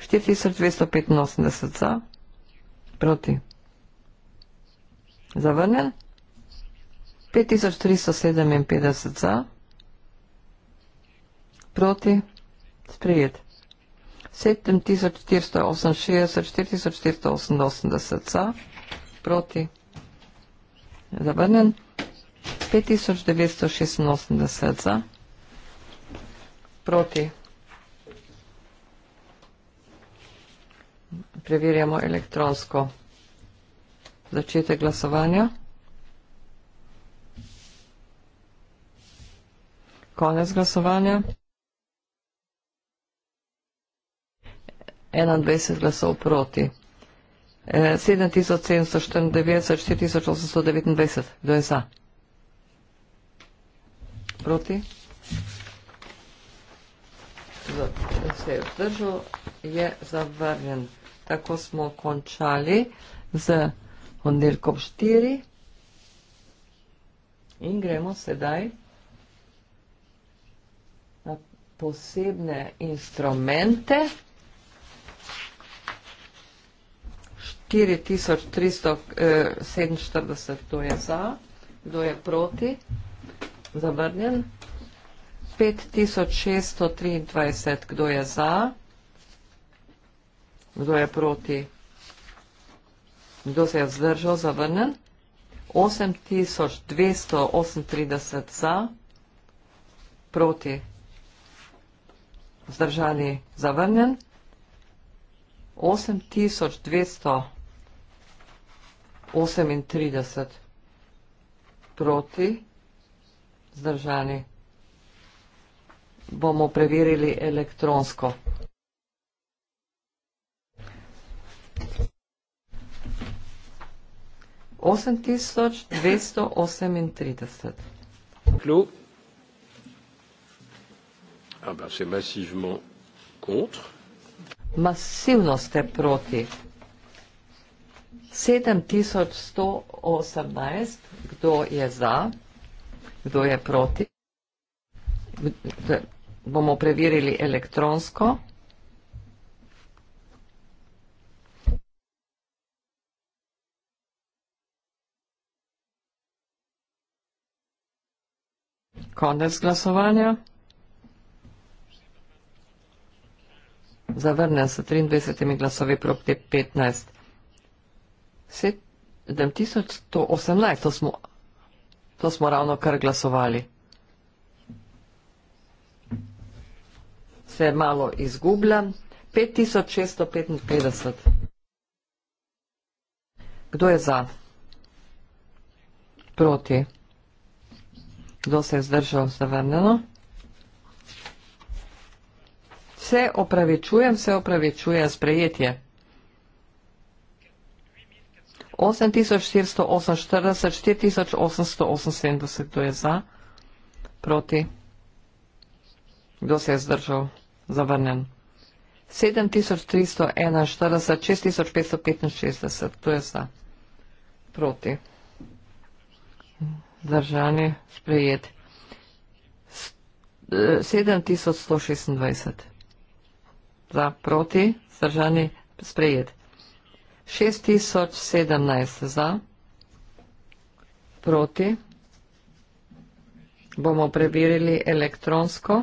Speaker 1: 4285 za, proti, zavrnjen, 5357 za, proti, sprejet, 7468, 4488 za, proti, zavrnjen, 5986 za, proti, preverjamo elektronsko začetek glasovanja. Konec glasovanja. 21 glasov proti. 7794, eh, 4829, kdo je za? Proti? Zdaj, se je vzdržal, je zavrnjen tako smo končali z ondelkom 4 in gremo sedaj na posebne instrumente. 4347, to eh, je za, kdo je proti, zavrnjen. 5623, kdo je za, Kdo je proti? Kdo se je vzdržal, zavrnen? 8238 za, proti, vzdržani, zavrnen. 8238 proti, vzdržani. Bomo preverili elektronsko.
Speaker 5: Clos. Ah ben c'est massivement contre.
Speaker 1: Massivement ste proti. 7118, kdo je za, kdo je proti. Bomo preverili elektronsko. Konec glasovanja. Zavrnem se 23 glasovi proti 15. 7118, to smo, to smo ravno kar glasovali. Se malo izgublja. 5655. Kdo je za? Proti. Kdo se je zdržal zavrnjeno? Se opravičujem, se opravičuje sprejetje. 8448, 4878, kdo je za, proti, kdo se je zdržal, zavrnen. 7341, 6565, kdo je za, proti zdržani, sprejet 7126, eh, za proti, zdržani, sprejet 6017 za, proti, bomo preverili elektronsko.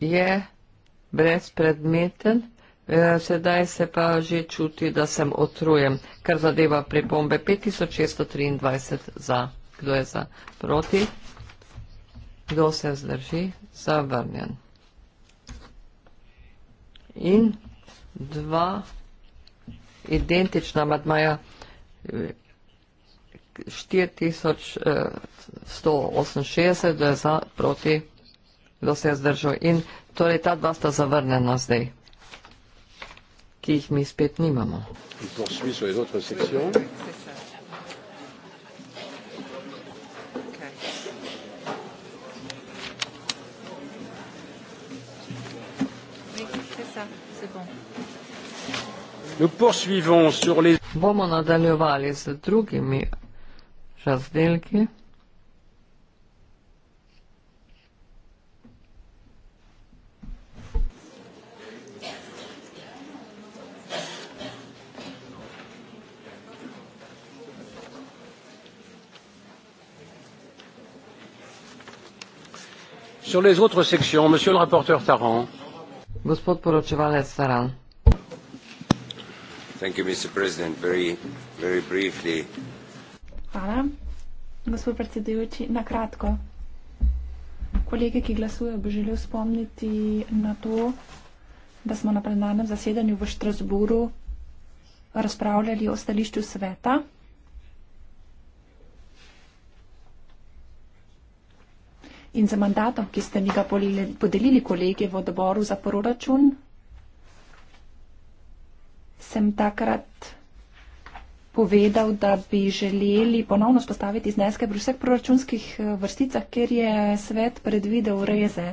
Speaker 1: Je brezpredmeten E, sedaj se pa že čuti, da sem otrujem, kar zadeva pripombe 5623 za. Kdo je za? Proti. Kdo se zdrži? Zavrnjen. In dva identična madmaja 4168, e, kdo je za? Proti. Kdo se je zdržal? In torej ta dva sta zavrnjena zdaj ki jih mi spet nimamo. Bomo nadaljevali z drugimi razdelki.
Speaker 3: Sur les autres sections, monsieur le rapporteur
Speaker 5: Taran.
Speaker 1: Gospod poročevalec Taran.
Speaker 4: Thank you, Mr. President. Very, very briefly.
Speaker 2: Hvala, gospod predsedujoči. Na kratko, kolege, ki glasujejo, bi želel spomniti na to, da smo na plenarnem zasedanju v Štrasburu razpravljali o stališču sveta. in za mandatom, ki ste mi ga podelili kolegi v odboru za proračun, sem takrat povedal, da bi želeli ponovno spostaviti zneske pri vseh proračunskih eh, vrsticah, ker je svet predvidel reze.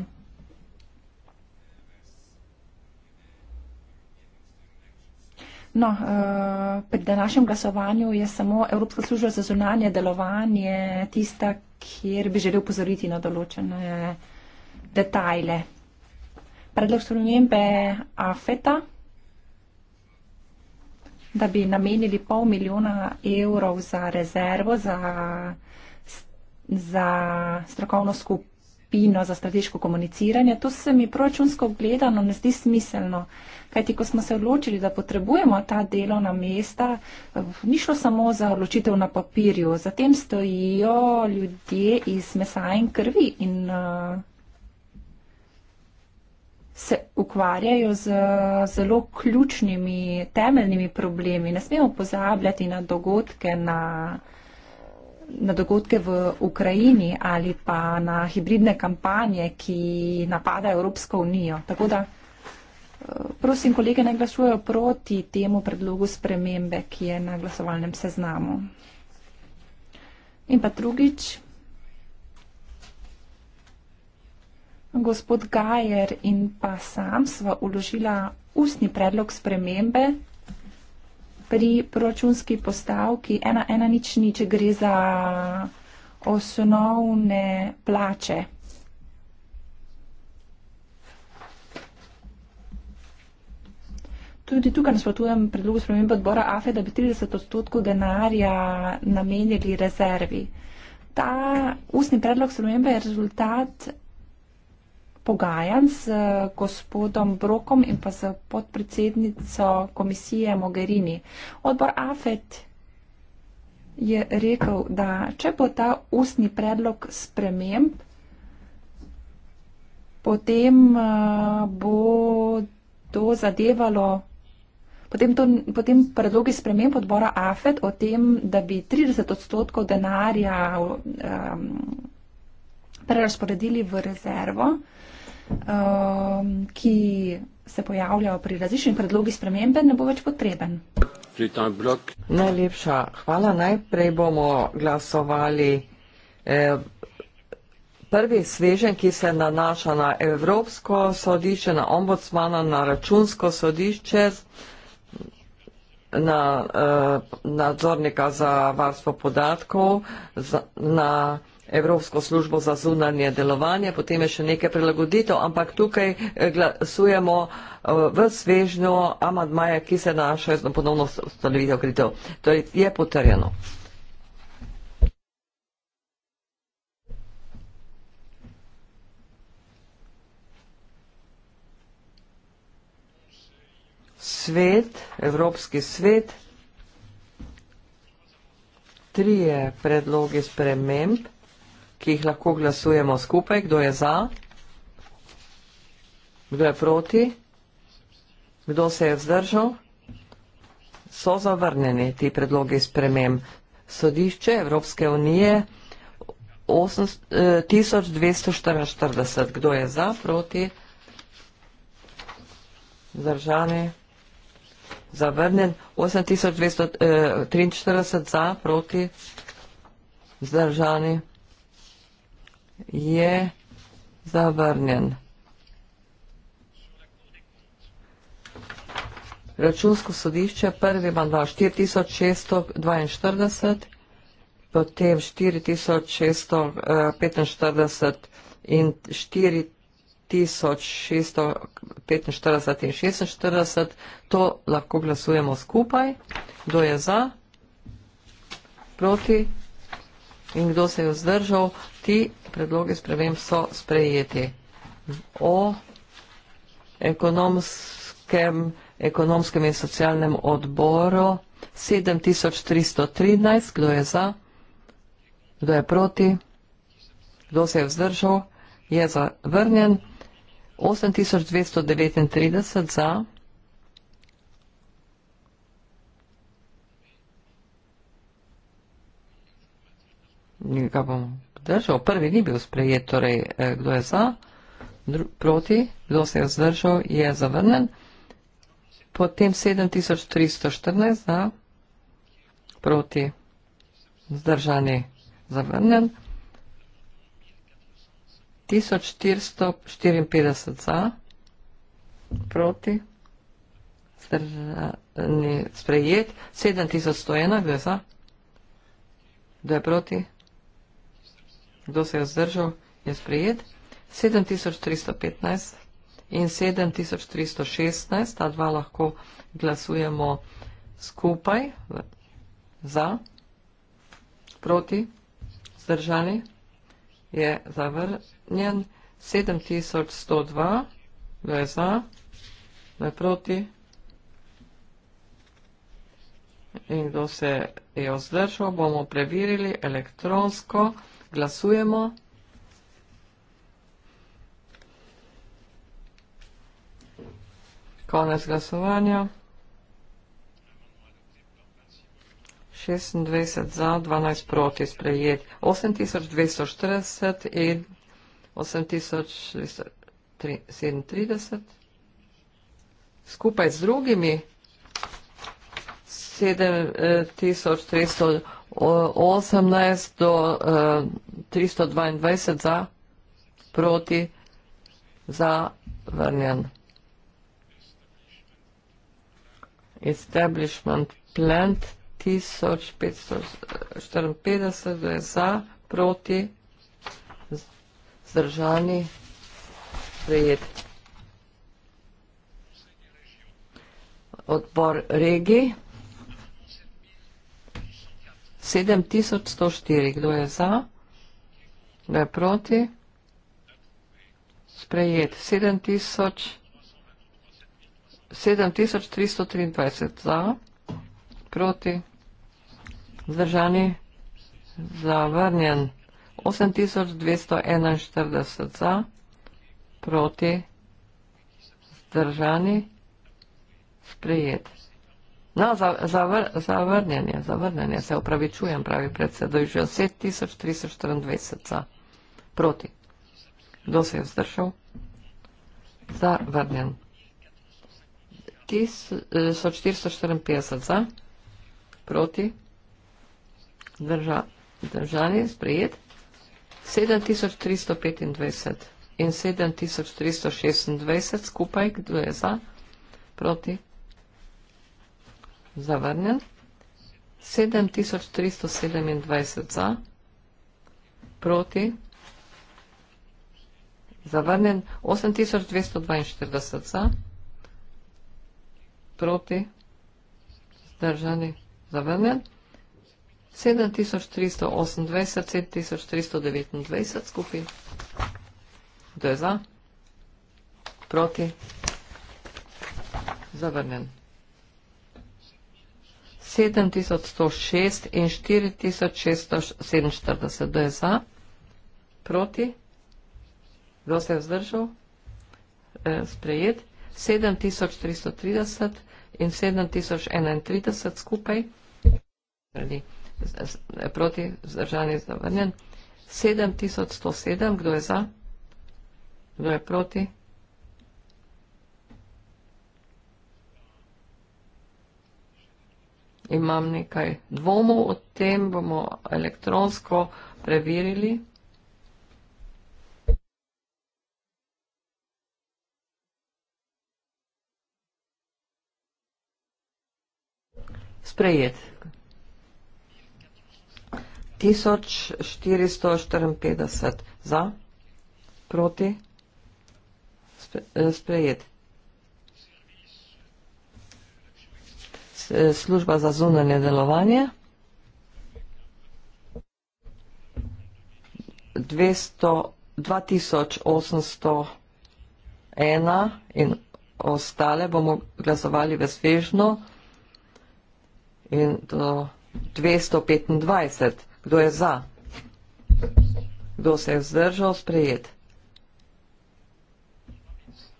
Speaker 2: No, eh, pri današnjem glasovanju je samo Evropska služba za zunanje delovanje tista, kjer bi želel pozoriti na določene detajle. Predlog spremembe AFETA, da bi namenili pol milijona evrov za rezervo za, za strokovno skupino za strateško komuniciranje, to se mi proračunsko gledano ne zdi smiselno. Uh, Kajti, ko smo se odločili, da potrebujemo ta delovna mesta, ni šlo samo za odločitev na papirju, zatem stojijo ljudje iz mesa in krvi in uh, se ukvarjajo z zelo ključnimi, temeljnimi problemi. Ne smemo pozabljati na dogodke, na, na dogodke v Ukrajini ali pa na hibridne kampanje, ki napadajo Evropsko unijo. Tako da. Prosim, kolege ne glasujejo proti temu predlogu spremembe, ki je na glasovalnem seznamu. In pa drugič, gospod Gajer in pa sam sva uložila ustni predlog spremembe pri proračunski postavki 1.1.0, če gre za osnovne plače. Tudi tukaj nasprotujem predlogu spremembe odbora AFE, da bi 30 odstotkov denarja namenili rezervi. Ta ustni predlog spremembe je rezultat pogajanj z gospodom Brokom in pa z podpredsednico komisije Mogherini. Odbor AFET je rekel, da če bo ta ustni predlog sprememb, potem eh, bo to zadevalo Potem, to, potem predlogi sprememb odbora AFED o tem, da bi 30 odstotkov denarja um, prerasporedili v rezervo, um, ki se pojavljajo pri različnih predlogih spremembe, ne bo več potreben.
Speaker 1: Najlepša hvala. Najprej bomo glasovali eh, prvi svežen, ki se nanaša na Evropsko sodišče, na ombudsmana, na računsko sodišče na uh, nadzornika za varstvo podatkov, za, na Evropsko službo za zunanje delovanje, potem je še nekaj prilagoditev, ampak tukaj eh, glasujemo uh, v svežnjo amadmaja, ki se nanašajo na ponovno ustanovitev kreditev. To je potrjeno. svet, Evropski svet, trije predlogi sprememb, ki jih lahko glasujemo skupaj. Kdo je za? Kdo je proti? Kdo se je vzdržal? So zavrnjeni ti predlogi sprememb. Sodišče Evropske unije 1244. Eh, Kdo je za, proti, zdržani? zavrnjen, 8243 eh, za, proti, zdržani, je zavrnjen. Računsko sodišče, prvi mandal 4642, potem 4645 eh, in 4000. 1645 in 46, to lahko glasujemo skupaj, kdo je za, proti in kdo se je vzdržal, ti predloge sprevem so sprejeti. O ekonomskem, ekonomskem in socialnem odboru 7313, kdo je za, kdo je proti, kdo se je vzdržal, je zavrnjen. 8239 za. 8239 za. Ga bom držal. Prvi ni bil sprejet, torej eh, kdo je za, proti, kdo se je zdržal, je zavrnen. Potem 7314 za, proti, zdržani, zavrnen. 1454 za, proti, zdržani sprejet, 7101 gre za, da je proti, kdo se je zdržal, je sprejet, 7315 in 7316, ta dva lahko glasujemo skupaj, za, proti, zdržani, je zavrženo njen 7102, da je za, da je proti. In kdo se je ozdržal, bomo preverili elektronsko, glasujemo. Konec glasovanja. 26 za, 12 proti sprejet. 8240 in 8037, skupaj z drugimi 7318 do 322 eh, za, proti, za vrnjen. Establishment plant 1554 je za, proti, za vrnjen. Zdržani. Prejet. Odbor regij. 7104. Kdo je za? Kdo je proti? Sprejet. 7323 za. Proti. Zdržani. Zavrnjen. 8241 za, proti, zdržani, sprejet. No, zavr, zavrnjenje, zavrnjenje, se upravičujem, pravi predsedujoč, 7324 za, proti. Kdo se je vzdržal? Zavrnjen. 1454 za, proti, drža, držani, sprejet. 7325 in 7326 skupaj, kdo je za, proti, zavrnjen, 7327 za, proti, zavrnjen, 8242 za, proti, zdržani, zavrnjen, 7328, 7329 skupin. Kdo je za? Proti? Zavrnen. 7106 in 4647. Kdo je za? Proti? Kdo se je vzdržal? E, sprejet. 7330 in 7031 skupaj. Zavrnen proti vzdržan je zavrnjen. 7107, kdo je za, kdo je proti. Imam nekaj dvomov o tem, bomo elektronsko preverili. Sprejet. 1454 za, proti, e, sprejet. E, služba za zunanje delovanje. 2801 in ostale bomo glasovali v svežno in do 225. Kdo je za? Kdo se je zdržal sprejet?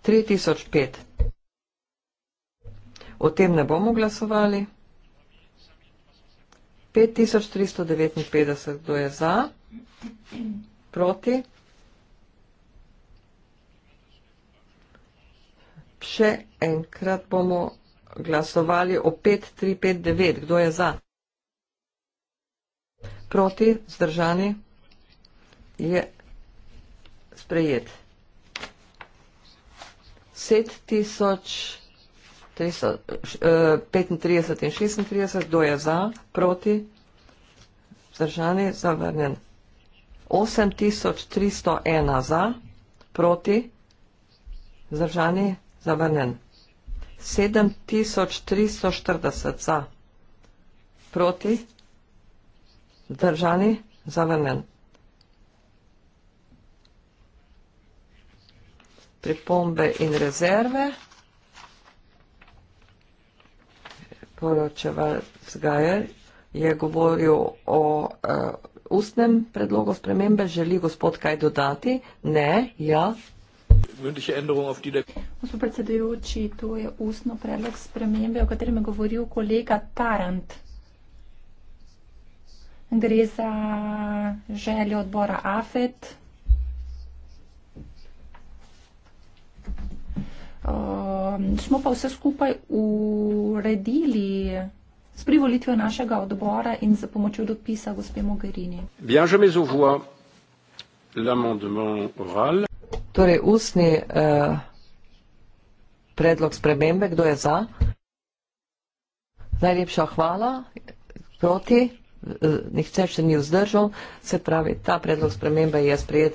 Speaker 1: 3005. O tem ne bomo glasovali. 5359. Kdo je za? Proti? Še enkrat bomo glasovali o 5359. Kdo je za? proti, zdržani, je sprejet. 7.35 eh, in 36, kdo je za, proti, zdržani, zavrnen. 8.301 za, proti, zdržani, zavrnen. 7.340 za, proti, zdržani. Zdržani, zavrnen. Pripombe in rezerve. Poročeval Zgajer je govoril o uh, ustnem predlogu spremembe. Želi gospod kaj dodati? Ne, ja.
Speaker 2: Gospod predsedujoči, to je ustno predlog spremembe, o katerem je govoril kolega Tarant. Gre za željo odbora AFET. Uh, smo pa vse skupaj uredili s privolitvijo našega odbora in za pomočjo dopisa gospe Mogherini.
Speaker 3: Bien, oral.
Speaker 1: Torej, ustni uh, predlog spremembe, kdo je za? Najlepša hvala. Proti? Eh, nihče še ni vzdržal, se pravi, ta predlog spremembe je sprejet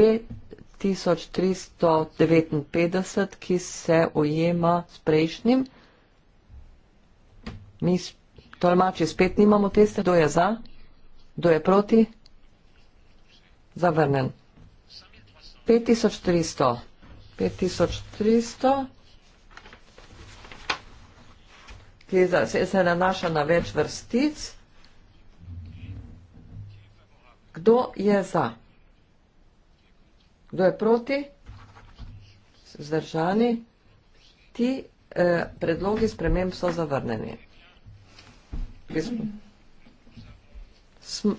Speaker 1: 5359, eh, ki se ujema s prejšnjim. Mi tolmači spet nimamo teste, kdo je za, kdo je proti, zavrnen. 5300. 5300, ki se nanaša na več vrstic. Kdo je za? Kdo je proti? Zdržani. Ti eh, predlogi spremem so zavrneni. S,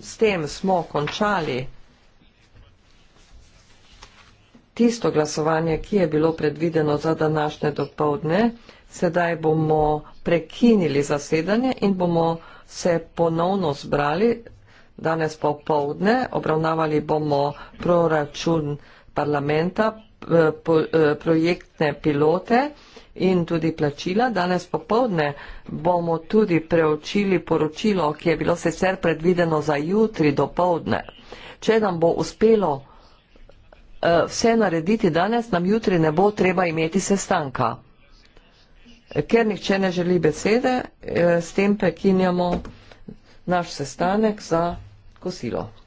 Speaker 1: s tem smo končali tisto glasovanje, ki je bilo predvideno za današnje dopovdne. Sedaj bomo prekinili zasedanje in bomo se ponovno zbrali Danes popovdne obravnavali bomo proračun parlamenta, eh, eh, projektne pilote in tudi plačila. Danes popovdne bomo tudi preučili poročilo, ki je bilo sicer predvideno za jutri do povdne. Če nam bo uspelo eh, vse narediti danes, nam jutri ne bo treba imeti sestanka. Ker nihče ne želi besede, s tem prekinjamo naš sestanek za kosilo.